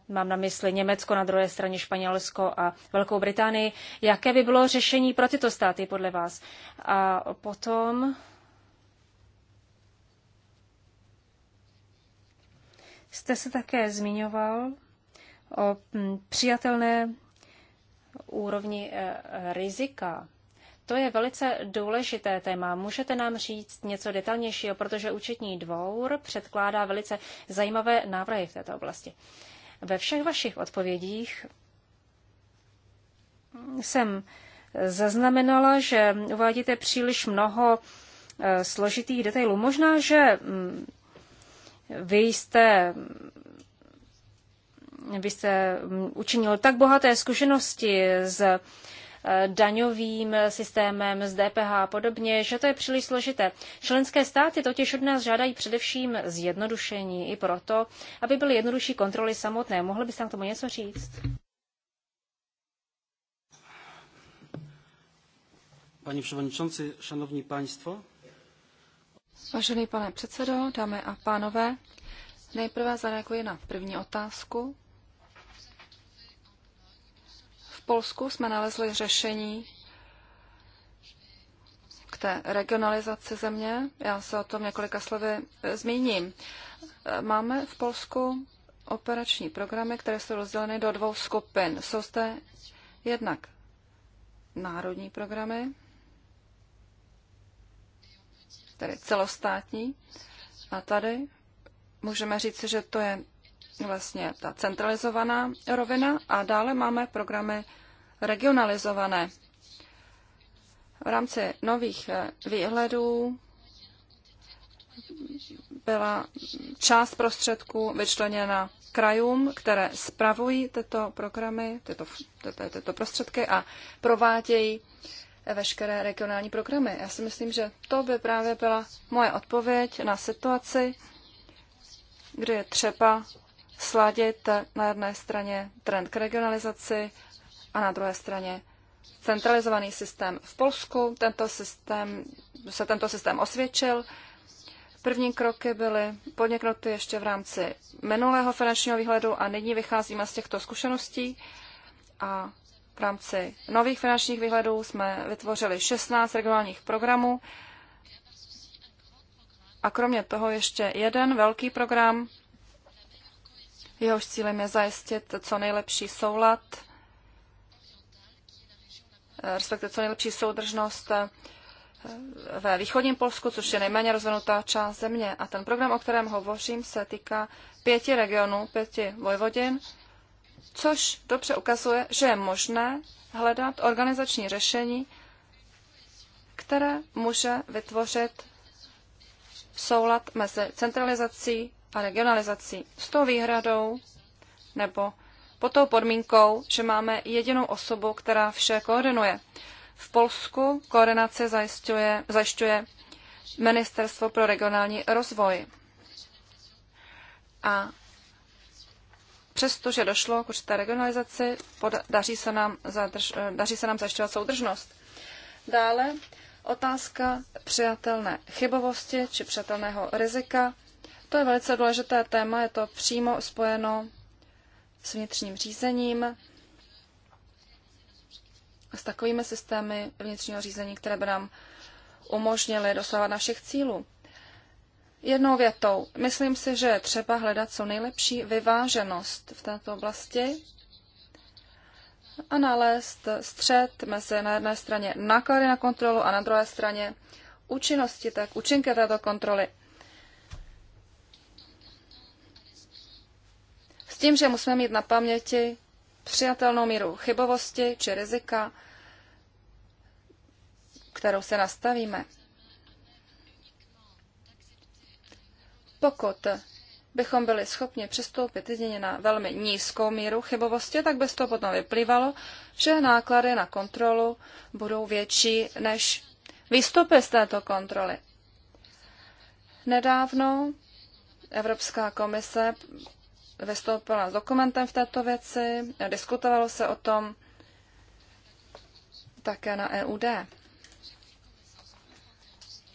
Speaker 2: mám na mysli Německo, na druhé straně Španělsko a Velkou Británii, jaké by bylo řešení pro tyto státy podle vás? A potom jste se také zmiňoval o mm, přijatelné úrovni eh, rizika. To je velice důležité téma. Můžete nám říct něco detalnějšího, protože účetní dvour předkládá velice zajímavé návrhy v této oblasti. Ve všech vašich odpovědích jsem zaznamenala, že uvádíte příliš mnoho eh, složitých detailů. Možná, že mm, vy jste vy jste mm, učinil tak bohaté zkušenosti s eh, daňovým systémem, s DPH a podobně, že to je příliš složité. Členské státy totiž od nás žádají především zjednodušení i proto, aby byly jednodušší kontroly samotné. Mohli byste nám k tomu něco říct?
Speaker 1: Pani předsedající, šanovní pánstvo.
Speaker 3: Vážený pane předsedo, dámy a pánové, nejprve zareaguji na první otázku, Polsku jsme nalezli řešení k té regionalizaci země. Já se o tom několika slovy eh, zmíním. Eh, máme v Polsku operační programy, které jsou rozděleny do dvou skupin. Jsou zde jednak národní programy, tedy celostátní, a tady můžeme říct, že to je vlastně ta centralizovaná rovina a dále máme programy regionalizované. V rámci nových eh, výhledů byla část prostředků vyčleněna krajům, které spravují tyto programy, tyto, tyto, tyto prostředky a provádějí veškeré regionální programy. Já si myslím, že to by právě byla moje odpověď na situaci, kdy je třeba sladit na jedné straně trend k regionalizaci a na druhé straně centralizovaný systém v Polsku. Tento systém, se tento systém osvědčil. První kroky byly podniknuty ještě v rámci minulého finančního výhledu a nyní vycházíme z těchto zkušeností a v rámci nových finančních výhledů jsme vytvořili 16 regionálních programů a kromě toho ještě jeden velký program, Jehož cílem je zajistit co nejlepší soulad, respektive co nejlepší soudržnost eh, ve východním Polsku, což je nejméně rozvinutá část země. A ten program, o kterém hovořím, se týká pěti regionů, pěti vojvodin, což dobře ukazuje, že je možné hledat organizační řešení, které může vytvořit soulad mezi centralizací a regionalizací. S tou výhradou nebo pod tou podmínkou, že máme jedinou osobu, která vše koordinuje. V Polsku koordinaci zajišťuje, zajišťuje Ministerstvo pro regionální rozvoj. A přestože došlo k určité regionalizaci, daří se nám, zadrž, daří se nám zajišťovat soudržnost. Dále otázka přijatelné chybovosti či přijatelného rizika. To je velice důležité téma, je to přímo spojeno s vnitřním řízením, s takovými systémy vnitřního řízení, které by nám umožnily dosahovat našich cílů. Jednou větou, myslím si, že je třeba hledat co nejlepší vyváženost v této oblasti a nalézt střed mezi na jedné straně náklady na kontrolu a na druhé straně účinnosti, tak účinky této kontroly. tím, že musíme mít na paměti přijatelnou míru chybovosti či rizika, kterou se nastavíme. Pokud bychom byli schopni přistoupit jedině na velmi nízkou míru chybovosti, tak by z toho potom vyplývalo, že náklady na kontrolu budou větší než výstupy z této kontroly. Nedávno Evropská komise vystoupila s dokumentem v této věci, diskutovalo se o tom také na EUD.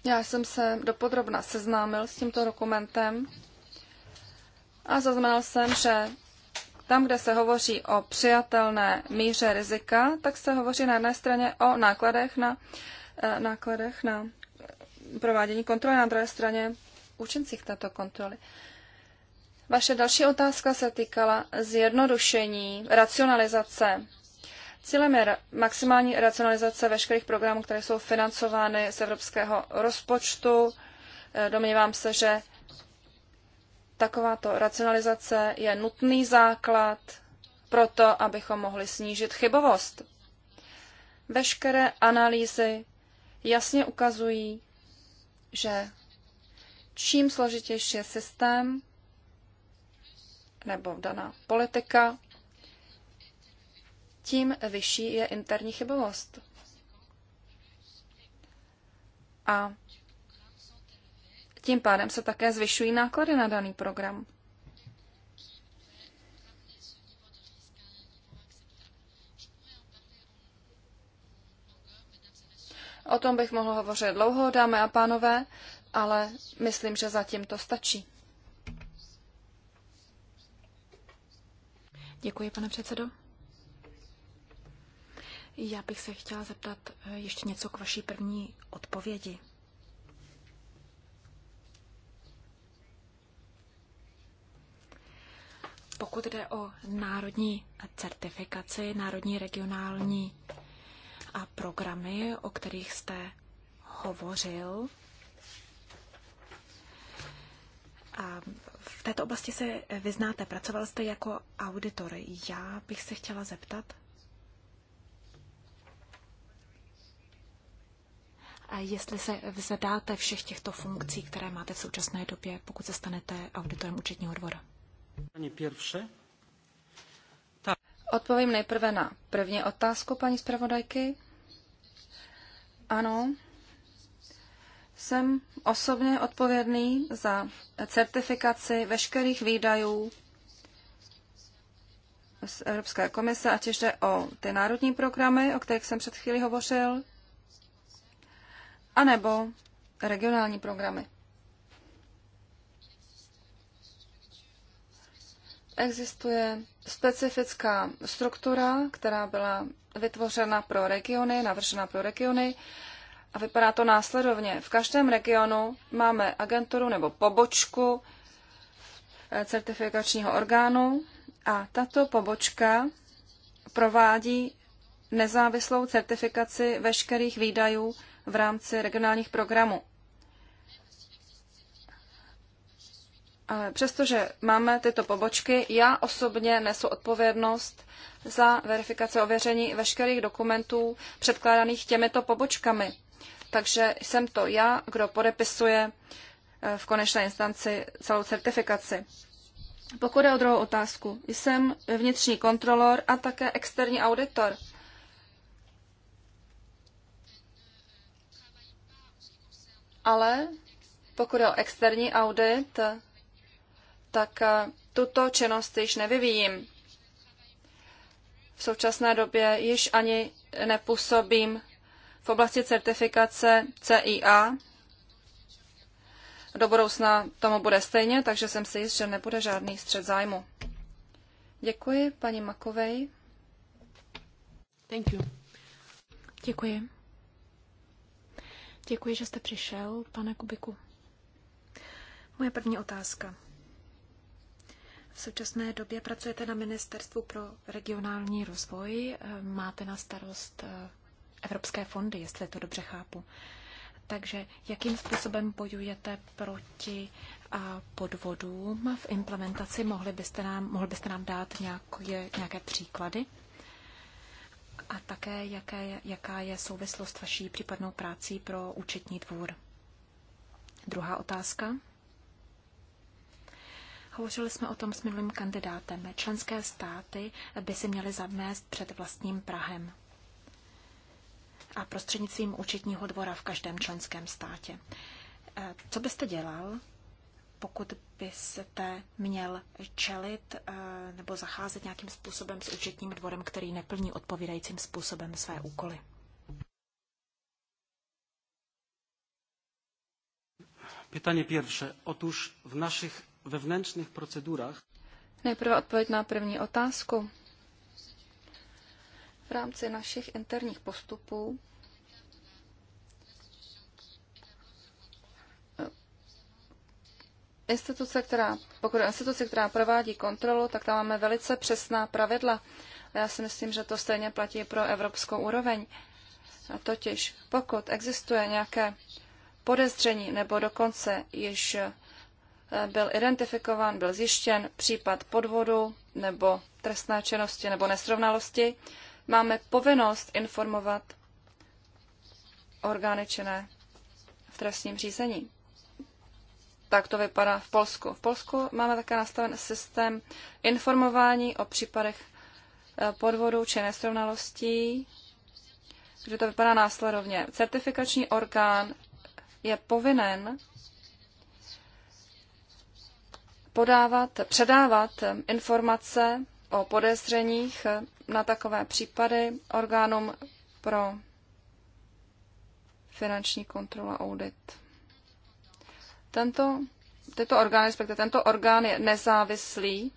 Speaker 3: Já jsem se dopodrobna seznámil s tímto dokumentem a zaznamenal jsem, že tam, kde se hovoří o přijatelné míře rizika, tak se hovoří na jedné straně o nákladech na, eh, nákladech na provádění kontroly, na druhé straně účincích této kontroly. Vaše další otázka se týkala zjednodušení, racionalizace. Cílem je maximální racionalizace veškerých programů, které jsou financovány z evropského rozpočtu. Eh, domnívám se, že takováto racionalizace je nutný základ pro to, abychom mohli snížit chybovost. Veškeré analýzy jasně ukazují, že čím složitější je systém, nebo daná politika, tím vyšší je interní chybovost. A tím pádem se také zvyšují náklady na daný program. O tom bych mohl hovořit dlouho, dámy a pánové, ale myslím, že zatím to stačí.
Speaker 4: Děkuji, pane předsedo. Já bych se chtěla zeptat eh, ještě něco k vaší první odpovědi. Pokud jde o národní certifikaci, národní regionální a programy, o kterých jste hovořil, V této oblasti se vyznáte, pracoval jste jako auditor. Já bych se chtěla zeptat, A jestli se vzdáte všech těchto funkcí, které máte v současné době, pokud se stanete auditorem účetního dvora? Odpovím nejprve na první otázku paní zpravodajky.
Speaker 3: Ano, jsem osobně odpovědný za certifikaci veškerých výdajů z Evropské komise, ať jde o ty národní programy, o kterých jsem před chvílí hovořil, anebo regionální programy. Existuje specifická struktura, která byla vytvořena pro regiony, navržena pro regiony, a vypadá to následovně. V každém regionu máme agenturu nebo pobočku eh, certifikačního orgánu a tato pobočka provádí nezávislou certifikaci veškerých výdajů v rámci regionálních programů. Ale přestože máme tyto pobočky, já osobně nesu odpovědnost za verifikaci ověření veškerých dokumentů předkládaných těmito pobočkami takže jsem to já, kdo podepisuje eh, v konečné instanci celou certifikaci. Pokud je o druhou otázku, jsem vnitřní kontrolor a také externí auditor. Ale pokud je o externí audit, tak eh, tuto činnost již nevyvíjím. V současné době již ani nepůsobím v oblasti certifikace CIA. Do budoucna tomu bude stejně, takže jsem si jist, že nebude žádný střed zájmu.
Speaker 4: Děkuji paní Makovej. Thank you. Děkuji. Děkuji, že jste přišel, pane Kubiku. Moje první otázka. V současné době pracujete na Ministerstvu pro regionální rozvoj, máte na starost eh, evropské fondy, jestli to dobře chápu. Takže jakým způsobem bojujete proti podvodům v implementaci? Mohli byste nám, mohli byste nám dát nějaké, nějaké příklady? A také, jaké, jaká je souvislost vaší případnou práci pro účetní dvůr? Druhá otázka. Hovořili jsme o tom s minulým kandidátem. Členské státy by si měly zamést před vlastním Prahem a prostřednictvím účetního dvora v každém členském státě. Eh, co byste dělal, pokud byste měl čelit eh, nebo zacházet nějakým způsobem s účetním dvorem, který neplní odpovídajícím způsobem své úkoly?
Speaker 1: Pytanie pierwsze. Otóż w naszych wewnętrznych procedurach.
Speaker 3: Najpierw odpowiedź na první otázku v rámci našich interních postupů eh, instituce, která, pokud instituce, která provádí kontrolu, tak tam máme velice přesná pravidla. A já si myslím, že to stejně platí pro evropskou úroveň. A totiž, pokud existuje nějaké podezření nebo dokonce již eh, byl identifikován, byl zjištěn případ podvodu nebo trestné činnosti nebo nesrovnalosti, máme povinnost informovat orgány činné v trestním řízení. Tak to vypadá v Polsku. V Polsku máme také nastaven systém informování o případech eh, podvodů či nesrovnalostí, že to vypadá následovně. Certifikační orgán je povinen podávat, předávat eh, informace o podezřeních eh, na takové případy orgánům pro finanční kontrola audit. Tento, tento orgán, respektive tento orgán je nezávislý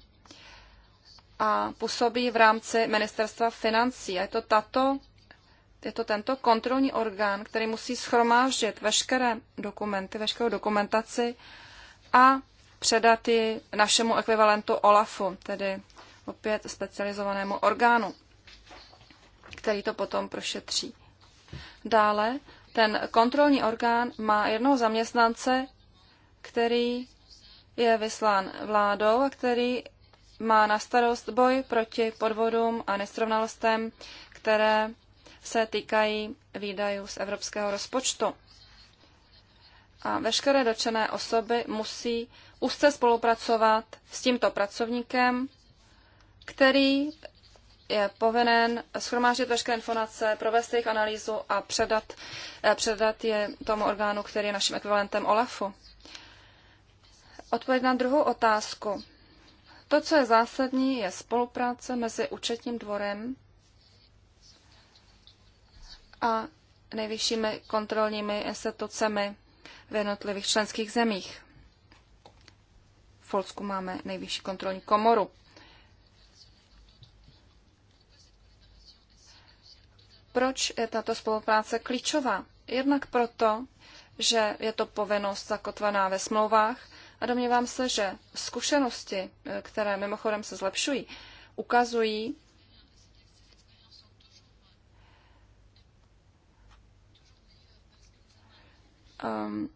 Speaker 3: a působí v rámci ministerstva financí. A je to, tato, je to tento kontrolní orgán, který musí schromáždit veškeré dokumenty, veškerou dokumentaci a předat ji našemu ekvivalentu OLAFu, tedy opět specializovanému orgánu, který to potom prošetří. Dále ten kontrolní orgán má jednoho zaměstnance, který je vyslán vládou a který má na starost boj proti podvodům a nesrovnalostem, které se týkají výdajů z evropského rozpočtu. A veškeré dočené osoby musí úzce spolupracovat s tímto pracovníkem, který je povinen schromáždit veškeré informace, provést jejich analýzu a předat, eh, předat je tomu orgánu, který je naším ekvivalentem OLAFu. Odpověď na druhou otázku. To, co je zásadní, je spolupráce mezi účetním dvorem a nejvyššími kontrolními institucemi v jednotlivých členských zemích. V Polsku máme nejvyšší kontrolní komoru. Proč je tato spolupráce klíčová? Jednak proto, že je to povinnost zakotvená ve smlouvách a domnívám se, že zkušenosti, eh, které mimochodem se zlepšují, ukazují, um,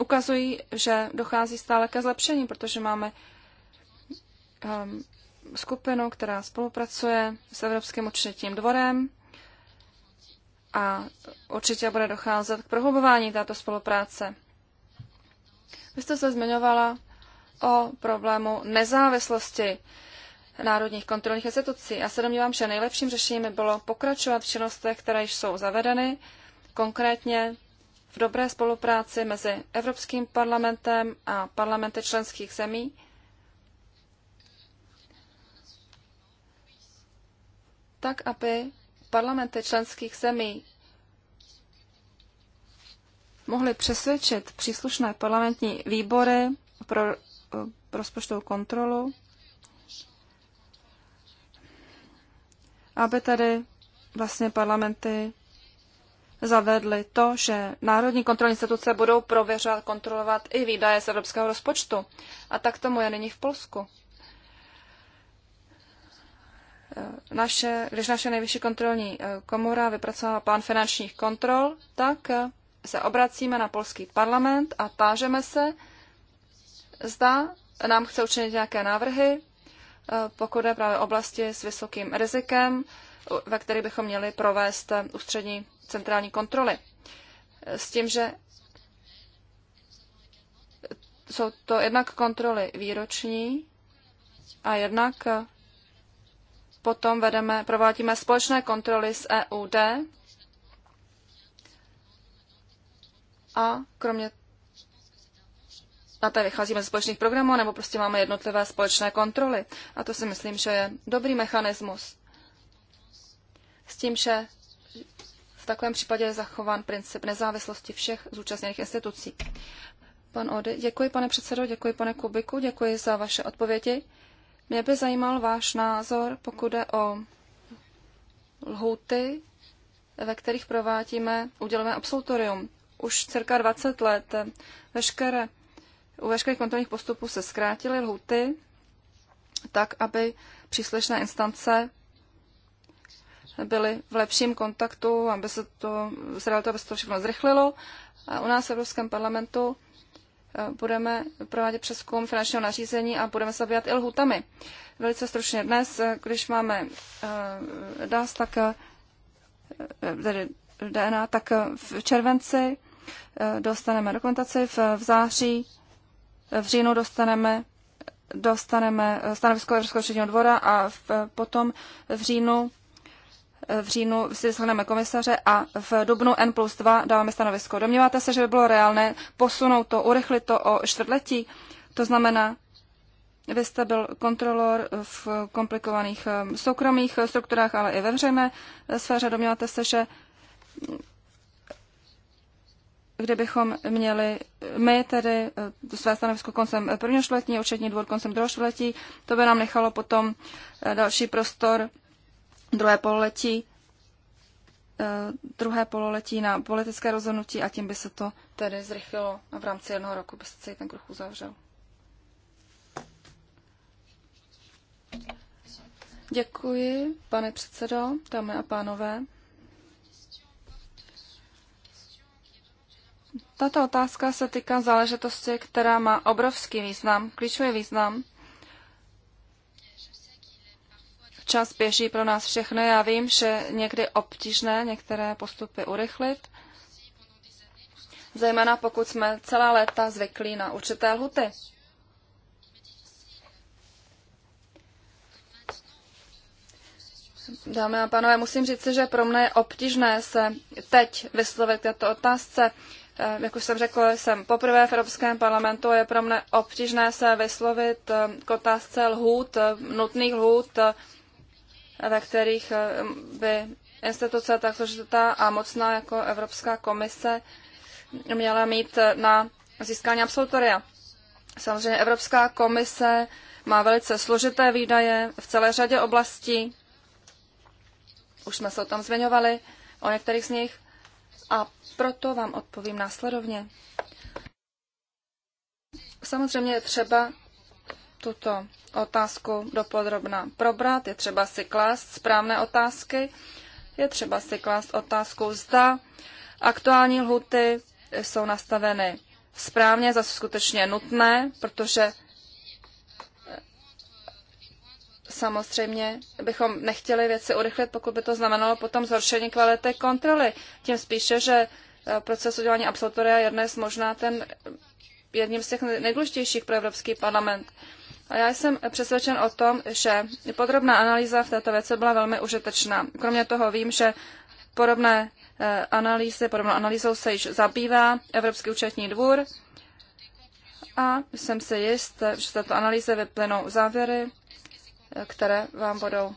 Speaker 3: ukazují, že dochází stále ke zlepšení, protože máme um, skupinu, která spolupracuje s Evropským účetním dvorem, a určitě bude docházet k prohlubování této spolupráce. Vy jste se zmiňovala o problému nezávislosti národních kontrolních institucí. Já se domnívám, že nejlepším řešením by bylo pokračovat v činnostech, které již jsou zavedeny, konkrétně v dobré spolupráci mezi Evropským parlamentem a parlamenty členských zemí. tak, aby parlamenty členských zemí mohly přesvědčit příslušné parlamentní výbory pro rozpočtovou kontrolu, aby tady vlastně parlamenty zavedly to, že národní kontrolní instituce budou prověřovat, kontrolovat i výdaje z evropského rozpočtu. A tak tomu je nyní v Polsku naše, když naše nejvyšší kontrolní eh, komora vypracovala plán finančních kontrol, tak eh, se obracíme na polský parlament a tážeme se, zda nám chce učinit nějaké návrhy, eh, pokud je právě oblasti s vysokým rizikem, ve které bychom měli provést ústřední centrální kontroly. S tím, že jsou to jednak kontroly výroční a jednak Potom vedeme, provádíme společné kontroly s EUD a kromě a tady vycházíme ze společných programů, nebo prostě máme jednotlivé společné kontroly. A to si myslím, že je dobrý mechanismus. S tím, že v takovém případě je zachován princip nezávislosti všech zúčastněných institucí. Pan Ody, děkuji pane předsedo, děkuji pane Kubiku, děkuji za vaše odpovědi. Mě by zajímal váš názor, pokud jde o lhuty, ve kterých provádíme uděláme absolutorium. Už cirka 20 let veškeré, u veškerých kontrolních postupů se zkrátily lhuty, tak, aby příslušné instance byly v lepším kontaktu, aby se to, se to všechno zrychlilo. A u nás v Evropském parlamentu budeme provádět přeskum finančního nařízení a budeme se zabývat i lhutami. Velice stručně dnes, když máme eh, DAS, tak eh, tedy DNA, tak v červenci eh, dostaneme dokumentaci, v, v září, v říjnu dostaneme dostaneme stanovisko Evropského dvora a v, potom v říjnu v říjnu si vyslechneme komisaře a v dubnu N plus 2 dáváme stanovisko. Domníváte se, že by bylo reálné posunout to, urychlit to o čtvrtletí? To znamená, vy jste byl kontrolor v komplikovaných eh, soukromých strukturách, ale i ve veřejné sféře. Domníváte se, že kdybychom měli my tedy eh, své stanovisko koncem prvního čtvrtletí, účetní dvůr koncem druhého čtvrtletí, to by nám nechalo potom eh, další prostor druhé pololetí, eh, druhé pololetí na politické rozhodnutí a tím by se to tedy zrychlilo a v rámci jednoho roku by se celý ten kruh uzavřel. Děkuji, pane předsedo, dámy a pánové. Tato otázka se týká záležitosti, která má obrovský význam, klíčový význam Čas běží pro nás všechny. Já vím, že někdy obtížné některé postupy urychlit, zejména pokud jsme celá léta zvyklí na určité lhuty. Dámy a pánové, musím říct, že pro mě je obtížné se teď vyslovit této otázce. Eh, jak už jsem řekl, jsem poprvé v Evropském parlamentu a je pro mě obtížné se vyslovit eh, k otázce lhůt, eh, nutných lhůt ve kterých eh, by instituce tak složitá a mocná jako Evropská komise měla mít eh, na získání absolutoria. Samozřejmě Evropská komise má velice složité výdaje v celé řadě oblastí. Už jsme se o tom zmiňovali, o některých z nich. A proto vám odpovím následovně. Samozřejmě je třeba tuto otázku dopodrobna probrat. Je třeba si klást správné otázky. Je třeba si klást otázku, zda aktuální lhuty jsou nastaveny správně, zase skutečně nutné, protože eh, samozřejmě bychom nechtěli věci urychlit, pokud by to znamenalo potom zhoršení kvality kontroly. Tím spíše, že eh, proces udělání absolutoria je dnes možná ten eh, jedním z těch nejdůležitějších pro Evropský parlament. A já jsem přesvědčen o tom, že podrobná analýza v této věci byla velmi užitečná. Kromě toho vím, že podobné eh, analýzy, podobnou analýzou se již zabývá Evropský účetní dvůr a jsem si jist, že z této analýzy vyplynou závěry, eh, které vám budou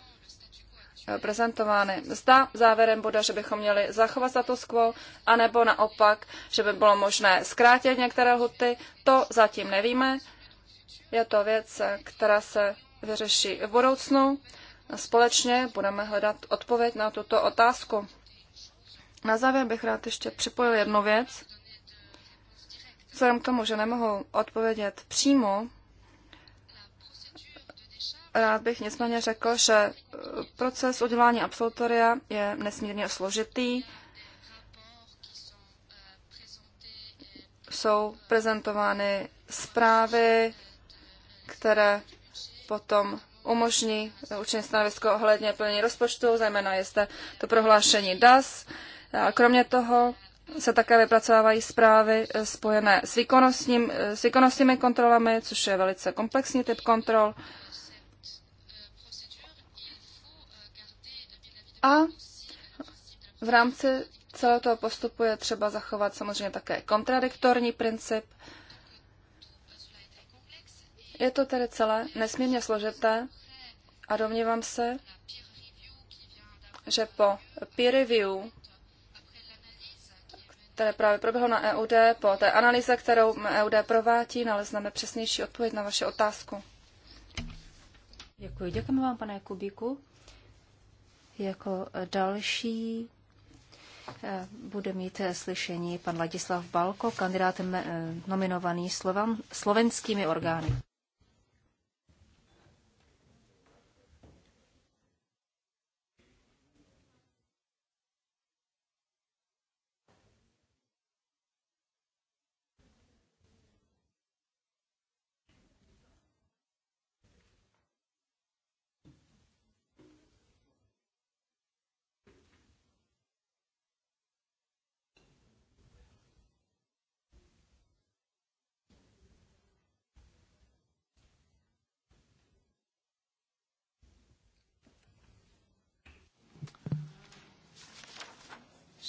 Speaker 3: eh, prezentovány. Zda závěrem bude, že bychom měli zachovat status quo, anebo naopak, že by bylo možné zkrátit některé huty, to zatím nevíme. Je to věc, která se vyřeší v budoucnu. Společně budeme hledat odpověď na tuto otázku. Na závěr bych rád ještě připojil jednu věc. Vzhledem k tomu, že nemohu odpovědět přímo, rád bych nicméně řekl, že proces udělání absolutoria je nesmírně složitý. Jsou prezentovány zprávy, které potom umožní učinit stanovisko ohledně plnění rozpočtu, zejména je zde to prohlášení DAS. A kromě toho se také vypracovávají zprávy eh, spojené s, výkonnostním, eh, s výkonnostními kontrolami, což je velice komplexní typ kontrol. A v rámci celého toho postupu je třeba zachovat samozřejmě také kontradiktorní princip, je to tedy celé nesmírně složité a domnívám se, že po peer review, které právě proběhlo na EUD, po té analýze, kterou EUD provádí, nalezneme přesnější odpověď na vaši otázku.
Speaker 2: Děkuji. Děkujeme vám, pane Kubíku. Jako další eh, bude mít eh, slyšení pan Ladislav Balko, kandidát eh, nominovaný slovan, slovenskými orgány.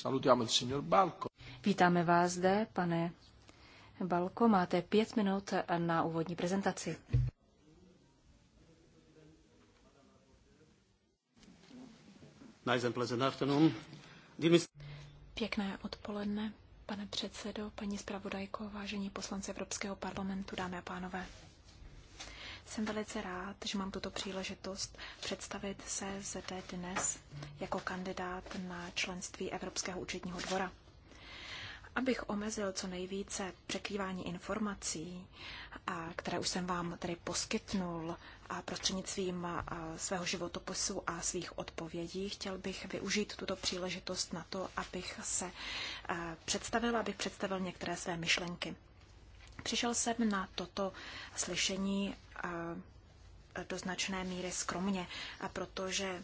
Speaker 1: Salutiamo il signor
Speaker 2: Vítáme vás zde, pane Balko. Máte pět minut na úvodní prezentaci.
Speaker 4: Pěkné odpoledne, pane předsedo, paní zpravodajko, vážení poslanci Evropského parlamentu, dámy a pánové. Jsem velice rád, že mám tuto příležitost představit se zde dnes jako kandidát na členství Evropského účetního dvora. Abych omezil co nejvíce překrývání informací, a které už jsem vám tedy poskytnul a prostřednictvím svého životopisu a svých odpovědí, chtěl bych využít tuto příležitost na to, abych se představil, abych představil některé své myšlenky. Přišel jsem na toto slyšení eh, do značné míry skromně, protože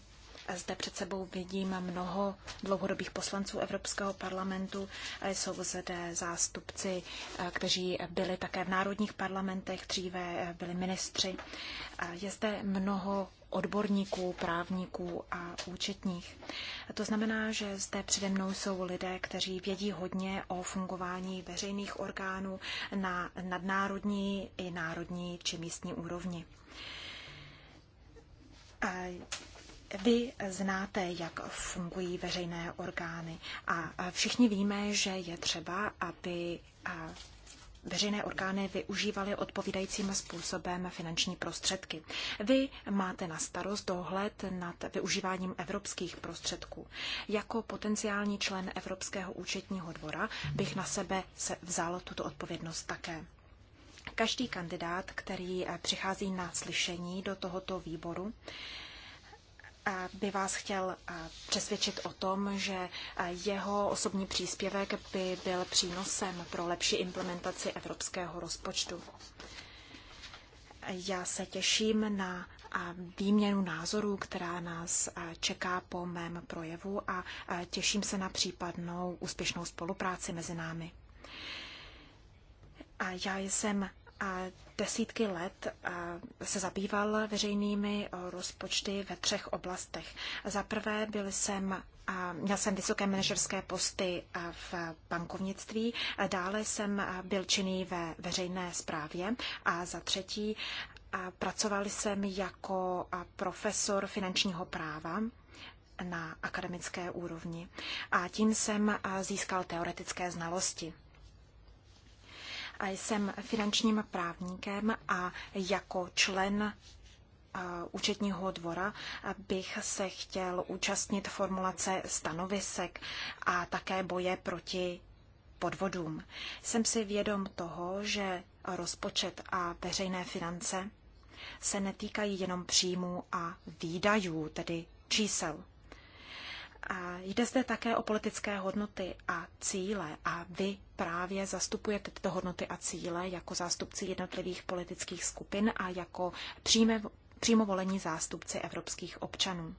Speaker 4: zde před sebou vidím mnoho dlouhodobých poslanců Evropského parlamentu. Eh, jsou zde zástupci, eh, kteří byli také v národních parlamentech, dříve eh, byli ministři. Je zde mnoho odborníků, právníků a účetních. To znamená, že zde přede mnou jsou lidé, kteří vědí hodně o fungování veřejných orgánů na nadnárodní i národní či místní úrovni. Vy znáte, jak fungují veřejné orgány a všichni víme, že je třeba, aby veřejné orgány využívaly odpovídajícím způsobem finanční prostředky. Vy máte na starost dohled nad využíváním evropských prostředků. Jako potenciální člen Evropského účetního dvora bych na sebe se vzal tuto odpovědnost také. Každý kandidát, který přichází na slyšení do tohoto výboru, by vás chtěl přesvědčit o tom, že jeho osobní příspěvek by byl přínosem pro lepší implementaci evropského rozpočtu. Já se těším na výměnu názorů, která nás čeká po mém projevu a těším se na případnou úspěšnou spolupráci mezi námi. A já jsem desítky let se zabýval veřejnými rozpočty ve třech oblastech. Za prvé byl jsem a měl jsem vysoké manažerské posty v bankovnictví, dále jsem byl činný ve veřejné správě a za třetí a pracoval jsem jako profesor finančního práva na akademické úrovni a tím jsem získal teoretické znalosti jsem finančním právníkem a jako člen účetního dvora bych se chtěl účastnit formulace stanovisek a také boje proti podvodům. Jsem si vědom toho, že rozpočet a veřejné finance se netýkají jenom příjmů a výdajů, tedy čísel. A jde zde také o politické hodnoty a cíle a vy právě zastupujete tyto hodnoty a cíle jako zástupci jednotlivých politických skupin a jako přímé, přímo volení zástupci evropských občanů.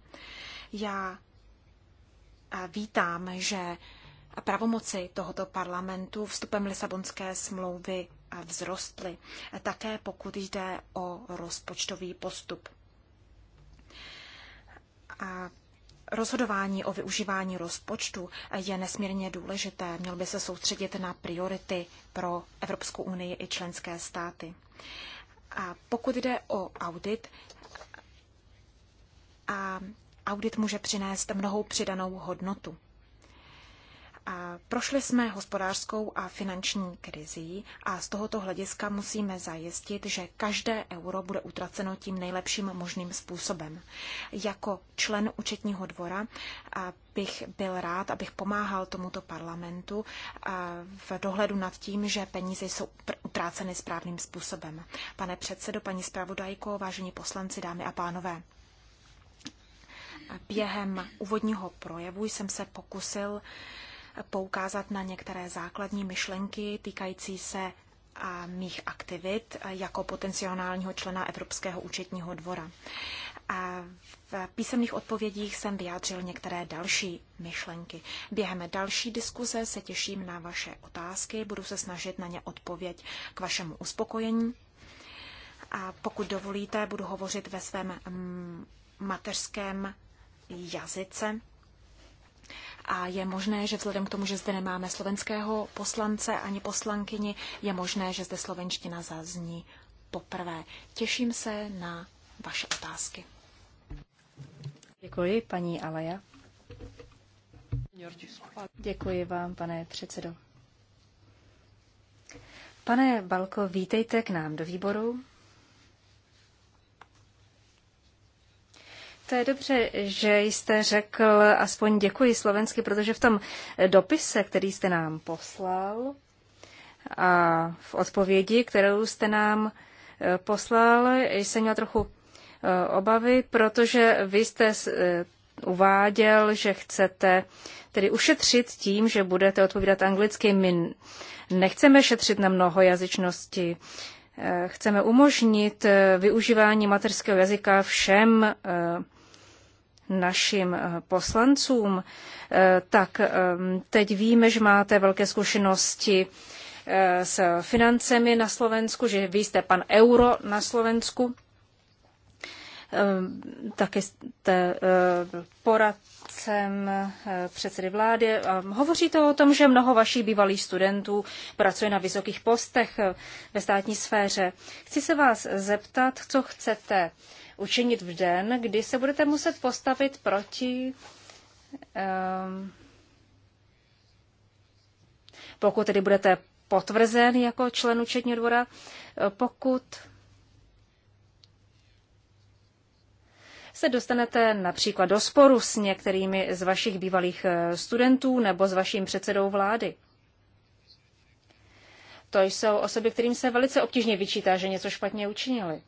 Speaker 4: Já vítám, že pravomoci tohoto parlamentu vstupem Lisabonské smlouvy vzrostly, také pokud jde o rozpočtový postup. A Rozhodování o využívání rozpočtu je nesmírně důležité. Měl by se soustředit na priority pro Evropskou unii i členské státy. A pokud jde o audit, a audit může přinést mnohou přidanou hodnotu. Prošli jsme hospodářskou a finanční krizí a z tohoto hlediska musíme zajistit, že každé euro bude utraceno tím nejlepším možným způsobem. Jako člen účetního dvora bych byl rád, abych pomáhal tomuto parlamentu v dohledu nad tím, že peníze jsou utráceny správným způsobem. Pane předsedo, paní zpravodajko, vážení poslanci, dámy a pánové. Během úvodního projevu jsem se pokusil uh, poukázat na některé základní myšlenky týkající se a mých aktivit jako potenciálního člena Evropského účetního dvora. A v písemných odpovědích jsem vyjádřil některé další myšlenky. Během další diskuze se těším na vaše otázky, budu se snažit na ně odpověď k vašemu uspokojení. A pokud dovolíte, budu hovořit ve svém mm, mateřském jazyce a je možné, že vzhledem k tomu, že zde nemáme slovenského poslance ani poslankyni, je možné, že zde slovenština zazní poprvé. Těším se na vaše otázky.
Speaker 2: Děkuji, paní Aleja.
Speaker 4: Děkuji vám,
Speaker 2: pane předsedo. Pane Balko, vítejte k nám do výboru. To je dobře, že jste řekl, aspoň děkuji slovensky, protože v tom dopise, který jste nám poslal a v odpovědi, kterou jste nám e, poslal, jsem měla trochu e, obavy, protože vy jste e, uváděl, že chcete tedy ušetřit tím, že budete odpovídat anglicky. My nechceme šetřit na mnohojazyčnosti, chceme umožnit využívání materského jazyka všem našim eh, poslancům, eh, tak eh, teď víme, že máte velké zkušenosti s financemi na Slovensku, že vy jste pan euro na Slovensku. Taky jste poradcem předsedy vlády. Hovoříte o tom, že mnoho vašich bývalých studentů pracuje na vysokých postech ve státní sféře. Chci se vás zeptat, co chcete učinit v den, kdy se budete muset postavit proti. Um, pokud tedy budete potvrzen jako člen účetního dvora, eh, pokud se dostanete například do sporu s některými z vašich bývalých eh, studentů nebo s vaším předsedou vlády. To jsou osoby, kterým se velice obtížně vyčítá, že něco špatně učinili.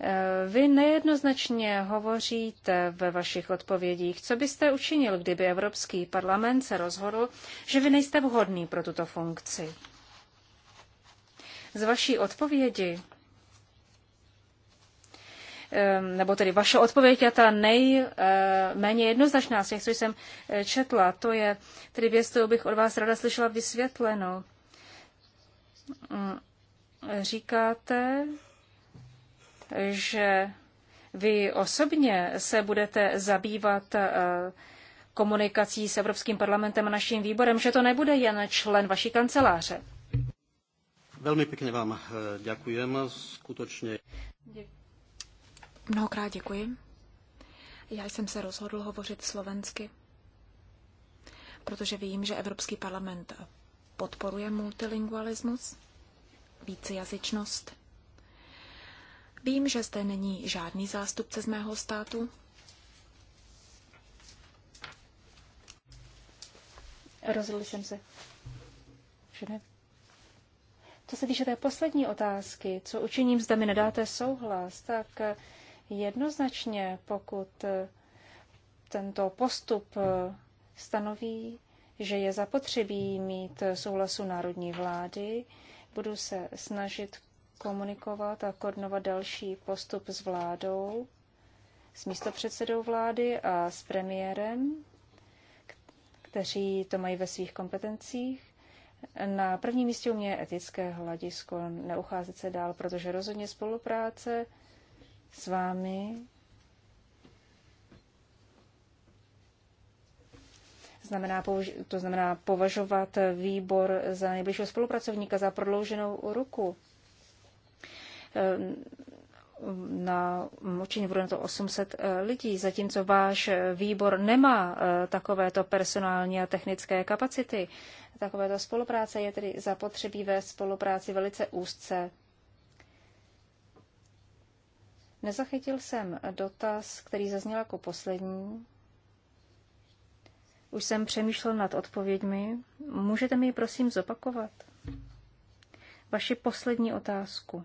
Speaker 2: Eh, vy nejednoznačně hovoříte ve vašich odpovědích. Co byste učinil, kdyby Evropský parlament se rozhodl, že vy nejste vhodný pro tuto funkci? Z vaší odpovědi eh, nebo tedy vaše odpověď je ta nejméně eh, jednoznačná z těch, co jsem četla. To je tedy věc, kterou bych od vás rada slyšela vysvětlenou. Mm, říkáte, že vy osobně se budete zabývat eh, komunikací s Evropským parlamentem a naším výborem, že to nebude jen člen vaší kanceláře.
Speaker 1: Velmi pěkně vám eh, děkujem, skutečně.
Speaker 4: Mnohokrát děkuji. Já jsem se rozhodl hovořit slovensky, protože vím, že Evropský parlament podporuje multilingualismus, vícejazyčnost Vím, že zde není žádný zástupce z mého státu. Rozhodl
Speaker 2: jsem se. Že ne. Co se týče té poslední otázky, co učiním, zda mi nedáte souhlas, tak jednoznačně, pokud tento postup stanoví, že je zapotřebí mít souhlasu národní vlády, budu se snažit komunikovat a koordinovat další postup s vládou, s místopředsedou vlády a s premiérem, kteří to mají ve svých kompetencích. Na prvním místě u mě je etické hladisko, neucházet se dál, protože rozhodně spolupráce s vámi znamená, to znamená považovat výbor za nejbližšího spolupracovníka, za prodlouženou ruku. Ehm, na určitě bude na to 800 eh, lidí, zatímco váš eh, výbor nemá eh, takovéto personální a technické kapacity. Takovéto spolupráce je tedy zapotřebí ve spolupráci velice úzce. Nezachytil jsem dotaz, který zazněl jako poslední. Už jsem přemýšlel nad odpověďmi. Můžete mi ji prosím zopakovat? Vaši poslední otázku.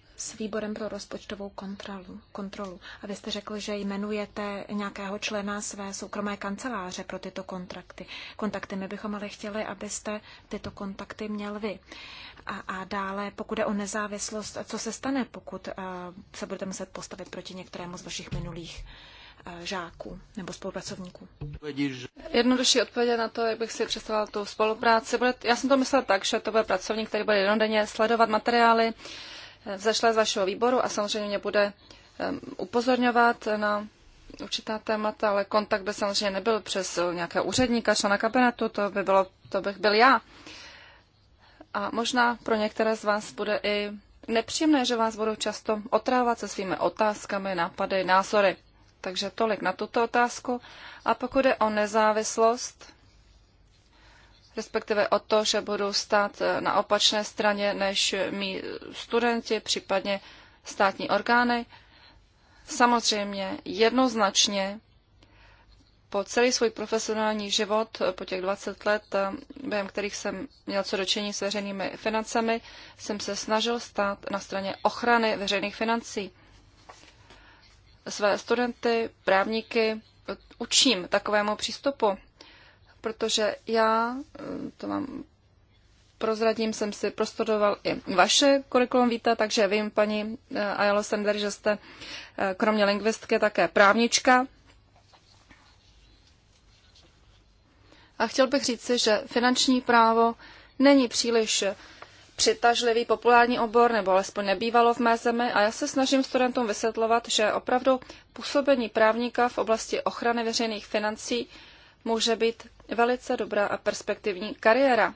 Speaker 4: s výborem pro rozpočtovou kontrolu. kontrolu. A vy jste řekl, že jmenujete nějakého člena své soukromé kanceláře pro tyto kontrakty. kontakty. My bychom ale chtěli, abyste tyto kontakty měl vy. A, a dále, pokud je o nezávislost, co se stane, pokud uh, se budete muset postavit proti některému z vašich minulých eh, žáků nebo spolupracovníků? Jednodušší
Speaker 3: odpověď na to, jak bych si představoval tu
Speaker 4: spolupráci. Bude, já
Speaker 3: jsem to myslela tak, že to bude pracovník, který bude jednodenně sledovat materiály, vzešle z vašeho výboru a samozřejmě mě bude upozorňovat na určitá témata, ale kontakt by samozřejmě nebyl přes nějaké úředníka, člena kabinetu, to by bylo, to bych byl já. A možná pro některé z vás bude i nepříjemné, že vás budou často otrávat se svými otázkami, nápady, názory. Takže tolik na tuto otázku. A pokud je o nezávislost, respektive o to, že budu stát eh, na opačné straně než mý studenti, případně státní orgány. Samozřejmě jednoznačně po celý svůj profesionální život, eh, po těch 20 let, eh, během kterých jsem měl co dočení s veřejnými financemi, jsem se snažil stát na straně ochrany veřejných financí. Své studenty, právníky učím takovému přístupu protože já, eh, to vám prozradím, jsem si prostudoval i vaše kurikulum víta, takže vím, paní eh, Ayala Sender, že jste eh, kromě lingvistky také právnička. A chtěl bych říci, že finanční právo není příliš přitažlivý populární obor, nebo alespoň nebývalo v mé zemi, a já se snažím studentům vysvětlovat, že opravdu působení právníka v oblasti ochrany veřejných financí může být velice dobrá a perspektivní kariéra.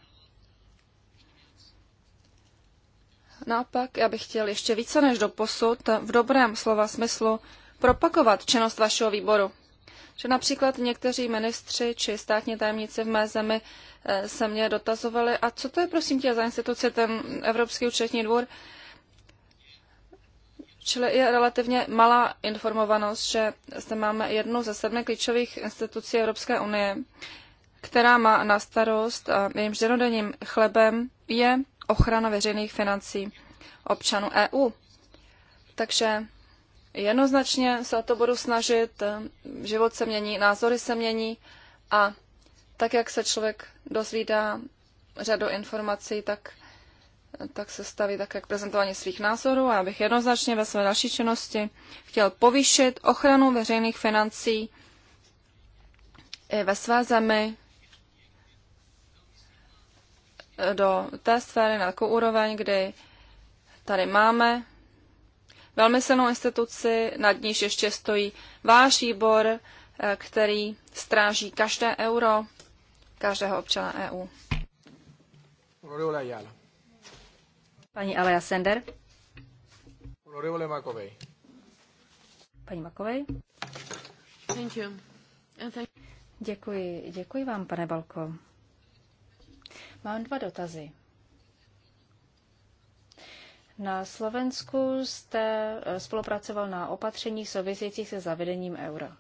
Speaker 3: Naopak, já bych chtěl ještě více než do posud v dobrém slova smyslu propagovat činnost vašeho výboru. Že například někteří ministři či státní tajemníci v mé zemi eh, se mě dotazovali, a co to je prosím tě za instituci, ten Evropský účetní dvůr, Čili je relativně malá informovanost, že zde máme jednu ze sedmi klíčových institucí Evropské unie, která má na starost a jejímž chlebem je ochrana veřejných financí občanů EU. Takže jednoznačně se o to budu snažit, e, život se mění, názory se mění a tak, jak se člověk dozvídá řadu informací, tak, tak se staví také k prezentování svých názorů a já bych jednoznačně ve své další činnosti chtěl povýšit ochranu veřejných financí i ve své zemi do té sféry na takovou úroveň, kdy tady máme velmi silnou instituci, nad níž ještě stojí váš výbor, eh, který stráží každé euro každého občana EU.
Speaker 1: Paní Alea Sender. Honorable Makovej.
Speaker 2: Paní Makovej. Děkuji, děkuji vám, pane Balko. Mám dva dotazy. Na Slovensku jste eh, spolupracoval na opatření souvisejících se zavedením eura.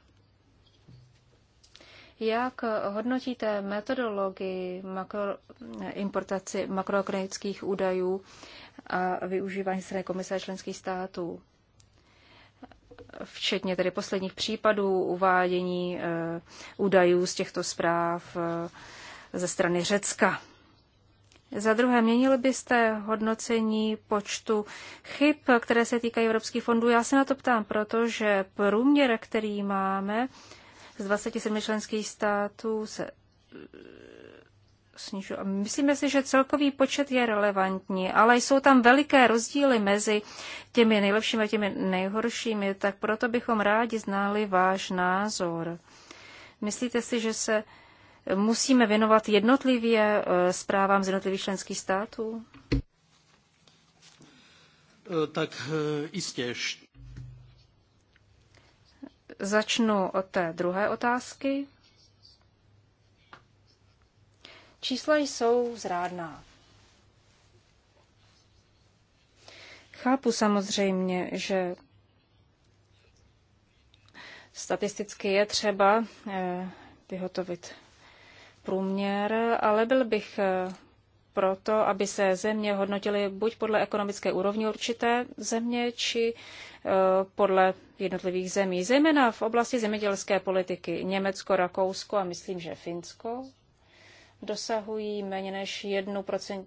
Speaker 2: Jak hodnotíte metodologii makro, eh, importaci makroekonomických údajů a využívání strany komise členských států? Včetně tedy posledních případů uvádění eh, údajů z těchto zpráv ze strany Řecka. Za druhé, měnili byste hodnocení počtu chyb, které se týkají evropských fondů? Já se na to ptám, protože průměr, který máme z 27 členských států, se eh, snižuje. Myslíme si, že celkový počet je relevantní, ale jsou tam veliké rozdíly mezi těmi nejlepšími a těmi nejhoršími, tak proto bychom rádi znali váš názor. Myslíte si, že se musíme věnovat jednotlivě eh, zprávám z jednotlivých členských států? Eh,
Speaker 1: tak eh, jistě.
Speaker 2: Začnu od té druhé otázky. Čísla jsou zrádná. Chápu samozřejmě, že statisticky je třeba vyhotovit průměr, ale byl bych eh, proto, aby se země hodnotily buď podle ekonomické úrovně určité země, či eh, podle jednotlivých zemí. Zejména v oblasti zemědělské politiky Německo, Rakousko a myslím, že Finsko dosahují méně než 1%,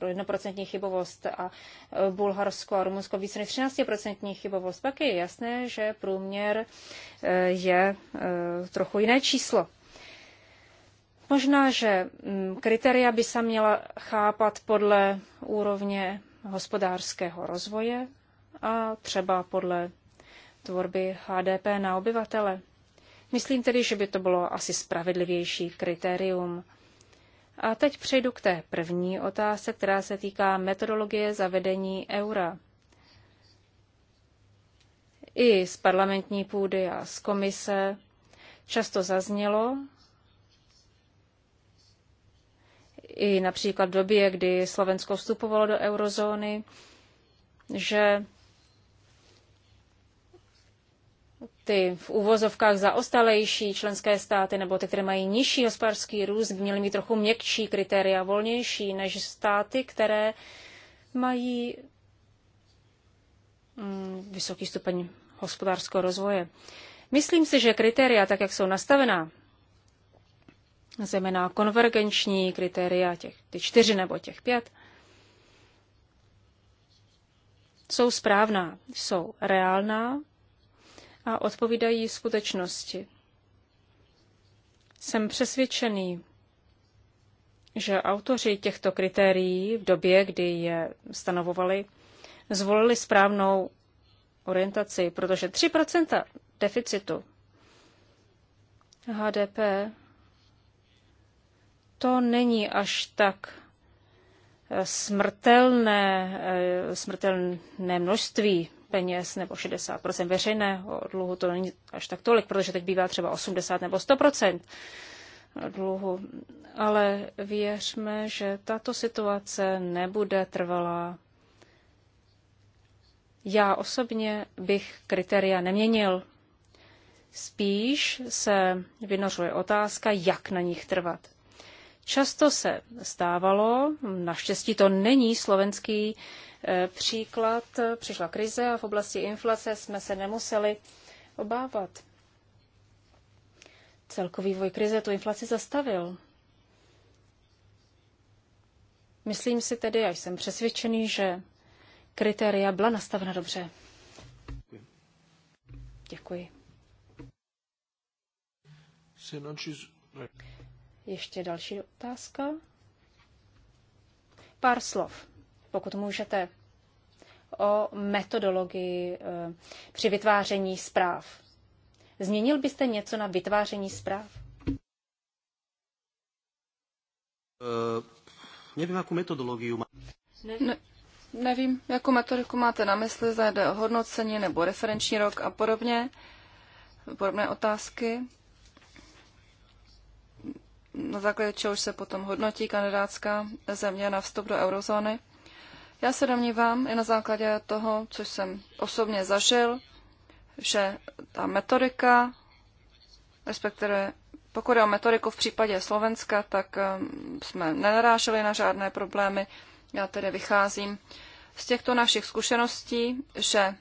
Speaker 2: 1% chybovost a eh, Bulharsko a Rumunsko více než 13% chybovost. Pak je jasné, že průměr je trochu jiné číslo. Možná, že mm, kritéria by se měla chápat podle úrovně hospodářského rozvoje a třeba podle tvorby HDP na obyvatele. Myslím tedy, že by to bylo asi spravedlivější kritérium. A teď přejdu k té první otázce, která se týká metodologie zavedení eura. I z parlamentní půdy a z komise často zaznělo, i například v době, kdy Slovensko vstupovalo do eurozóny, že ty v úvozovkách zaostalejší členské státy nebo ty, které mají nižší hospodářský růst, měly mít trochu měkčí kritéria, volnější než státy, které mají mm, vysoký stupeň hospodářského rozvoje. Myslím si, že kritéria, tak jak jsou nastavená, zejména konvergenční kritéria, těch, ty čtyři nebo těch pět, jsou správná, jsou reálná a odpovídají skutečnosti. Jsem přesvědčený, že autoři těchto kritérií v době, kdy je stanovovali, zvolili správnou orientaci, protože 3 deficitu HDP to není až tak eh, smrtelné, eh, smrtelné množství peněz nebo 60% veřejného dluhu, to není až tak tolik, protože teď bývá třeba 80 nebo 100% dluhu. Ale věřme, že tato situace nebude trvalá. Já osobně bych kritéria neměnil. Spíš se vynořuje otázka, jak na nich trvat. Často se stávalo, naštěstí to není slovenský e, příklad, přišla krize a v oblasti inflace jsme se nemuseli obávat. Celkový vývoj krize tu inflaci zastavil. Myslím si tedy, a jsem přesvědčený, že kritéria byla nastavena dobře. Děkuji. Ještě další otázka. Pár slov, pokud můžete, o metodologii eh, při vytváření zpráv. Změnil byste něco na vytváření zpráv?
Speaker 5: Uh, nevím, jakou metodologii má.
Speaker 3: Ne, nevím, jakou metodiku máte na mysli, zda jde o hodnocení nebo referenční rok a podobně, podobné otázky na základě čehož se potom hodnotí kandidátská země na vstup do eurozóny. Já se domnívám i na základě toho, co jsem osobně zažil, že ta metodika, respektive pokud je o metodiku v případě Slovenska, tak ehm, jsme nenaráželi na žádné problémy. Já tedy vycházím z těchto našich zkušeností, že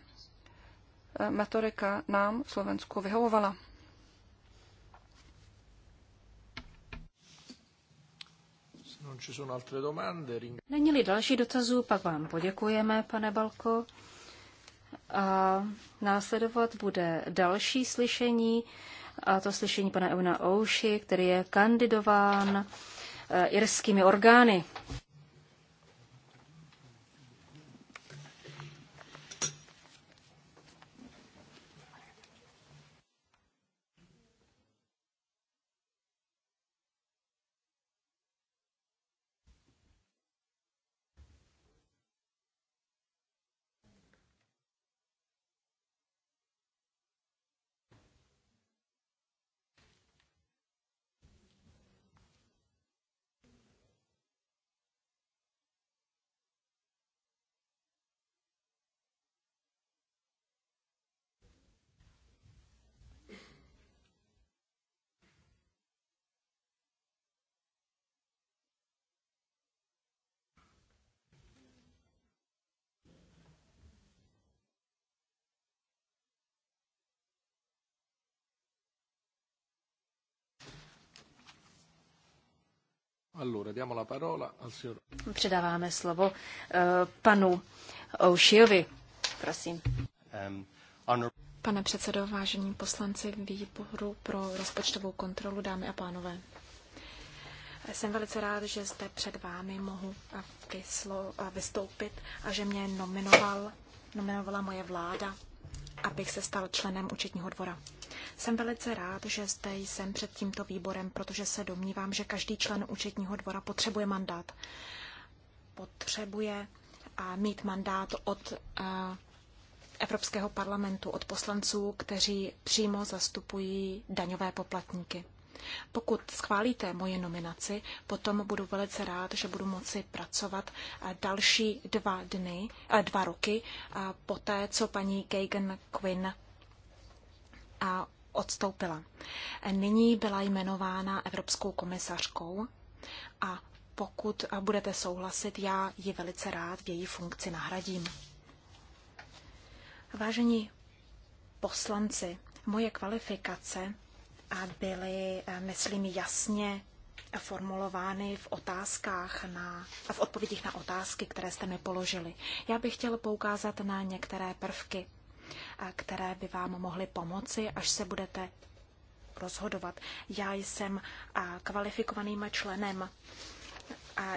Speaker 3: eh, metodika nám v Slovensku vyhovovala.
Speaker 2: Není-li další dotazů, pak vám poděkujeme, pane Balko. A následovat bude další slyšení, a to slyšení pana Euna Ouši, který je kandidován eh, irskými orgány.
Speaker 1: Allora, diamo la parola al signor...
Speaker 4: Předáváme slovo uh, panu Ošiovi. Prosím. Um, Pane předsedo, vážení poslanci výboru pro rozpočtovou kontrolu, dámy a pánové. Jsem velice rád, že zde před vámi mohu eh, vyslo, eh, vystoupit a že mě nominoval, nominovala moje vláda abych se stal členem účetního dvora. Jsem velice rád, že zde jsem před tímto výborem, protože se domnívám, že každý člen účetního dvora potřebuje mandát. Potřebuje a mít mandát od a, Evropského parlamentu, od poslanců, kteří přímo zastupují daňové poplatníky. Pokud schválíte moje nominaci, potom budu velice rád, že budu moci pracovat eh, další dva dny, eh, dva roky, eh, poté, co paní Kagan Quinn odstoupila. Nyní byla jmenována Evropskou komisařkou a pokud budete souhlasit, já ji velice rád v její funkci nahradím. Vážení poslanci, moje kvalifikace byly, eh, myslím, jasně formulovány v otázkách na, v odpovědích na otázky, které jste mi položili. Já bych chtěl poukázat na některé prvky, eh, které by vám mohly pomoci, až se budete rozhodovat. Já jsem eh, kvalifikovaným členem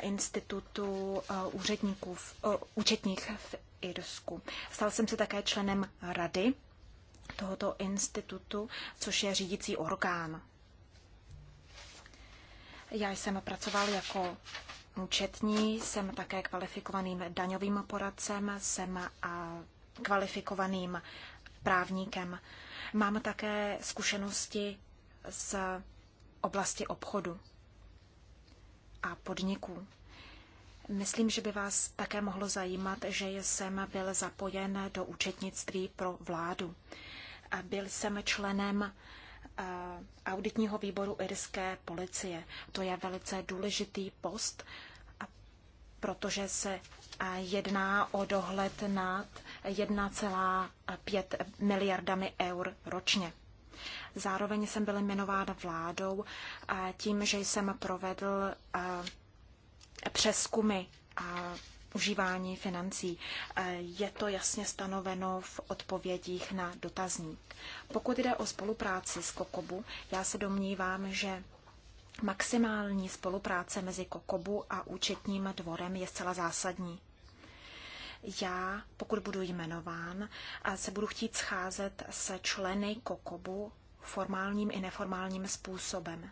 Speaker 4: institutu úředníků v, účetních v Irsku. Stal jsem se také členem rady tohoto institutu, což je řídící orgán. Já jsem pracoval jako účetní, jsem také kvalifikovaným daňovým poradcem, jsem a kvalifikovaným právníkem. Mám také zkušenosti z oblasti obchodu a podniků. Myslím, že by vás také mohlo zajímat, že jsem byl zapojen do účetnictví pro vládu a byl jsem členem eh, auditního výboru irské policie. To je velice důležitý post, protože se jedná o dohled nad 1,5 miliardami eur ročně. Zároveň jsem byl jmenován vládou tím, že jsem provedl eh, přeskumy užívání financí. Eh, je to jasně stanoveno v odpovědích na dotazník. Pokud jde o spolupráci s Kokobu, já se domnívám, že maximální spolupráce mezi Kokobu a účetním dvorem je zcela zásadní. Já, pokud budu jmenován, se budu chtít scházet se členy Kokobu formálním i neformálním způsobem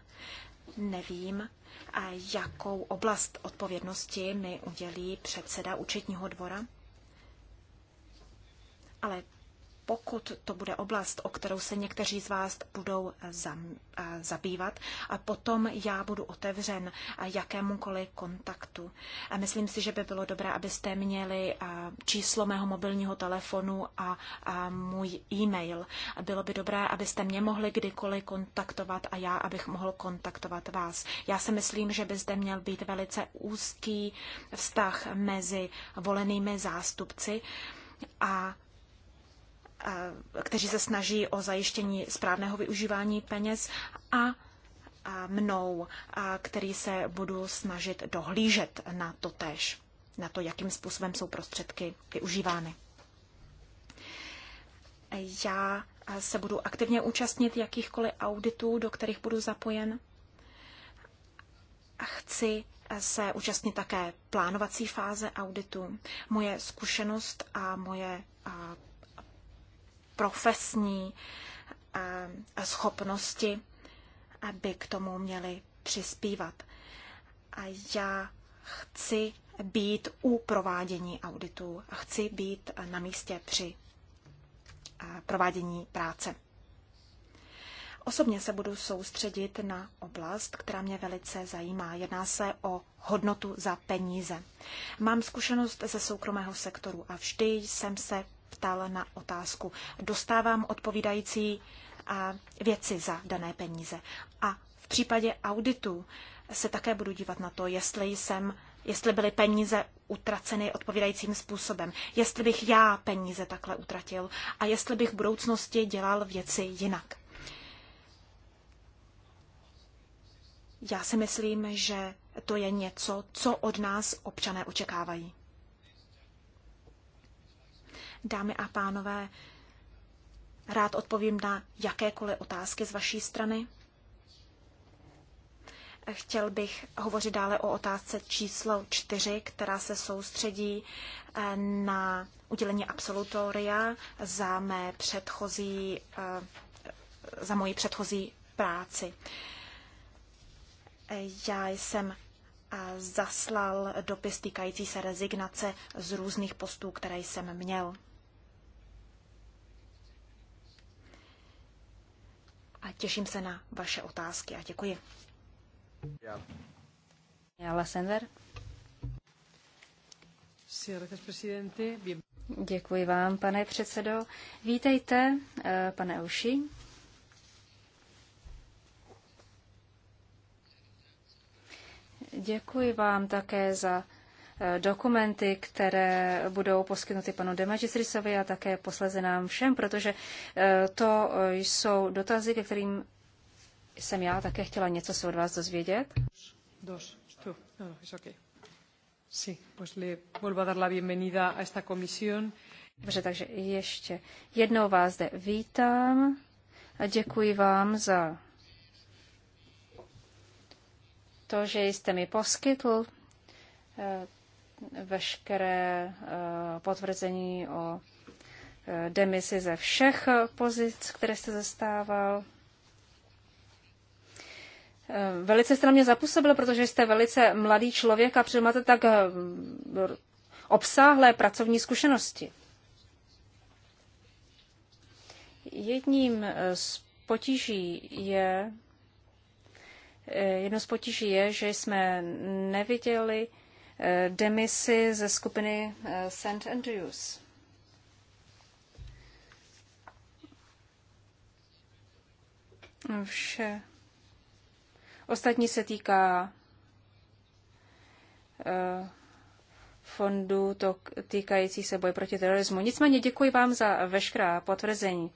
Speaker 4: nevím, a jakou oblast odpovědnosti mi udělí předseda účetního dvora, ale pokud to bude oblast, o kterou se někteří z vás budou eh, zabývat, a potom já budu otevřen eh, jakémukoliv kontaktu. A myslím si, že by bylo dobré, abyste měli eh, číslo mého mobilního telefonu a můj e-mail. Bylo by dobré, abyste mě mohli kdykoliv kontaktovat a já, abych mohl kontaktovat vás. Já si myslím, že by zde měl být velice úzký vztah mezi volenými zástupci a kteří se snaží o zajištění správného využívání peněz a mnou, který se budu snažit dohlížet na to tež, na to, jakým způsobem jsou prostředky využívány. Já se budu aktivně účastnit jakýchkoliv auditů, do kterých budu zapojen. Chci se účastnit také plánovací fáze auditu. Moje zkušenost a moje profesní eh, schopnosti aby k tomu měli přispívat. A já chci být u provádění auditu a chci být na místě při eh, provádění práce. Osobně se budu soustředit na oblast, která mě velice zajímá. Jedná se o hodnotu za peníze. Mám zkušenost ze soukromého sektoru a vždy jsem se ptal na otázku. Dostávám odpovídající věci za dané peníze. A v případě auditu se také budu dívat na to, jestli jsem jestli byly peníze utraceny odpovídajícím způsobem, jestli bych já peníze takhle utratil a jestli bych v budoucnosti dělal věci jinak. Já si myslím, že to je něco, co od nás občané očekávají. Dámy a pánové, rád odpovím na jakékoliv otázky z vaší strany. Chtěl bych hovořit dále o otázce číslo čtyři, která se soustředí eh, na udělení absolutoria za mé předchozí, eh, za moji předchozí práci. Já jsem eh, zaslal dopis týkající se rezignace z různých postů, které jsem měl. a těším se na vaše otázky a děkuji. Jala Sender.
Speaker 2: Děkuji vám, pane předsedo. Vítejte, eh, pane Uši. Děkuji vám také za dokumenty, které budou poskytnuty panu Demagistrisovi a také posleze nám všem, protože e, to jsou dotazy, ke kterým jsem já také chtěla něco se od vás dozvědět. Dos, tú, no, es no, okay. Sí, pues le vuelvo a dar la bienvenida a esta comisión. Dobře, takže ještě jednou vás zde vítám a děkuji vám za to, že jste mi poskytl e, veškeré eh, potvrzení o eh, demisi ze všech pozic, které jste zastával. Eh, velice jste na mě zapůsobil, protože jste velice mladý člověk a máte tak obsáhlé pracovní zkušenosti. Jedním z potíží je, jedno z potíží je, že jsme neviděli Eh, demisi ze skupiny eh, St. Andrews. Vše. Ostatní se týká eh, fondu to týkající se boje proti terorismu. Nicméně děkuji vám za veškerá potvrzení.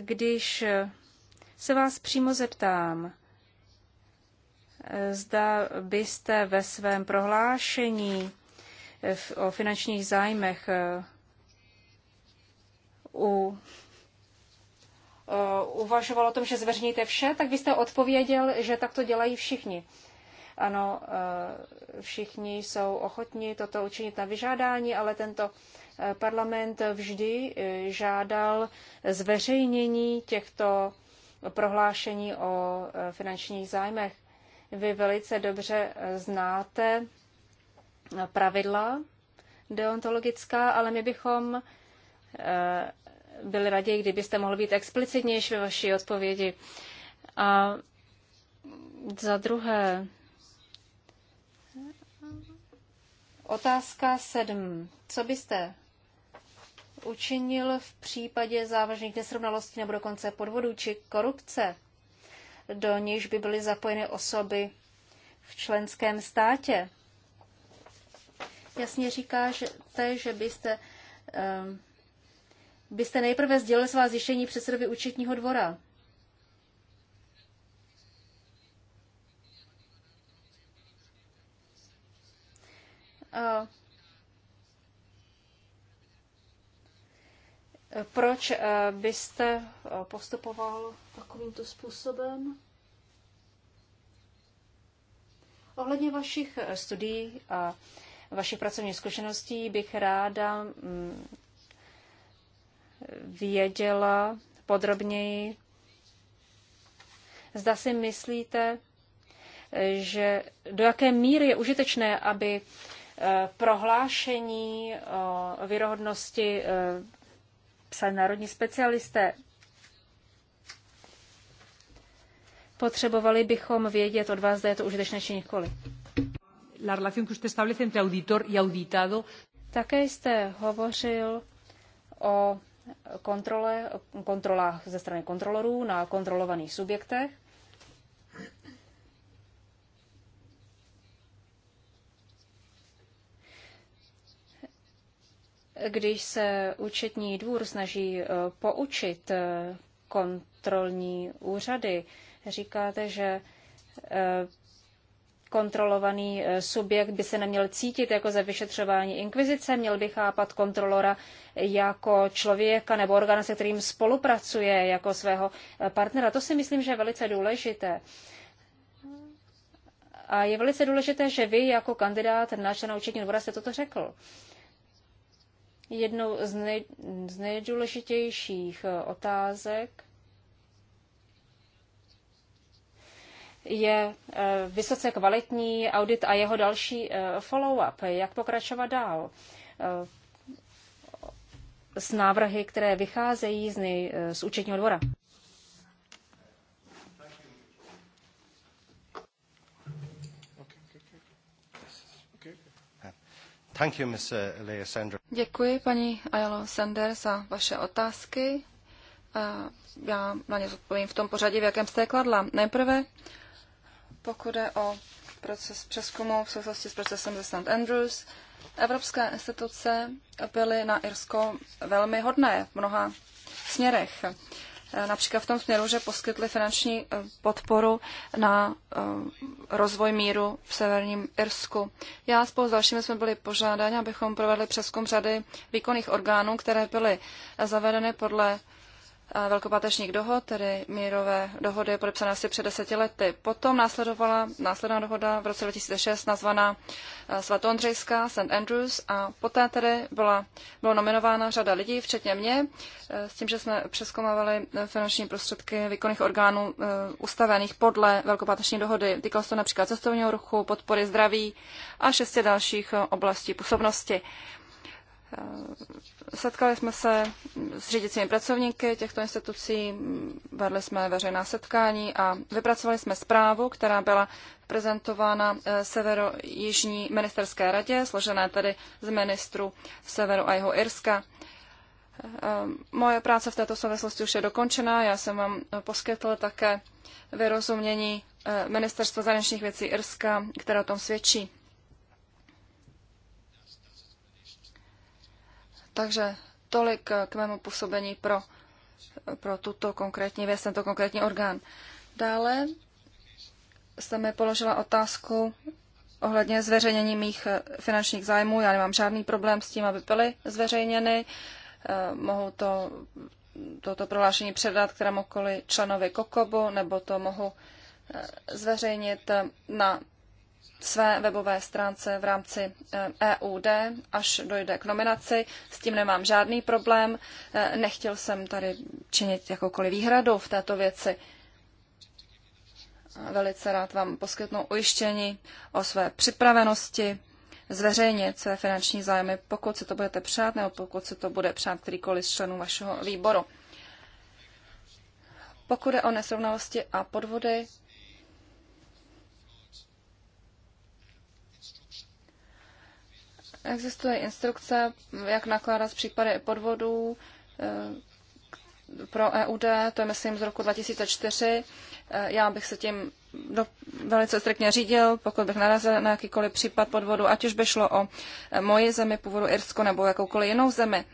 Speaker 2: Když se vás přímo zeptám, zda byste ve svém prohlášení eh, o finančních zájmech eh, u uvažoval o tom, že zveřejníte vše, tak byste odpověděl, že tak to dělají všichni. Ano, eh, všichni jsou ochotni toto učinit na vyžádání, ale tento parlament vždy žádal zveřejnění těchto prohlášení o finančních zájmech. Vy velice dobře eh, znáte pravidla deontologická, ale my bychom eh, byli raději, kdybyste mohli být explicitnější ve vaší odpovědi. A za druhé, otázka sedm. Co byste učinil v případě závažných nesrovnalostí nebo dokonce podvodů či korupce? do níž by byly zapojeny osoby v členském státě. Jasně říká, že, te, že byste, um, byste nejprve sdělili svá zjištění předsedovi účetního dvora. Uh, proč eh, byste eh, postupoval takovýmto způsobem. Ohledně vašich eh, studií a vašich pracovních zkušeností bych ráda mm, věděla podrobněji, zda si myslíte, že do jaké míry je užitečné, aby eh, prohlášení o věrohodnosti eh, psali národní specialisté.
Speaker 1: Potřebovali
Speaker 2: bychom vědět od vás, zda je to užitečné či nikoli.
Speaker 1: La relación que usted establece entre auditor y auditado.
Speaker 2: Také jste hovořil o kontrole, kontrolách ze strany kontrolorů na kontrolovaných subjektech. Když se účetní dvůr snaží eh, poučit eh, kontrolní úřady, Říkáte, že eh, kontrolovaný eh, subjekt by se neměl cítit jako za vyšetřování inkvizice, měl by chápat kontrolora jako člověka nebo organa, se kterým spolupracuje, jako svého eh, partnera. To si myslím, že je velice důležité. A je velice důležité, že vy jako kandidát na člena účetního dvora jste toto řekl. Jednou z, nej, z nejdůležitějších otázek je eh, vysoce kvalitní audit a jeho další eh, follow-up, jak pokračovat dál eh, s návrhy, které vycházejí z, nej, z účetního dvora.
Speaker 3: Děkuji, paní Ayala Sender, za vaše otázky. Já na ně zodpovím v tom pořadí, v jakém jste je kladla. Nejprve pokud je o proces přeskumu v souvislosti s procesem ze St. Andrews, evropské instituce byly na Irsko velmi hodné v mnoha směrech. Například v tom směru, že poskytli finanční eh, podporu na eh, rozvoj míru v severním Irsku. Já spolu s dalšími jsme byli požádáni, abychom provedli přeskum řady výkonných orgánů, které byly eh, zavedeny podle velkopáteční dohod, tedy mírové dohody podepsané asi před deseti lety. Potom následovala následná dohoda v roce 2006 nazvaná eh, Svatondřejská, St. Andrews a poté tedy byla, byla nominována řada lidí, včetně mě, eh, s tím, že jsme přeskomovali eh, finanční prostředky výkonných orgánů ustavených podle velkopáteční dohody. Týkalo se to například cestovního ruchu, podpory zdraví a šesti dalších oblastí působnosti. Eh, setkali jsme se s řídicími pracovníky těchto institucí, vedli jsme veřejná setkání a vypracovali jsme zprávu, která byla prezentována eh, Severo-Jižní ministerské radě, složené tedy z ministru Severu a jeho Irska. Eh, moje práce v této souvislosti už je dokončena. Já jsem vám poskytl také vyrozumění Ministerstva zahraničních věcí Irska, které o tom svědčí. Takže tolik k mému působení pro, pro tuto konkrétní věc, tento konkrétní orgán. Dále jste mi položila otázku ohledně zveřejnění mých eh, finančních zájmů. Já nemám žádný problém s tím, aby byly zveřejněny. Eh, mohu to, toto prohlášení předat kterémukoliv členovi Kokobu, nebo to mohu eh, zveřejnit na své webové stránce v rámci EUD, eh, e až dojde k nominaci. S tím nemám žádný problém. Eh, nechtěl jsem tady činit jakoukoliv výhradu v této věci. Velice rád vám poskytnu ujištění o své připravenosti zveřejnit své finanční zájmy, pokud se to budete přát, nebo pokud se to bude přát kterýkoliv z členů vašeho výboru. Pokud je o nesrovnalosti a podvody, Existuje instrukce, jak nakládat s případy podvodů eh, pro EUD, to je myslím z roku 2004. Eh, já bych se tím do, velice striktně řídil, pokud bych narazil na jakýkoliv případ podvodu, ať už by šlo o eh, moji zemi, původu Irsko nebo jakoukoliv jinou zemi.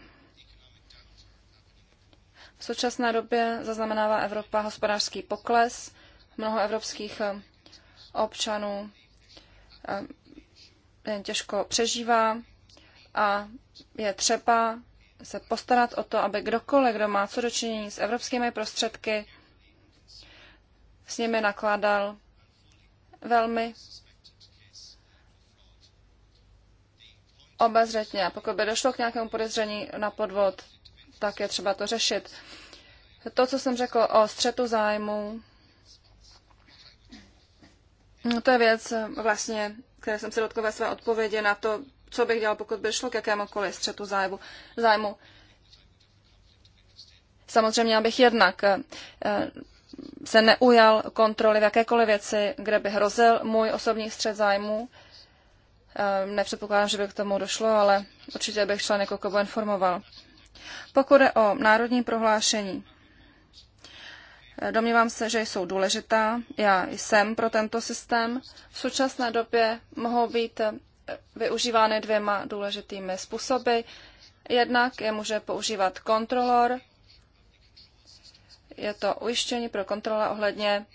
Speaker 3: V současné době zaznamenává Evropa hospodářský pokles. Mnoho evropských občanů Eh, těžko přežívá a je třeba se postarat o to, aby kdokoliv, kdo má co dočinění s evropskými prostředky, s nimi nakládal velmi obezřetně. A pokud by došlo k nějakému podezření na podvod, tak je třeba to řešit. To, co jsem řekl o střetu zájmů, no, to je věc vlastně které jsem se dotkla ve své odpovědi na to, co bych dělal, pokud by šlo k jakémukoliv střetu zájmu. zájmu. Samozřejmě, abych jednak eh, se neujal kontroly v jakékoliv věci, kde by hrozil můj osobní střed zájmu. Eh, nepředpokládám, že by k tomu došlo, ale určitě bych členy Kokobu informoval. Pokud je o národní prohlášení, Domnívám se, že jsou důležitá. Já jsem pro tento systém. V současné době mohou být využívány dvěma důležitými způsoby. Jednak je může používat kontrolor. Je to ujištění pro kontrola ohledně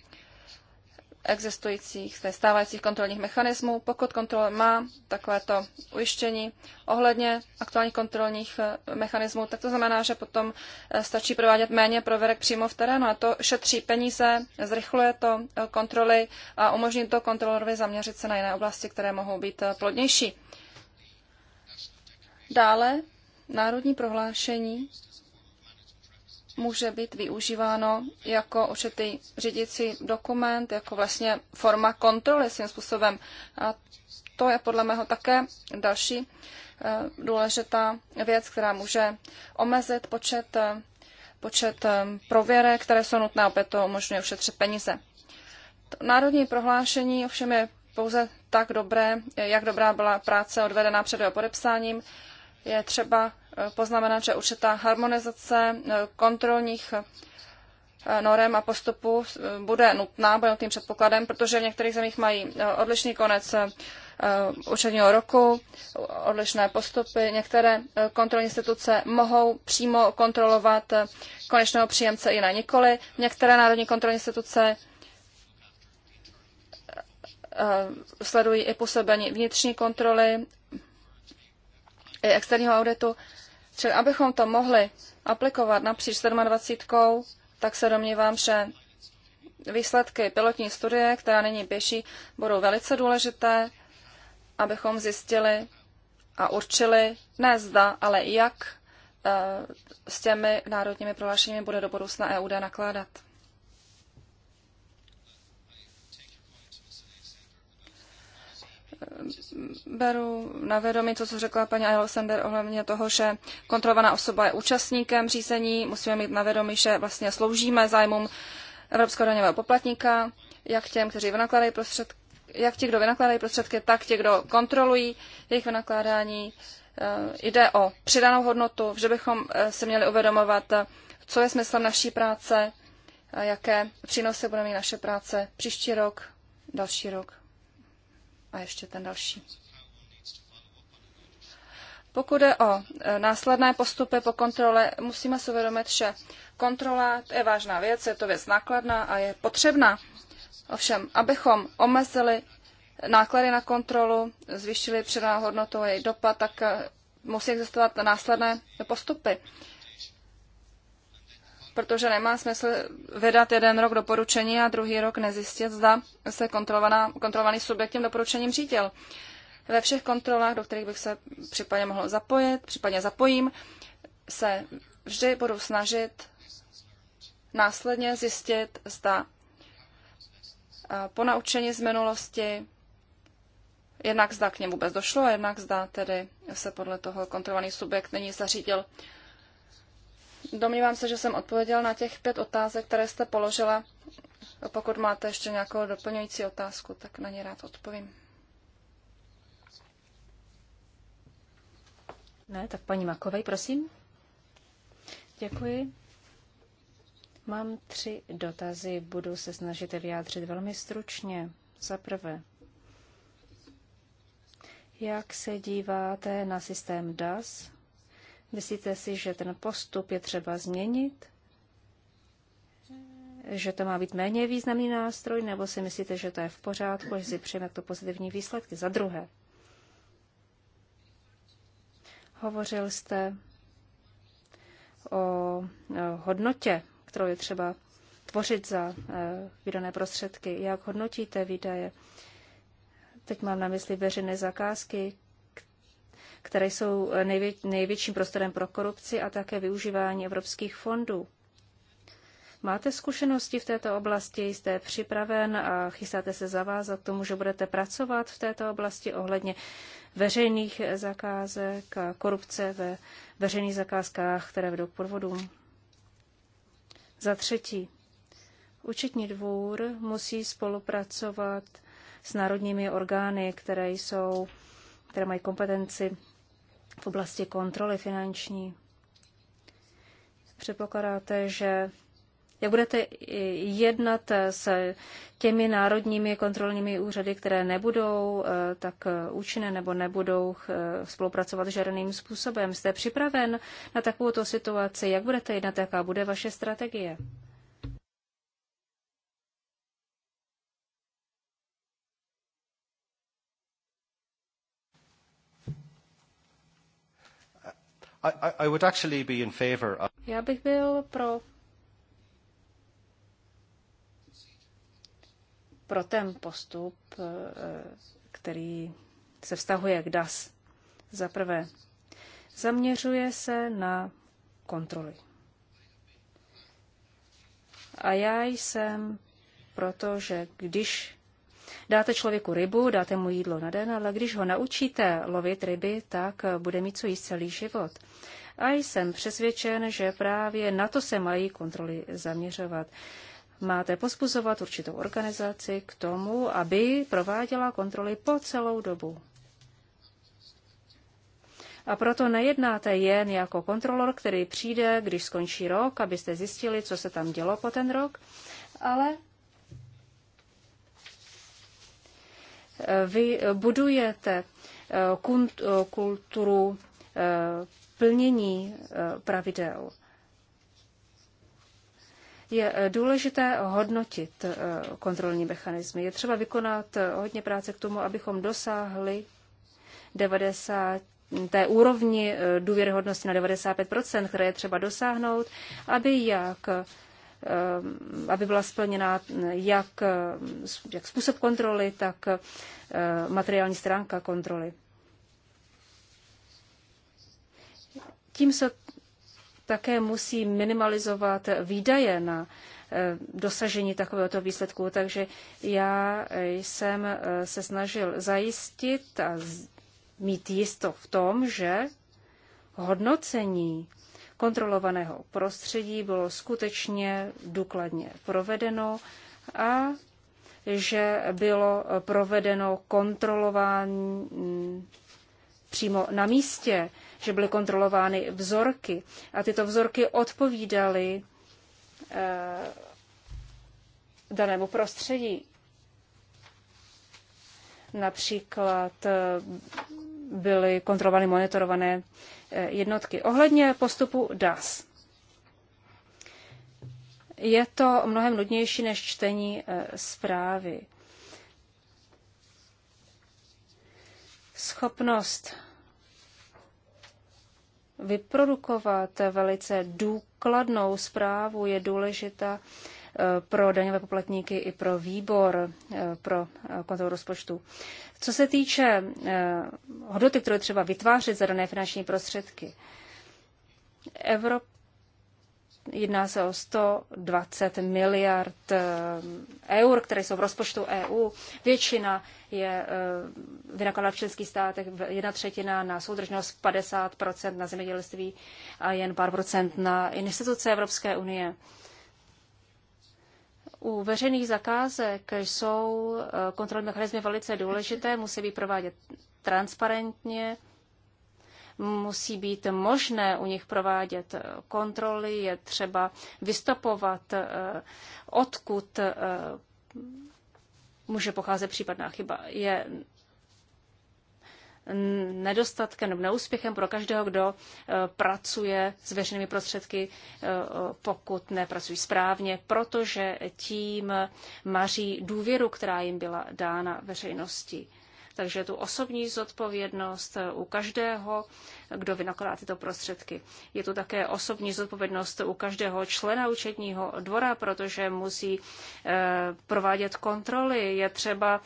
Speaker 3: existujících, ze stávajících kontrolních mechanismů, pokud kontrola má takovéto ujištění ohledně aktuálních kontrolních eh, mechanismů, tak to znamená, že potom eh, stačí provádět méně proverek přímo v terénu a to šetří peníze, zrychluje to eh, kontroly a umožní to kontrolorovi zaměřit se na jiné oblasti, které mohou být plodnější. Dále národní prohlášení může být využíváno jako určitý řídící dokument, jako vlastně forma kontroly svým způsobem. A to je podle mého také další eh, důležitá věc, která může omezit počet, eh, počet eh, prověrek, které jsou nutné, opět to umožňuje ušetřit peníze. To národní prohlášení ovšem je pouze tak dobré, jak dobrá byla práce odvedená před jeho podepsáním. Je třeba poznamenat, že určitá harmonizace eh, kontrolních eh, norem a postupů eh, bude nutná, bude nutným předpokladem, protože v některých zemích mají odlišný konec učebního roku, odlišné postupy. Některé kontrolní instituce mohou přímo kontrolovat konečného příjemce, i na nikoli. Některé národní kontrolní instituce sledují i působení vnitřní kontroly, i externího auditu Čili abychom to mohli aplikovat napříč 27, tak se domnívám, že výsledky pilotní studie, která nyní běží, budou velice důležité, abychom zjistili a určili ne zda, ale jak eh, s těmi národními prohlášeními bude do budoucna EUD nakládat. Eh, beru na vědomí to, co řekla paní Alexander ohledně toho, že kontrolovaná osoba je účastníkem řízení. Musíme mít na vědomí, že vlastně sloužíme zájmům evropského daňového poplatníka, jak těm, kteří vynakládají prostředky, jak ti, kdo vynakládají prostředky, tak ti, kdo kontrolují jejich vynakládání. Eh, jde o přidanou hodnotu, že bychom eh, se měli uvědomovat, co je smyslem naší práce, jaké přínosy bude mít naše práce příští rok, další rok a ještě ten další. Pokud je o e, následné postupy po kontrole, musíme si uvědomit, že kontrola je vážná věc, je to věc nákladná a je potřebná. Ovšem, abychom omezili náklady na kontrolu, zvýšili přidanou hodnotu a její dopad, tak e, musí existovat následné postupy protože nemá smysl vydat jeden rok doporučení a druhý rok nezjistit, zda se kontrolovaný subjekt tím doporučením řídil. Ve všech kontrolách, do kterých bych se případně mohl zapojit, případně zapojím, se vždy budu snažit následně zjistit, zda po naučení z minulosti jednak zda k němu vůbec došlo a jednak zda tedy se podle toho kontrolovaný subjekt není zařídil Domnívám se, že jsem odpověděl na těch pět otázek, které jste položila. Pokud máte ještě nějakou doplňující otázku, tak na ně rád odpovím.
Speaker 2: Ne, tak paní Makovej, prosím. Děkuji. Mám tři dotazy, budu se snažit vyjádřit velmi stručně. Za prvé, jak se díváte na systém DAS Myslíte si, že ten postup je třeba změnit? Že to má být méně významný nástroj, nebo si myslíte, že to je v pořádku, že si přijeme to pozitivní výsledky? Za druhé, hovořil jste o hodnotě, kterou je třeba tvořit za e, vydané prostředky. Jak hodnotíte výdaje? Teď mám na mysli veřejné zakázky, které jsou eh, největším prostorem pro korupci a také využívání evropských fondů. Máte zkušenosti v této oblasti, jste připraven a chystáte se zavázat k tomu, že budete pracovat v této oblasti ohledně veřejných eh, zakázek a korupce ve veřejných zakázkách, které vedou k podvodům? Za třetí, účetní dvůr musí spolupracovat s národními orgány, které jsou které mají kompetenci v oblasti kontroly finanční. Předpokládáte, že jak budete jednat s těmi národními kontrolními úřady, které nebudou eh, tak eh, účinné nebo nebudou eh, spolupracovat žádným způsobem? Jste připraven na takovouto situaci? Jak budete jednat? Jaká bude vaše strategie?
Speaker 5: I, I would actually be in favor of...
Speaker 2: Já bych byl pro pro ten postup, eh, který se vztahuje k DAS. Za prvé, zaměřuje se na kontroly. A já jsem proto, že když Dáte člověku rybu, dáte mu jídlo na den, ale když ho naučíte lovit ryby, tak bude mít co jíst celý život. A jsem přesvědčen, že právě na to se mají kontroly zaměřovat. Máte pospuzovat určitou organizaci k tomu, aby prováděla kontroly po celou dobu. A proto nejednáte jen jako kontrolor, který přijde, když skončí rok, abyste zjistili, co se tam dělo po ten rok, ale vy budujete eh, eh, kulturu eh, plnění pravidel. Je důležité hodnotit kontrolní mechanismy. Je třeba vykonat hodně práce k tomu, abychom dosáhli 90 té úrovni důvěryhodnosti na 95%, které je třeba dosáhnout, aby jak Eh, aby byla splněna jak, eh, jak způsob kontroly, tak eh, materiální stránka kontroly. Tím se také musí minimalizovat výdaje na dosažení takovéhoto výsledku. Takže já jsem se snažil zajistit a mít jisto v tom, že hodnocení kontrolovaného prostředí bylo skutečně důkladně provedeno a že bylo provedeno kontrolování mm, přímo na místě, že byly kontrolovány vzorky a tyto vzorky odpovídaly eh, danému prostředí. Například eh, byly kontrolovány monitorované Eh, jednotky. Ohledně postupu DAS. Je to mnohem nudnější než čtení eh, zprávy. Schopnost vyprodukovat velice důkladnou zprávu je důležitá Eh, pro daňové poplatníky i pro výbor eh, pro eh, kontrolu rozpočtu. Co se týče hodnoty, kterou třeba vytvářet za dané finanční prostředky, Evropa Jedná se o 120 miliard eur, které jsou v rozpočtu EU. Většina je vynakládá v členských státech, jedna třetina na soudržnost, 50 na zemědělství a jen pár procent na instituce Evropské unie. U veřejných zakázek jsou eh, kontrolní mechanizmy velice důležité, musí být provádět transparentně, musí být možné u nich provádět eh, kontroly, je třeba vystopovat, eh, odkud může pocházet případná chyba. Je nedostatkem nebo neúspěchem pro každého, kdo e, pracuje s veřejnými prostředky, e, pokud nepracují správně, protože tím maří důvěru, která jim byla dána veřejnosti. Takže tu osobní zodpovědnost e, u každého, kdo vynakládá tyto prostředky. Je tu také osobní zodpovědnost u každého člena účetního dvora, protože musí provádět kontroly. Je třeba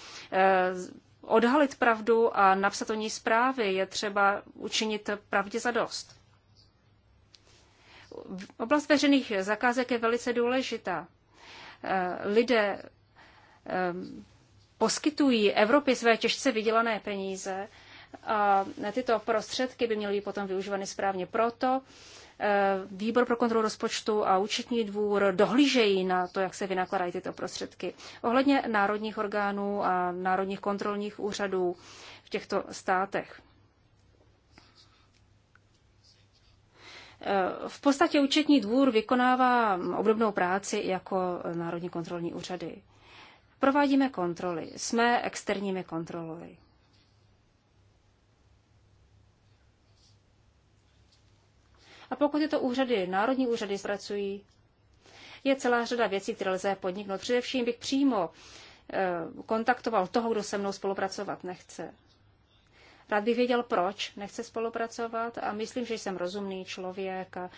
Speaker 2: odhalit pravdu a napsat o ní zprávy. Je třeba učinit pravdě za dost. Oblast veřejných zakázek je velice důležitá. Eh, lidé eh, poskytují Evropě své těžce vydělané peníze a tyto prostředky by měly být potom využívány správně proto, Eh, výbor pro kontrolu rozpočtu a účetní dvůr dohlížejí na to, jak se vynakladají tyto prostředky. Ohledně národních orgánů a národních kontrolních úřadů v těchto státech. Eh, v podstatě účetní dvůr vykonává obdobnou práci jako národní kontrolní úřady. Provádíme kontroly. Jsme externími kontrolory. A pokud tyto úřady, národní úřady, zpracují, je celá řada věcí, které lze podniknout. Především bych přímo eh, kontaktoval toho, kdo se mnou spolupracovat nechce. Rád bych věděl, proč nechce spolupracovat a myslím, že jsem rozumný člověk a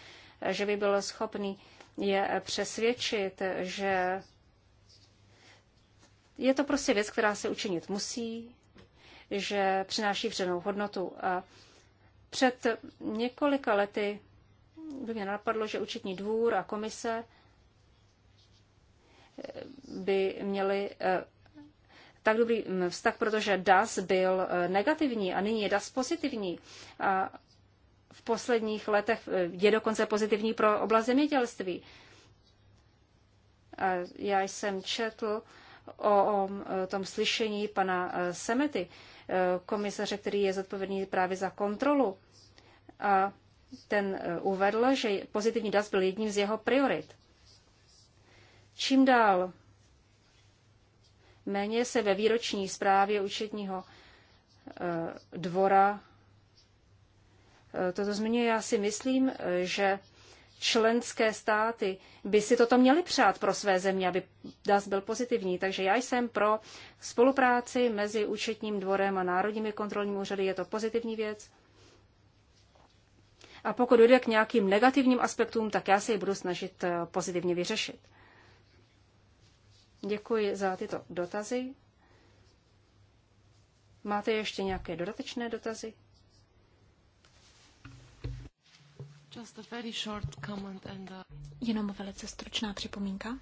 Speaker 2: eh, že by byl schopný je eh, přesvědčit, že je to prostě věc, která se učinit musí, že přináší vřenou hodnotu. A před několika lety by mě napadlo, že účetní dvůr a komise eh, by měli eh, tak dobrý mm, vztah, protože DAS byl eh, negativní a nyní je DAS pozitivní. A v posledních letech je dokonce pozitivní pro oblast zemědělství. A já jsem četl o, o tom slyšení pana Semety, komisaře, který je zodpovědný právě za kontrolu. A ten eh, uvedl, že pozitivní DAS byl jedním z jeho priorit. Čím dál méně se ve výroční zprávě účetního eh, dvora eh, toto zmiňuje. Já si myslím, že členské státy by si toto měly přát pro své země, aby DAS byl pozitivní. Takže já jsem pro spolupráci mezi účetním dvorem a národními kontrolními úřady. Je to pozitivní věc. A pokud dojde k nějakým negativním aspektům, tak já se ji budu snažit eh, pozitivně vyřešit. Děkuji za tyto dotazy. Máte ještě nějaké dodatečné dotazy?
Speaker 1: Just a very short comment and a... Uh, Jenom
Speaker 4: velice stručná připomínka.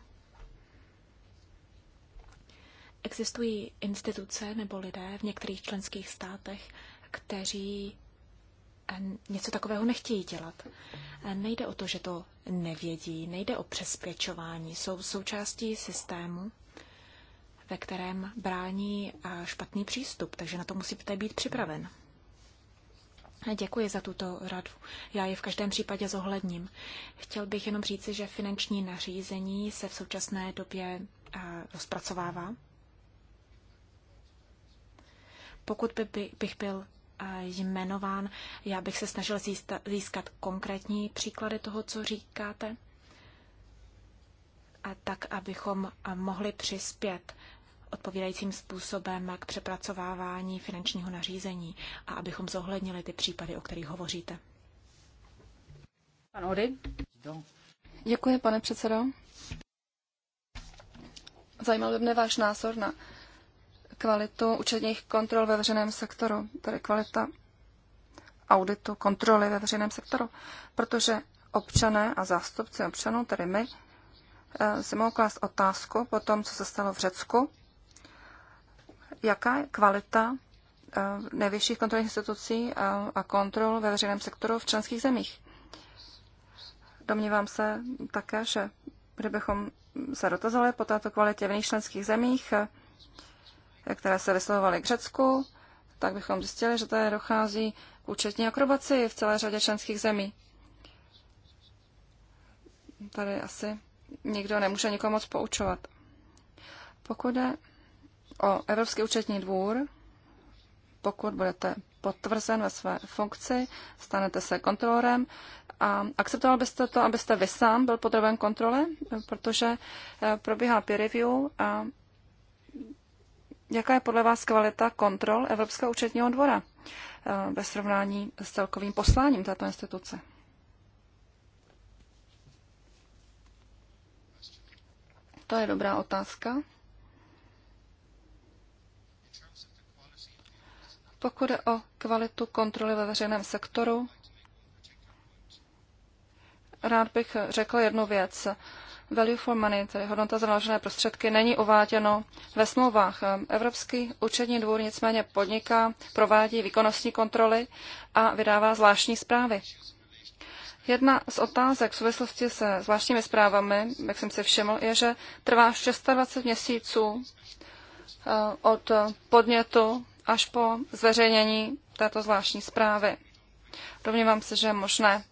Speaker 4: Existují instituce nebo lidé v některých členských státech, kteří něco takového nechtějí dělat. Nejde o to, že to nevědí, nejde o přespěčování. Jsou součástí systému, ve kterém brání špatný přístup, takže na to musíte být připraven. Děkuji za tuto radu. Já je v každém případě zohledním. Chtěl bych jenom říci, že finanční nařízení se v současné době rozpracovává. Pokud by, bych byl jmenován. Já bych se snažil získat konkrétní příklady toho, co říkáte, a tak, abychom mohli přispět odpovídajícím způsobem k přepracovávání finančního nařízení a abychom zohlednili ty případy, o kterých hovoříte. Pan Ody.
Speaker 3: Děkuji, pane předsedo. Zajímal by mě váš názor na kvalitu účetních kontrol ve veřejném sektoru, tedy kvalita auditu, kontroly ve veřejném sektoru, protože občané a zástupci občanů, tedy my, eh, si mohou klást otázku po tom, co se stalo v Řecku, jaká je kvalita eh, nejvyšších kontrolních institucí eh, a kontrol ve veřejném sektoru v členských zemích. Domnívám se také, že kdybychom se dotazovali po této kvalitě v jiných členských zemích, které se vyslovovaly k Řecku, tak bychom zjistili, že tady dochází k účetní akrobaci v celé řadě členských zemí. Tady asi nikdo nemůže nikomu moc poučovat. Pokud je o Evropský účetní dvůr, pokud budete potvrzen ve své funkci, stanete se kontrolorem a akceptoval byste to, abyste vy sám byl podroben kontrole, protože eh, probíhá peer review a jaká je podle vás kvalita kontrol Evropského účetního dvora eh, ve srovnání s celkovým posláním této instituce? To je dobrá otázka. Pokud je o kvalitu kontroly ve veřejném sektoru, rád bych řekl jednu věc value for money, tedy hodnota za naložené prostředky, není uváděno ve smlouvách. Ehm, Evropský účetní dvůr nicméně podniká, provádí výkonnostní kontroly a vydává zvláštní zprávy. Jedna z otázek v souvislosti se zvláštními zprávami, jak jsem si všiml, je, že trvá 26 měsíců ehm, od podnětu až po zveřejnění této zvláštní zprávy. Domnívám se, že je možné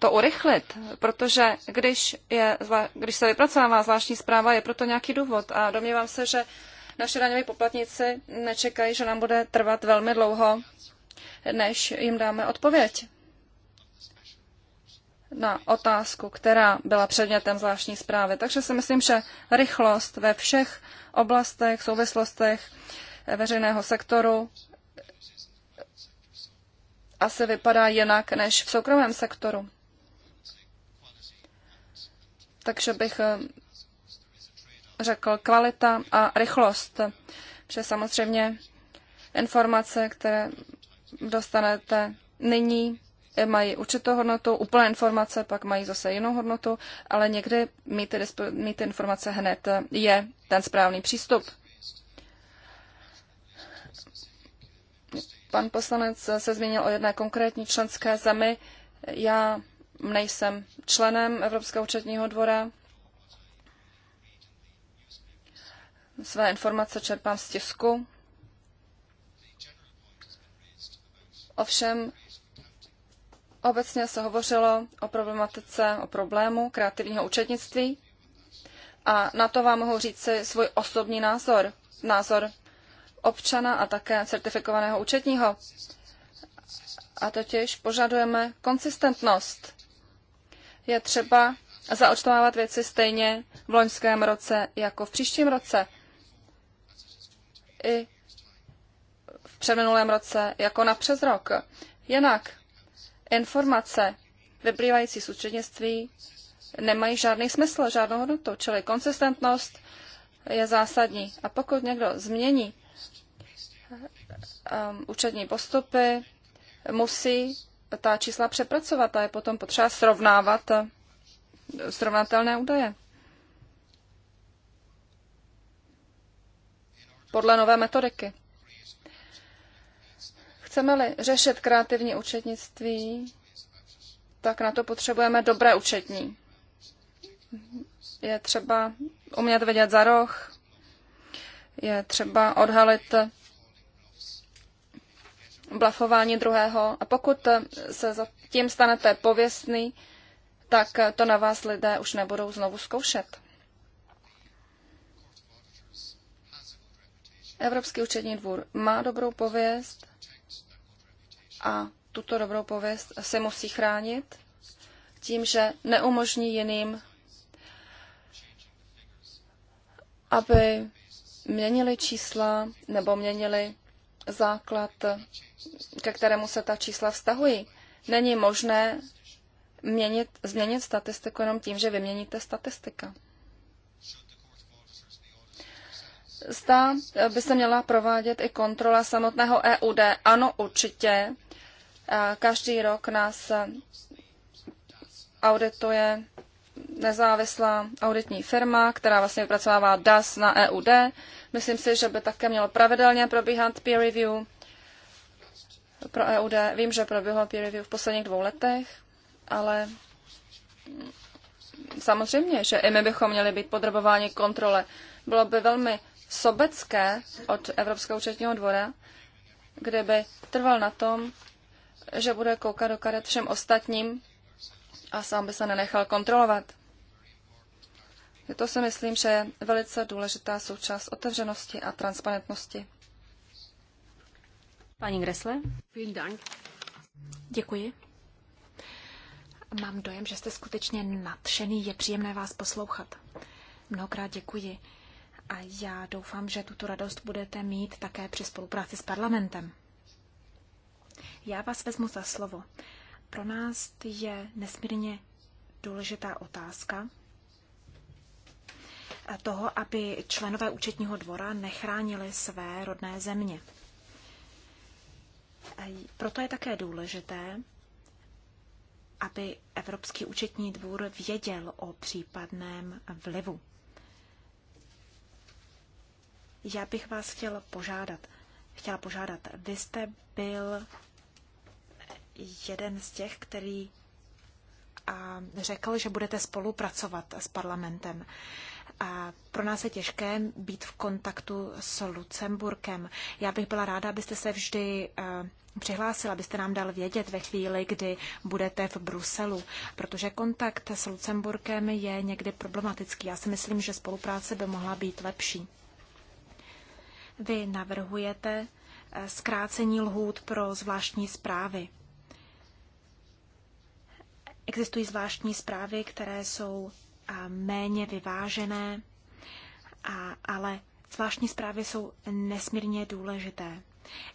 Speaker 3: to urychlit, protože když, je, když se vypracovává zvláštní zpráva, je proto nějaký důvod a domnívám se, že naše daňoví poplatníci nečekají, že nám bude trvat velmi dlouho, než jim dáme odpověď na otázku, která byla předmětem zvláštní zprávy. Takže si myslím, že rychlost ve všech oblastech, souvislostech veřejného sektoru asi vypadá jinak než v soukromém sektoru takže bych eh, řekl kvalita a rychlost, že samozřejmě informace, které dostanete nyní, eh, mají určitou hodnotu, úplné informace pak mají zase jinou hodnotu, ale někdy mít, mít informace hned eh, je ten správný přístup. Pan poslanec se zmínil o jedné konkrétní členské zemi. Já nejsem členem Evropského účetního dvora. Své informace čerpám z tisku. Ovšem obecně se hovořilo o problematice, o problému kreativního účetnictví a na to vám mohu říci svůj osobní názor, názor občana a také certifikovaného účetního. A totiž požadujeme konsistentnost je třeba zaočtovávat věci stejně v loňském roce jako v příštím roce. I v předminulém roce jako na přes rok. Jinak informace vyplývající z účetnictví nemají žádný smysl, žádnou hodnotu, čili konsistentnost je zásadní. A pokud někdo změní eh, um, učební postupy, musí ta čísla přepracovat a je potom potřeba srovnávat eh, srovnatelné údaje. Podle nové metodiky. Chceme-li řešit kreativní účetnictví, tak na to potřebujeme dobré účetní. Je třeba umět vidět za roh, je třeba odhalit blafování druhého. A pokud se za tím stanete pověstný, tak to na vás lidé už nebudou znovu zkoušet. Evropský účetní dvůr má dobrou pověst a tuto dobrou pověst se musí chránit tím, že neumožní jiným, aby měnili čísla nebo měnili základ, ke kterému se ta čísla vztahují. Není možné měnit, změnit statistiku jenom tím, že vyměníte statistika. Zda by se měla provádět i kontrola samotného EUD. Ano, určitě. Každý rok nás audituje nezávislá auditní firma, která vlastně vypracovává DAS na EUD. Myslím si, že by také mělo pravidelně probíhat peer review pro EUD. Vím, že proběhlo peer review v posledních dvou letech, ale samozřejmě, že i my bychom měli být podrobováni kontrole. Bylo by velmi sobecké od Evropského účetního dvora, kdyby trval na tom, že bude koukat do karet všem ostatním, a sám by se nenechal kontrolovat. To si myslím, že je velice důležitá součást otevřenosti a transparentnosti. Paní Gresle.
Speaker 4: Děkuji. Mám dojem, že jste skutečně nadšený, je příjemné vás poslouchat. Mnohokrát děkuji. A já doufám, že tuto radost budete mít také při spolupráci s parlamentem. Já vás vezmu za slovo. Pro nás je nesmírně důležitá otázka toho, aby členové účetního dvora nechránili své rodné země. Proto je také důležité, aby Evropský účetní dvůr věděl o případném vlivu. Já bych vás chtěl požádat. Chtěla požádat, vy jste byl jeden z těch, který a řekl, že budete spolupracovat s parlamentem. A pro nás je těžké být v kontaktu s Lucemburkem. Já bych byla ráda, abyste se vždy přihlásil, abyste nám dal vědět ve chvíli, kdy budete v Bruselu, protože kontakt s Lucemburkem je někdy problematický. Já si myslím, že spolupráce by mohla být lepší. Vy navrhujete zkrácení lhůt pro zvláštní zprávy. Existují zvláštní zprávy, které jsou méně vyvážené, a, ale zvláštní zprávy jsou nesmírně důležité.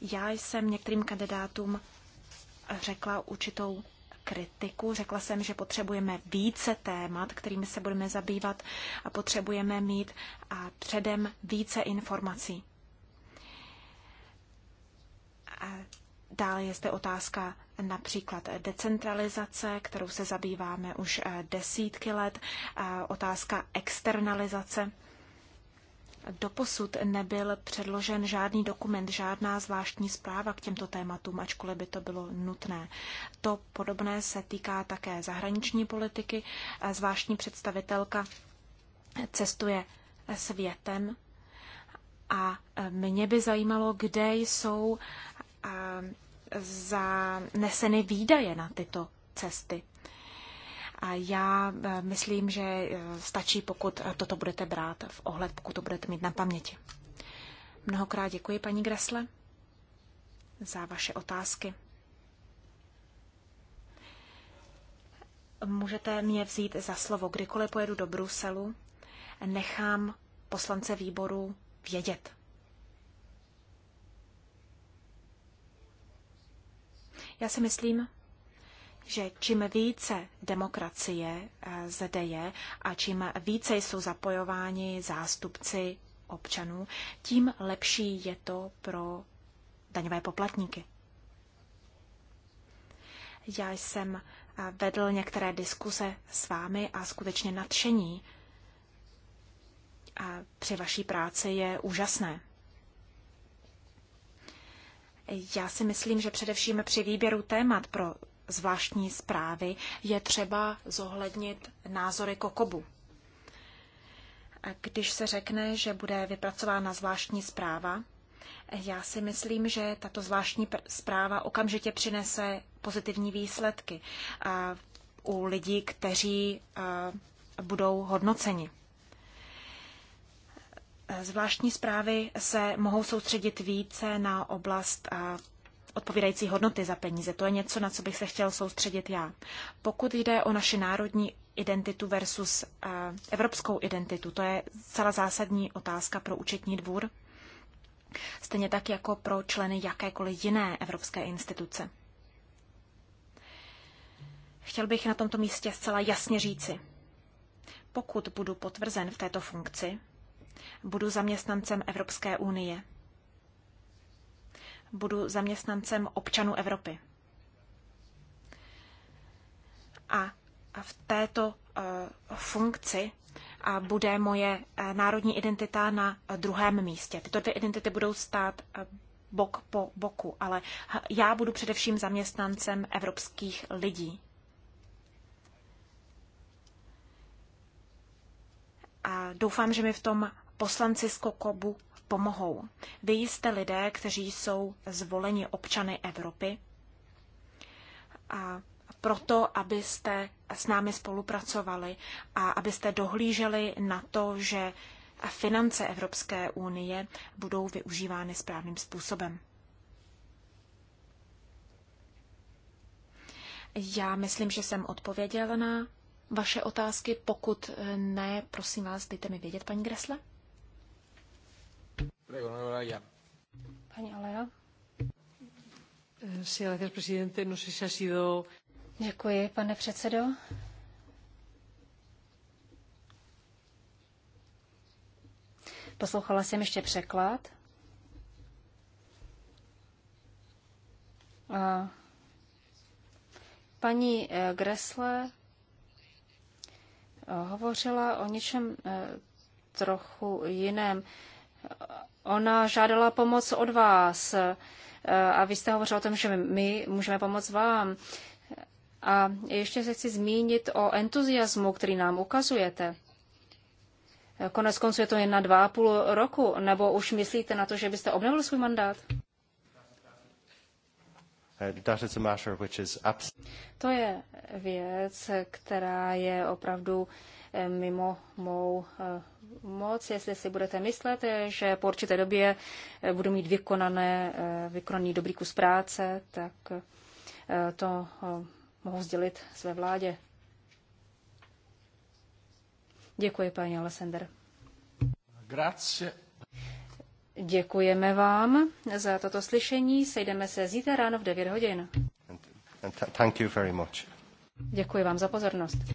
Speaker 4: Já jsem některým kandidátům řekla určitou kritiku. Řekla jsem, že potřebujeme více témat, kterými se budeme zabývat a potřebujeme mít a předem více informací. A Dále je zde otázka například decentralizace, kterou se zabýváme už eh, desítky let, eh, otázka externalizace. Doposud nebyl předložen žádný dokument, žádná zvláštní zpráva k těmto tématům, ačkoliv by to bylo nutné. To podobné se týká také zahraniční politiky. Eh, zvláštní představitelka cestuje světem a mě by zajímalo, kde jsou za neseny výdaje na tyto cesty. A já e, myslím, že e, stačí, pokud toto budete brát v ohled, pokud to budete mít na paměti. Mnohokrát děkuji, paní Gresle, za vaše otázky. Můžete mě vzít za slovo, kdykoliv pojedu do Bruselu, nechám poslance výboru vědět. Já si myslím, že čím více demokracie eh, zde je a čím více jsou zapojováni zástupci občanů, tím lepší je to pro daňové poplatníky. Já jsem eh, vedl některé diskuse s vámi a skutečně nadšení a eh, při vaší práci je úžasné. Já si myslím, že především při výběru témat pro zvláštní zprávy je třeba zohlednit názory Kokobu. A když se řekne, že bude vypracována zvláštní zpráva, já si myslím, že tato zvláštní zpráva okamžitě přinese pozitivní výsledky u lidí, kteří budou hodnoceni. Zvláštní zprávy se mohou soustředit více na oblast odpovídající hodnoty za peníze. To je něco, na co bych se chtěl soustředit já. Pokud jde o naši národní identitu versus evropskou identitu, to je celá zásadní otázka pro účetní dvůr, stejně tak jako pro členy jakékoliv jiné evropské instituce. Chtěl bych na tomto místě zcela jasně říci, pokud budu potvrzen v této funkci, Budu zaměstnancem Evropské unie. Budu zaměstnancem občanů Evropy. A v této eh, funkci a bude moje eh, národní identita na druhém místě. Tyto dvě identity budou stát eh, bok po boku, ale já budu především zaměstnancem evropských lidí. A doufám, že mi v tom poslanci z Kokobu pomohou. Vy jste lidé, kteří jsou zvoleni občany Evropy a proto, abyste s námi spolupracovali a abyste dohlíželi na to, že finance Evropské unie budou využívány správným způsobem. Já myslím, že jsem odpověděl na vaše otázky. Pokud ne, prosím vás, dejte mi vědět, paní Gresle.
Speaker 1: Prego, Alea.
Speaker 2: Sí, gracias, presidente. No sé si ha sido... Děkuji, pane předsedo. Poslouchala jsem ještě překlad. A paní eh, Gressle eh, hovořila o něčem eh, trochu jiném. Ona žádala pomoc od vás a vy jste hovořil o tom, že my můžeme pomoct vám. A ještě se chci zmínit o entuziasmu, který nám ukazujete. Konec konců je to jen na dva a půl roku, nebo už myslíte na to, že byste obnovil svůj mandát?
Speaker 5: Uh,
Speaker 2: to je věc, která je opravdu mimo mou eh, moc. Jestli si budete myslet, že po určité době eh, budu mít vykonané, eh, vykonaný dobrý kus práce, tak to mohu sdělit své vládě. Děkuji, paní Alessander.
Speaker 1: Grazie.
Speaker 2: Děkujeme vám za toto slyšení. Sejdeme se zítra ráno v 9 hodin.
Speaker 5: thank you very much.
Speaker 2: Děkuji vám za pozornost.